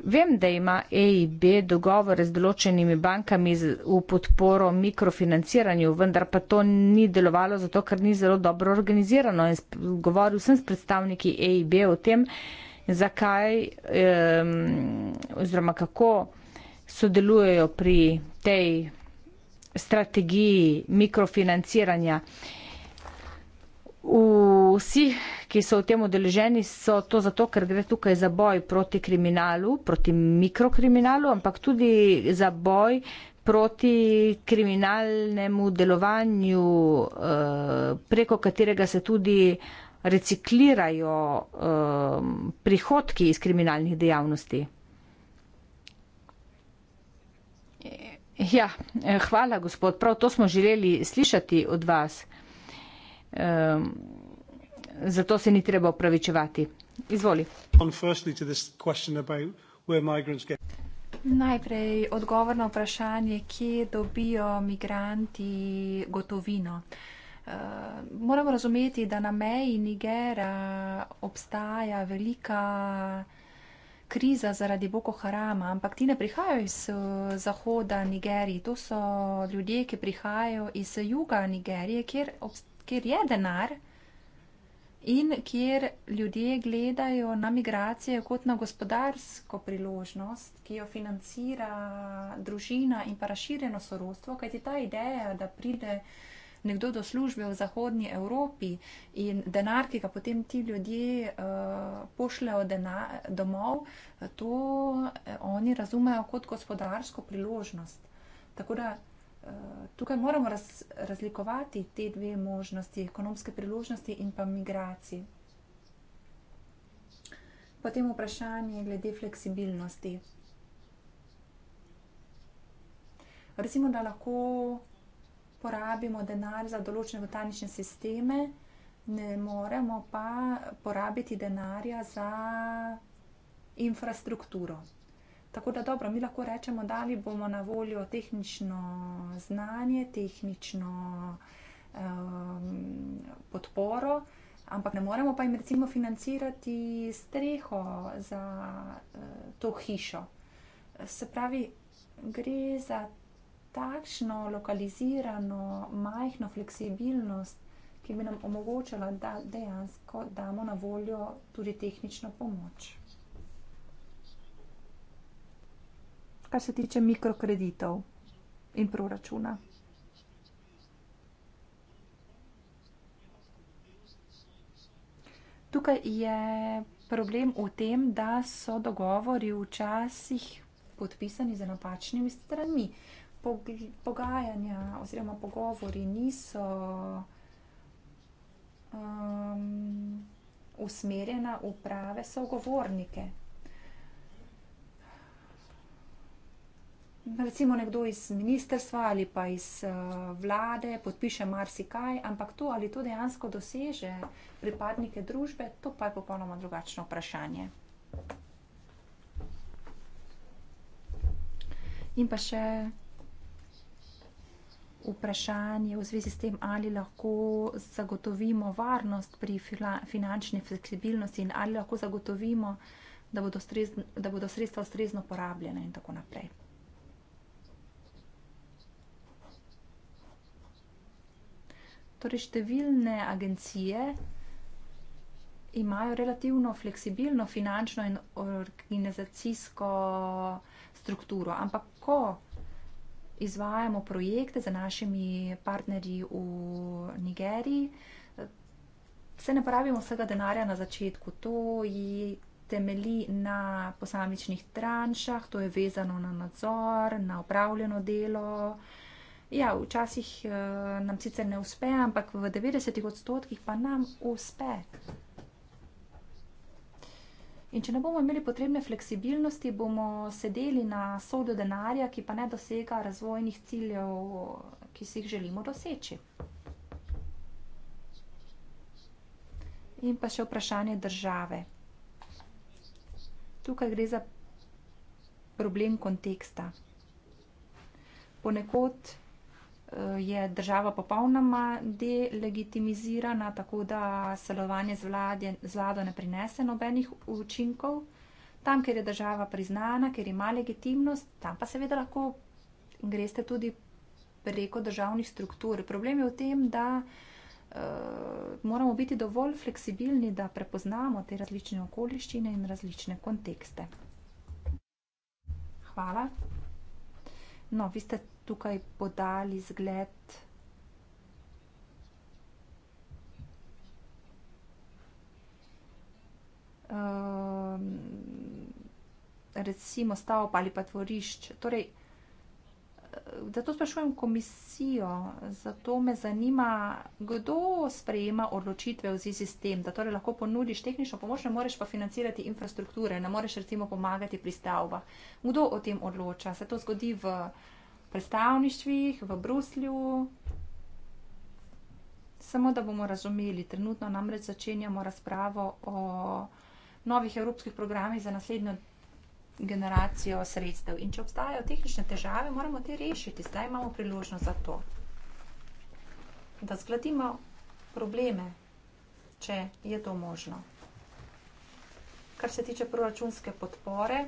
Vem, da ima EIB dogovor z določenimi bankami v podporo mikrofinanciranju, vendar pa to ni delovalo zato, ker ni zelo dobro organizirano. In govoril sem s predstavniki EIB o tem, zakaj oziroma kako sodelujejo pri tej strategiji mikrofinanciranja. Vsi ki so v tem odeleženi, so to zato, ker gre tukaj za boj proti kriminalu, proti mikrokriminalu, ampak tudi za boj proti kriminalnemu delovanju, eh, preko katerega se tudi reciklirajo eh, prihodki iz kriminalnih dejavnosti. Ja, eh, hvala, gospod. Prav to smo želeli slišati od vas. Um, zato se ni treba opravičevati. Izvoli. Najprej odgovor na vprašanje, kje dobijo migranti gotovino. Eh, moramo razumeti, da na meji Nigera obstaja velika kriza zaradi Boko Harama, ampak ti ne prihajajo iz eh, zahoda Nigerije. To so ljudje, ki prihajajo iz juga Nigerije, kjer, kjer je denar in kjer ljudje gledajo na migracije kot na gospodarsko priložnost, ki jo financira družina in pa raširjeno sorostvo, kajti ta ideja, da pride nekdo do službe v Zahodnji Evropi in denar, ki ga potem ti ljudje uh, eh, pošljajo domov, to eh, oni razumejo kot gospodarsko priložnost. Tako da tukaj moramo raz, razlikovati te dve možnosti, ekonomske priložnosti in pa migracije. Potem vprašanje glede fleksibilnosti. Recimo, da lahko porabimo denar za določene botanične sisteme, ne moremo pa porabiti denarja za infrastrukturo. Tako da dobro, mi lahko rečemo, da li bomo na voljo tehnično znanje, tehnično um, podporo, ampak ne moremo pa jim recimo financirati streho za uh, to hišo. Se pravi, gre za takšno lokalizirano, majhno fleksibilnost, ki bi nam omogočala, da dejansko damo na voljo tudi tehnično pomoč. kar se tiče mikrokreditov in proračuna. Tukaj je problem v tem, da so dogovori včasih podpisani za napačnimi strani. Pogajanja oziroma pogovori niso um, usmerjena v prave sogovornike. So recimo nekdo iz ministrstva ali pa iz eh, vlade podpiše marsikaj, ampak to, ali to dejansko doseže pripadnike družbe, to pa je popolnoma drugačno vprašanje. In pa še vprašanje v zvezi s tem, ali lahko zagotovimo varnost pri finančni fleksibilnosti in ali lahko zagotovimo, da bodo, strezn, da bodo sredstva ustrezno porabljene in tako naprej. Torej, številne agencije imajo relativno fleksibilno finančno in organizacijsko strukturo, ampak ko izvajamo projekte za našimi partnerji v Nigeriji, se ne porabimo vsega denarja na začetku. To je temeli na posamičnih tranšah, to je vezano na nadzor, na upravljeno delo. Ja, včasih uh, nam sicer ne uspe, ampak v 90 odstotkih pa nam uspe. In če ne bomo imeli potrebne fleksibilnosti, bomo sedeli na sodu denarja, ki pa ne dosega razvojnih ciljev, ki si jih želimo doseči. In pa še vprašanje države. Tukaj gre za problem konteksta. Ponekod je država popolnoma delegitimizirana, tako da sodelovanje z, z vlado ne prinese nobenih učinkov. Tam, kjer je država priznana, kjer ima legitimnost, tam pa seveda lahko greste tudi preko državnih struktur. Problem je v tem, da uh, moramo biti dovolj fleksibilni, da prepoznamo te različne okoliščine in različne kontekste. Hvala. No, vi ste tukaj podali zgled um, recimo stavb ali pa tvorišč. Torej, eh, zato sprašujem komisijo, zato me zanima, kdo sprejema odločitve v zvezi s tem, da torej lahko ponudiš tehnično pomoč, ne moreš pa financirati infrastrukture, ne moreš recimo pomagati pri stavbah. Kdo o tem odloča? Se to zgodi v predstavništvih, v Bruslju. Samo da bomo razumeli, trenutno namreč začenjamo razpravo o novih evropskih programih za naslednjo generacijo sredstev. In če obstajajo tehnične težave, moramo te rešiti. Zdaj imamo priložnost za to, da zgladimo probleme, če je to možno. Kar se tiče proračunske podpore,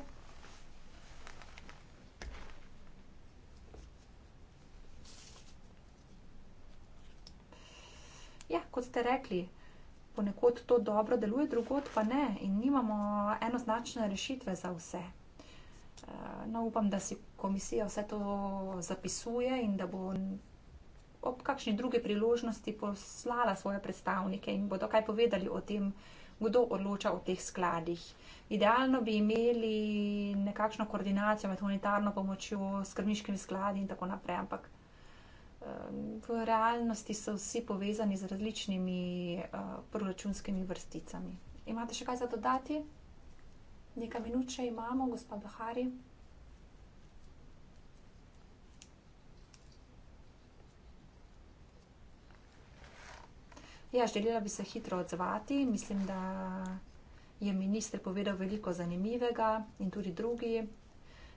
kot ste rekli, ponekod to dobro deluje, drugod pa ne in nimamo enoznačne rešitve za vse. Eh, no, upam, da si komisija vse to zapisuje in da bo ob kakšni druge priložnosti poslala svoje predstavnike in bodo kaj povedali o tem, kdo odloča o teh skladih. Idealno bi imeli nekakšno koordinacijo med humanitarno pomočjo, skrbniškimi skladi in tako naprej, ampak v realnosti so vsi povezani z različnimi eh, proračunskimi vrsticami. Imate še kaj za dodati? Nekaj minut še imamo, gospod Bahari. Ja, želela bi se hitro odzvati. Mislim, da je minister povedal veliko zanimivega in tudi drugi.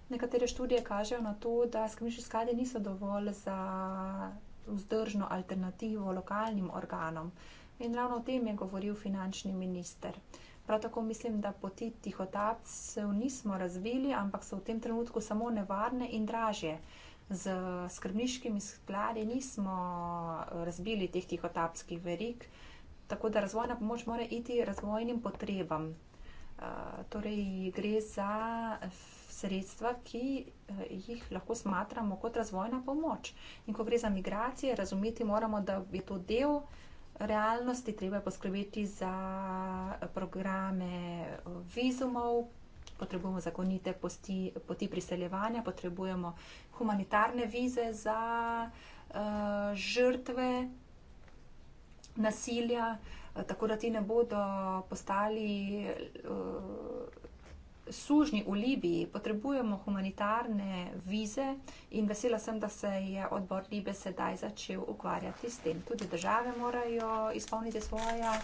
Nekatere študije kažejo na to, da skrbniški skladi niso dovolj za vzdržno alternativo lokalnim organom. In ravno o tem je govoril finančni minister. Prav tako mislim, da poti tihotapcev nismo razvili, ampak so v tem trenutku samo nevarne in dražje. Z skrbniškimi skladi nismo eh, razbili teh tihotapskih verik, tako da razvojna pomoč mora iti razvojnim potrebam. Uh, torej, gre za sredstva, ki eh, jih lahko smatramo kot razvojna pomoč. In ko gre za migracije, razumeti moramo, da je to del realnosti, treba je poskrbeti za eh, programe eh, vizumov, potrebujemo zakonite posti, poti priseljevanja, potrebujemo humanitarne vize za uh, žrtve nasilja, tako da ti ne bodo postali. Uh, sužnji v Libiji potrebujemo humanitarne vize in vesela sem, da se je odbor Libe sedaj začel ukvarjati s tem. Tudi države morajo izpolniti svoja,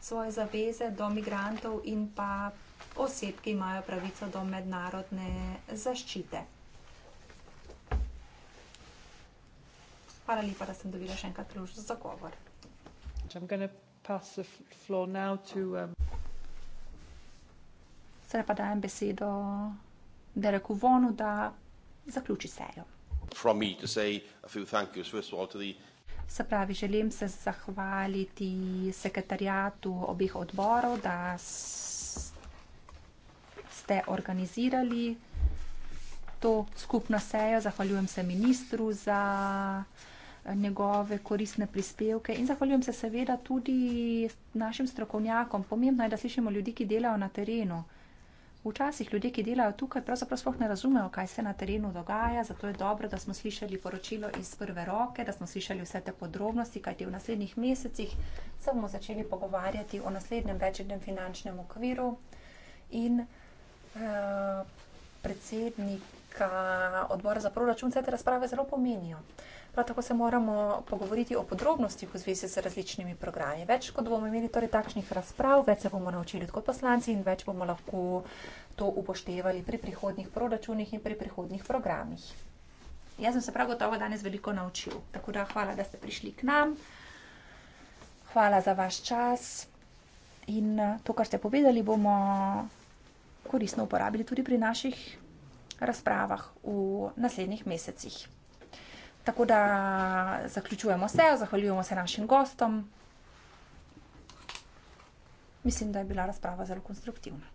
svoje zaveze do migrantov in pa oseb, ki imajo pravico do mednarodne zaščite. Hvala lepa, da sem dobila še enkrat priložnost za govor. I'm going to pass the floor now to. Um... Zdaj pa dajem besedo Dereku Vonu, da zaključi sejo. Se pravi, želim se zahvaliti sekretarjatu obeh odborov, da ste organizirali to skupno sejo. Zahvaljujem se ministru za njegove koristne prispevke in zahvaljujem se seveda tudi našim strokovnjakom. Pomembno je, da slišimo ljudi, ki delajo na terenu. Včasih ljudje, ki delajo tukaj, pravzaprav sploh ne razumejo, kaj se na terenu dogaja, zato je dobro, da smo slišali poročilo iz prve roke, da smo slišali vse te podrobnosti, kajti v naslednjih mesecih se bomo začeli pogovarjati o naslednjem večjem finančnem okviru in uh, predsednika odbora za proračun vse te razprave zelo pomenijo. Uh, Prav tako se moramo pogovoriti o podrobnostih v zvezi z različnimi programi. Več kot bomo imeli torej takšnih razprav, več se bomo naučili kot poslanci in več bomo lahko to upoštevali pri prihodnih proračunih in pri prihodnih programih. Jaz sem se prav gotovo danes veliko naučil, tako da hvala, da ste prišli k nam. Hvala za vaš čas in eh, to, kar ste povedali, bomo koristno uporabili tudi pri naših razpravah v naslednjih mesecih. Tako da zaključujemo se, zahvaljujemo se našim gostom. Mislim, da je bila razprava zelo konstruktivna.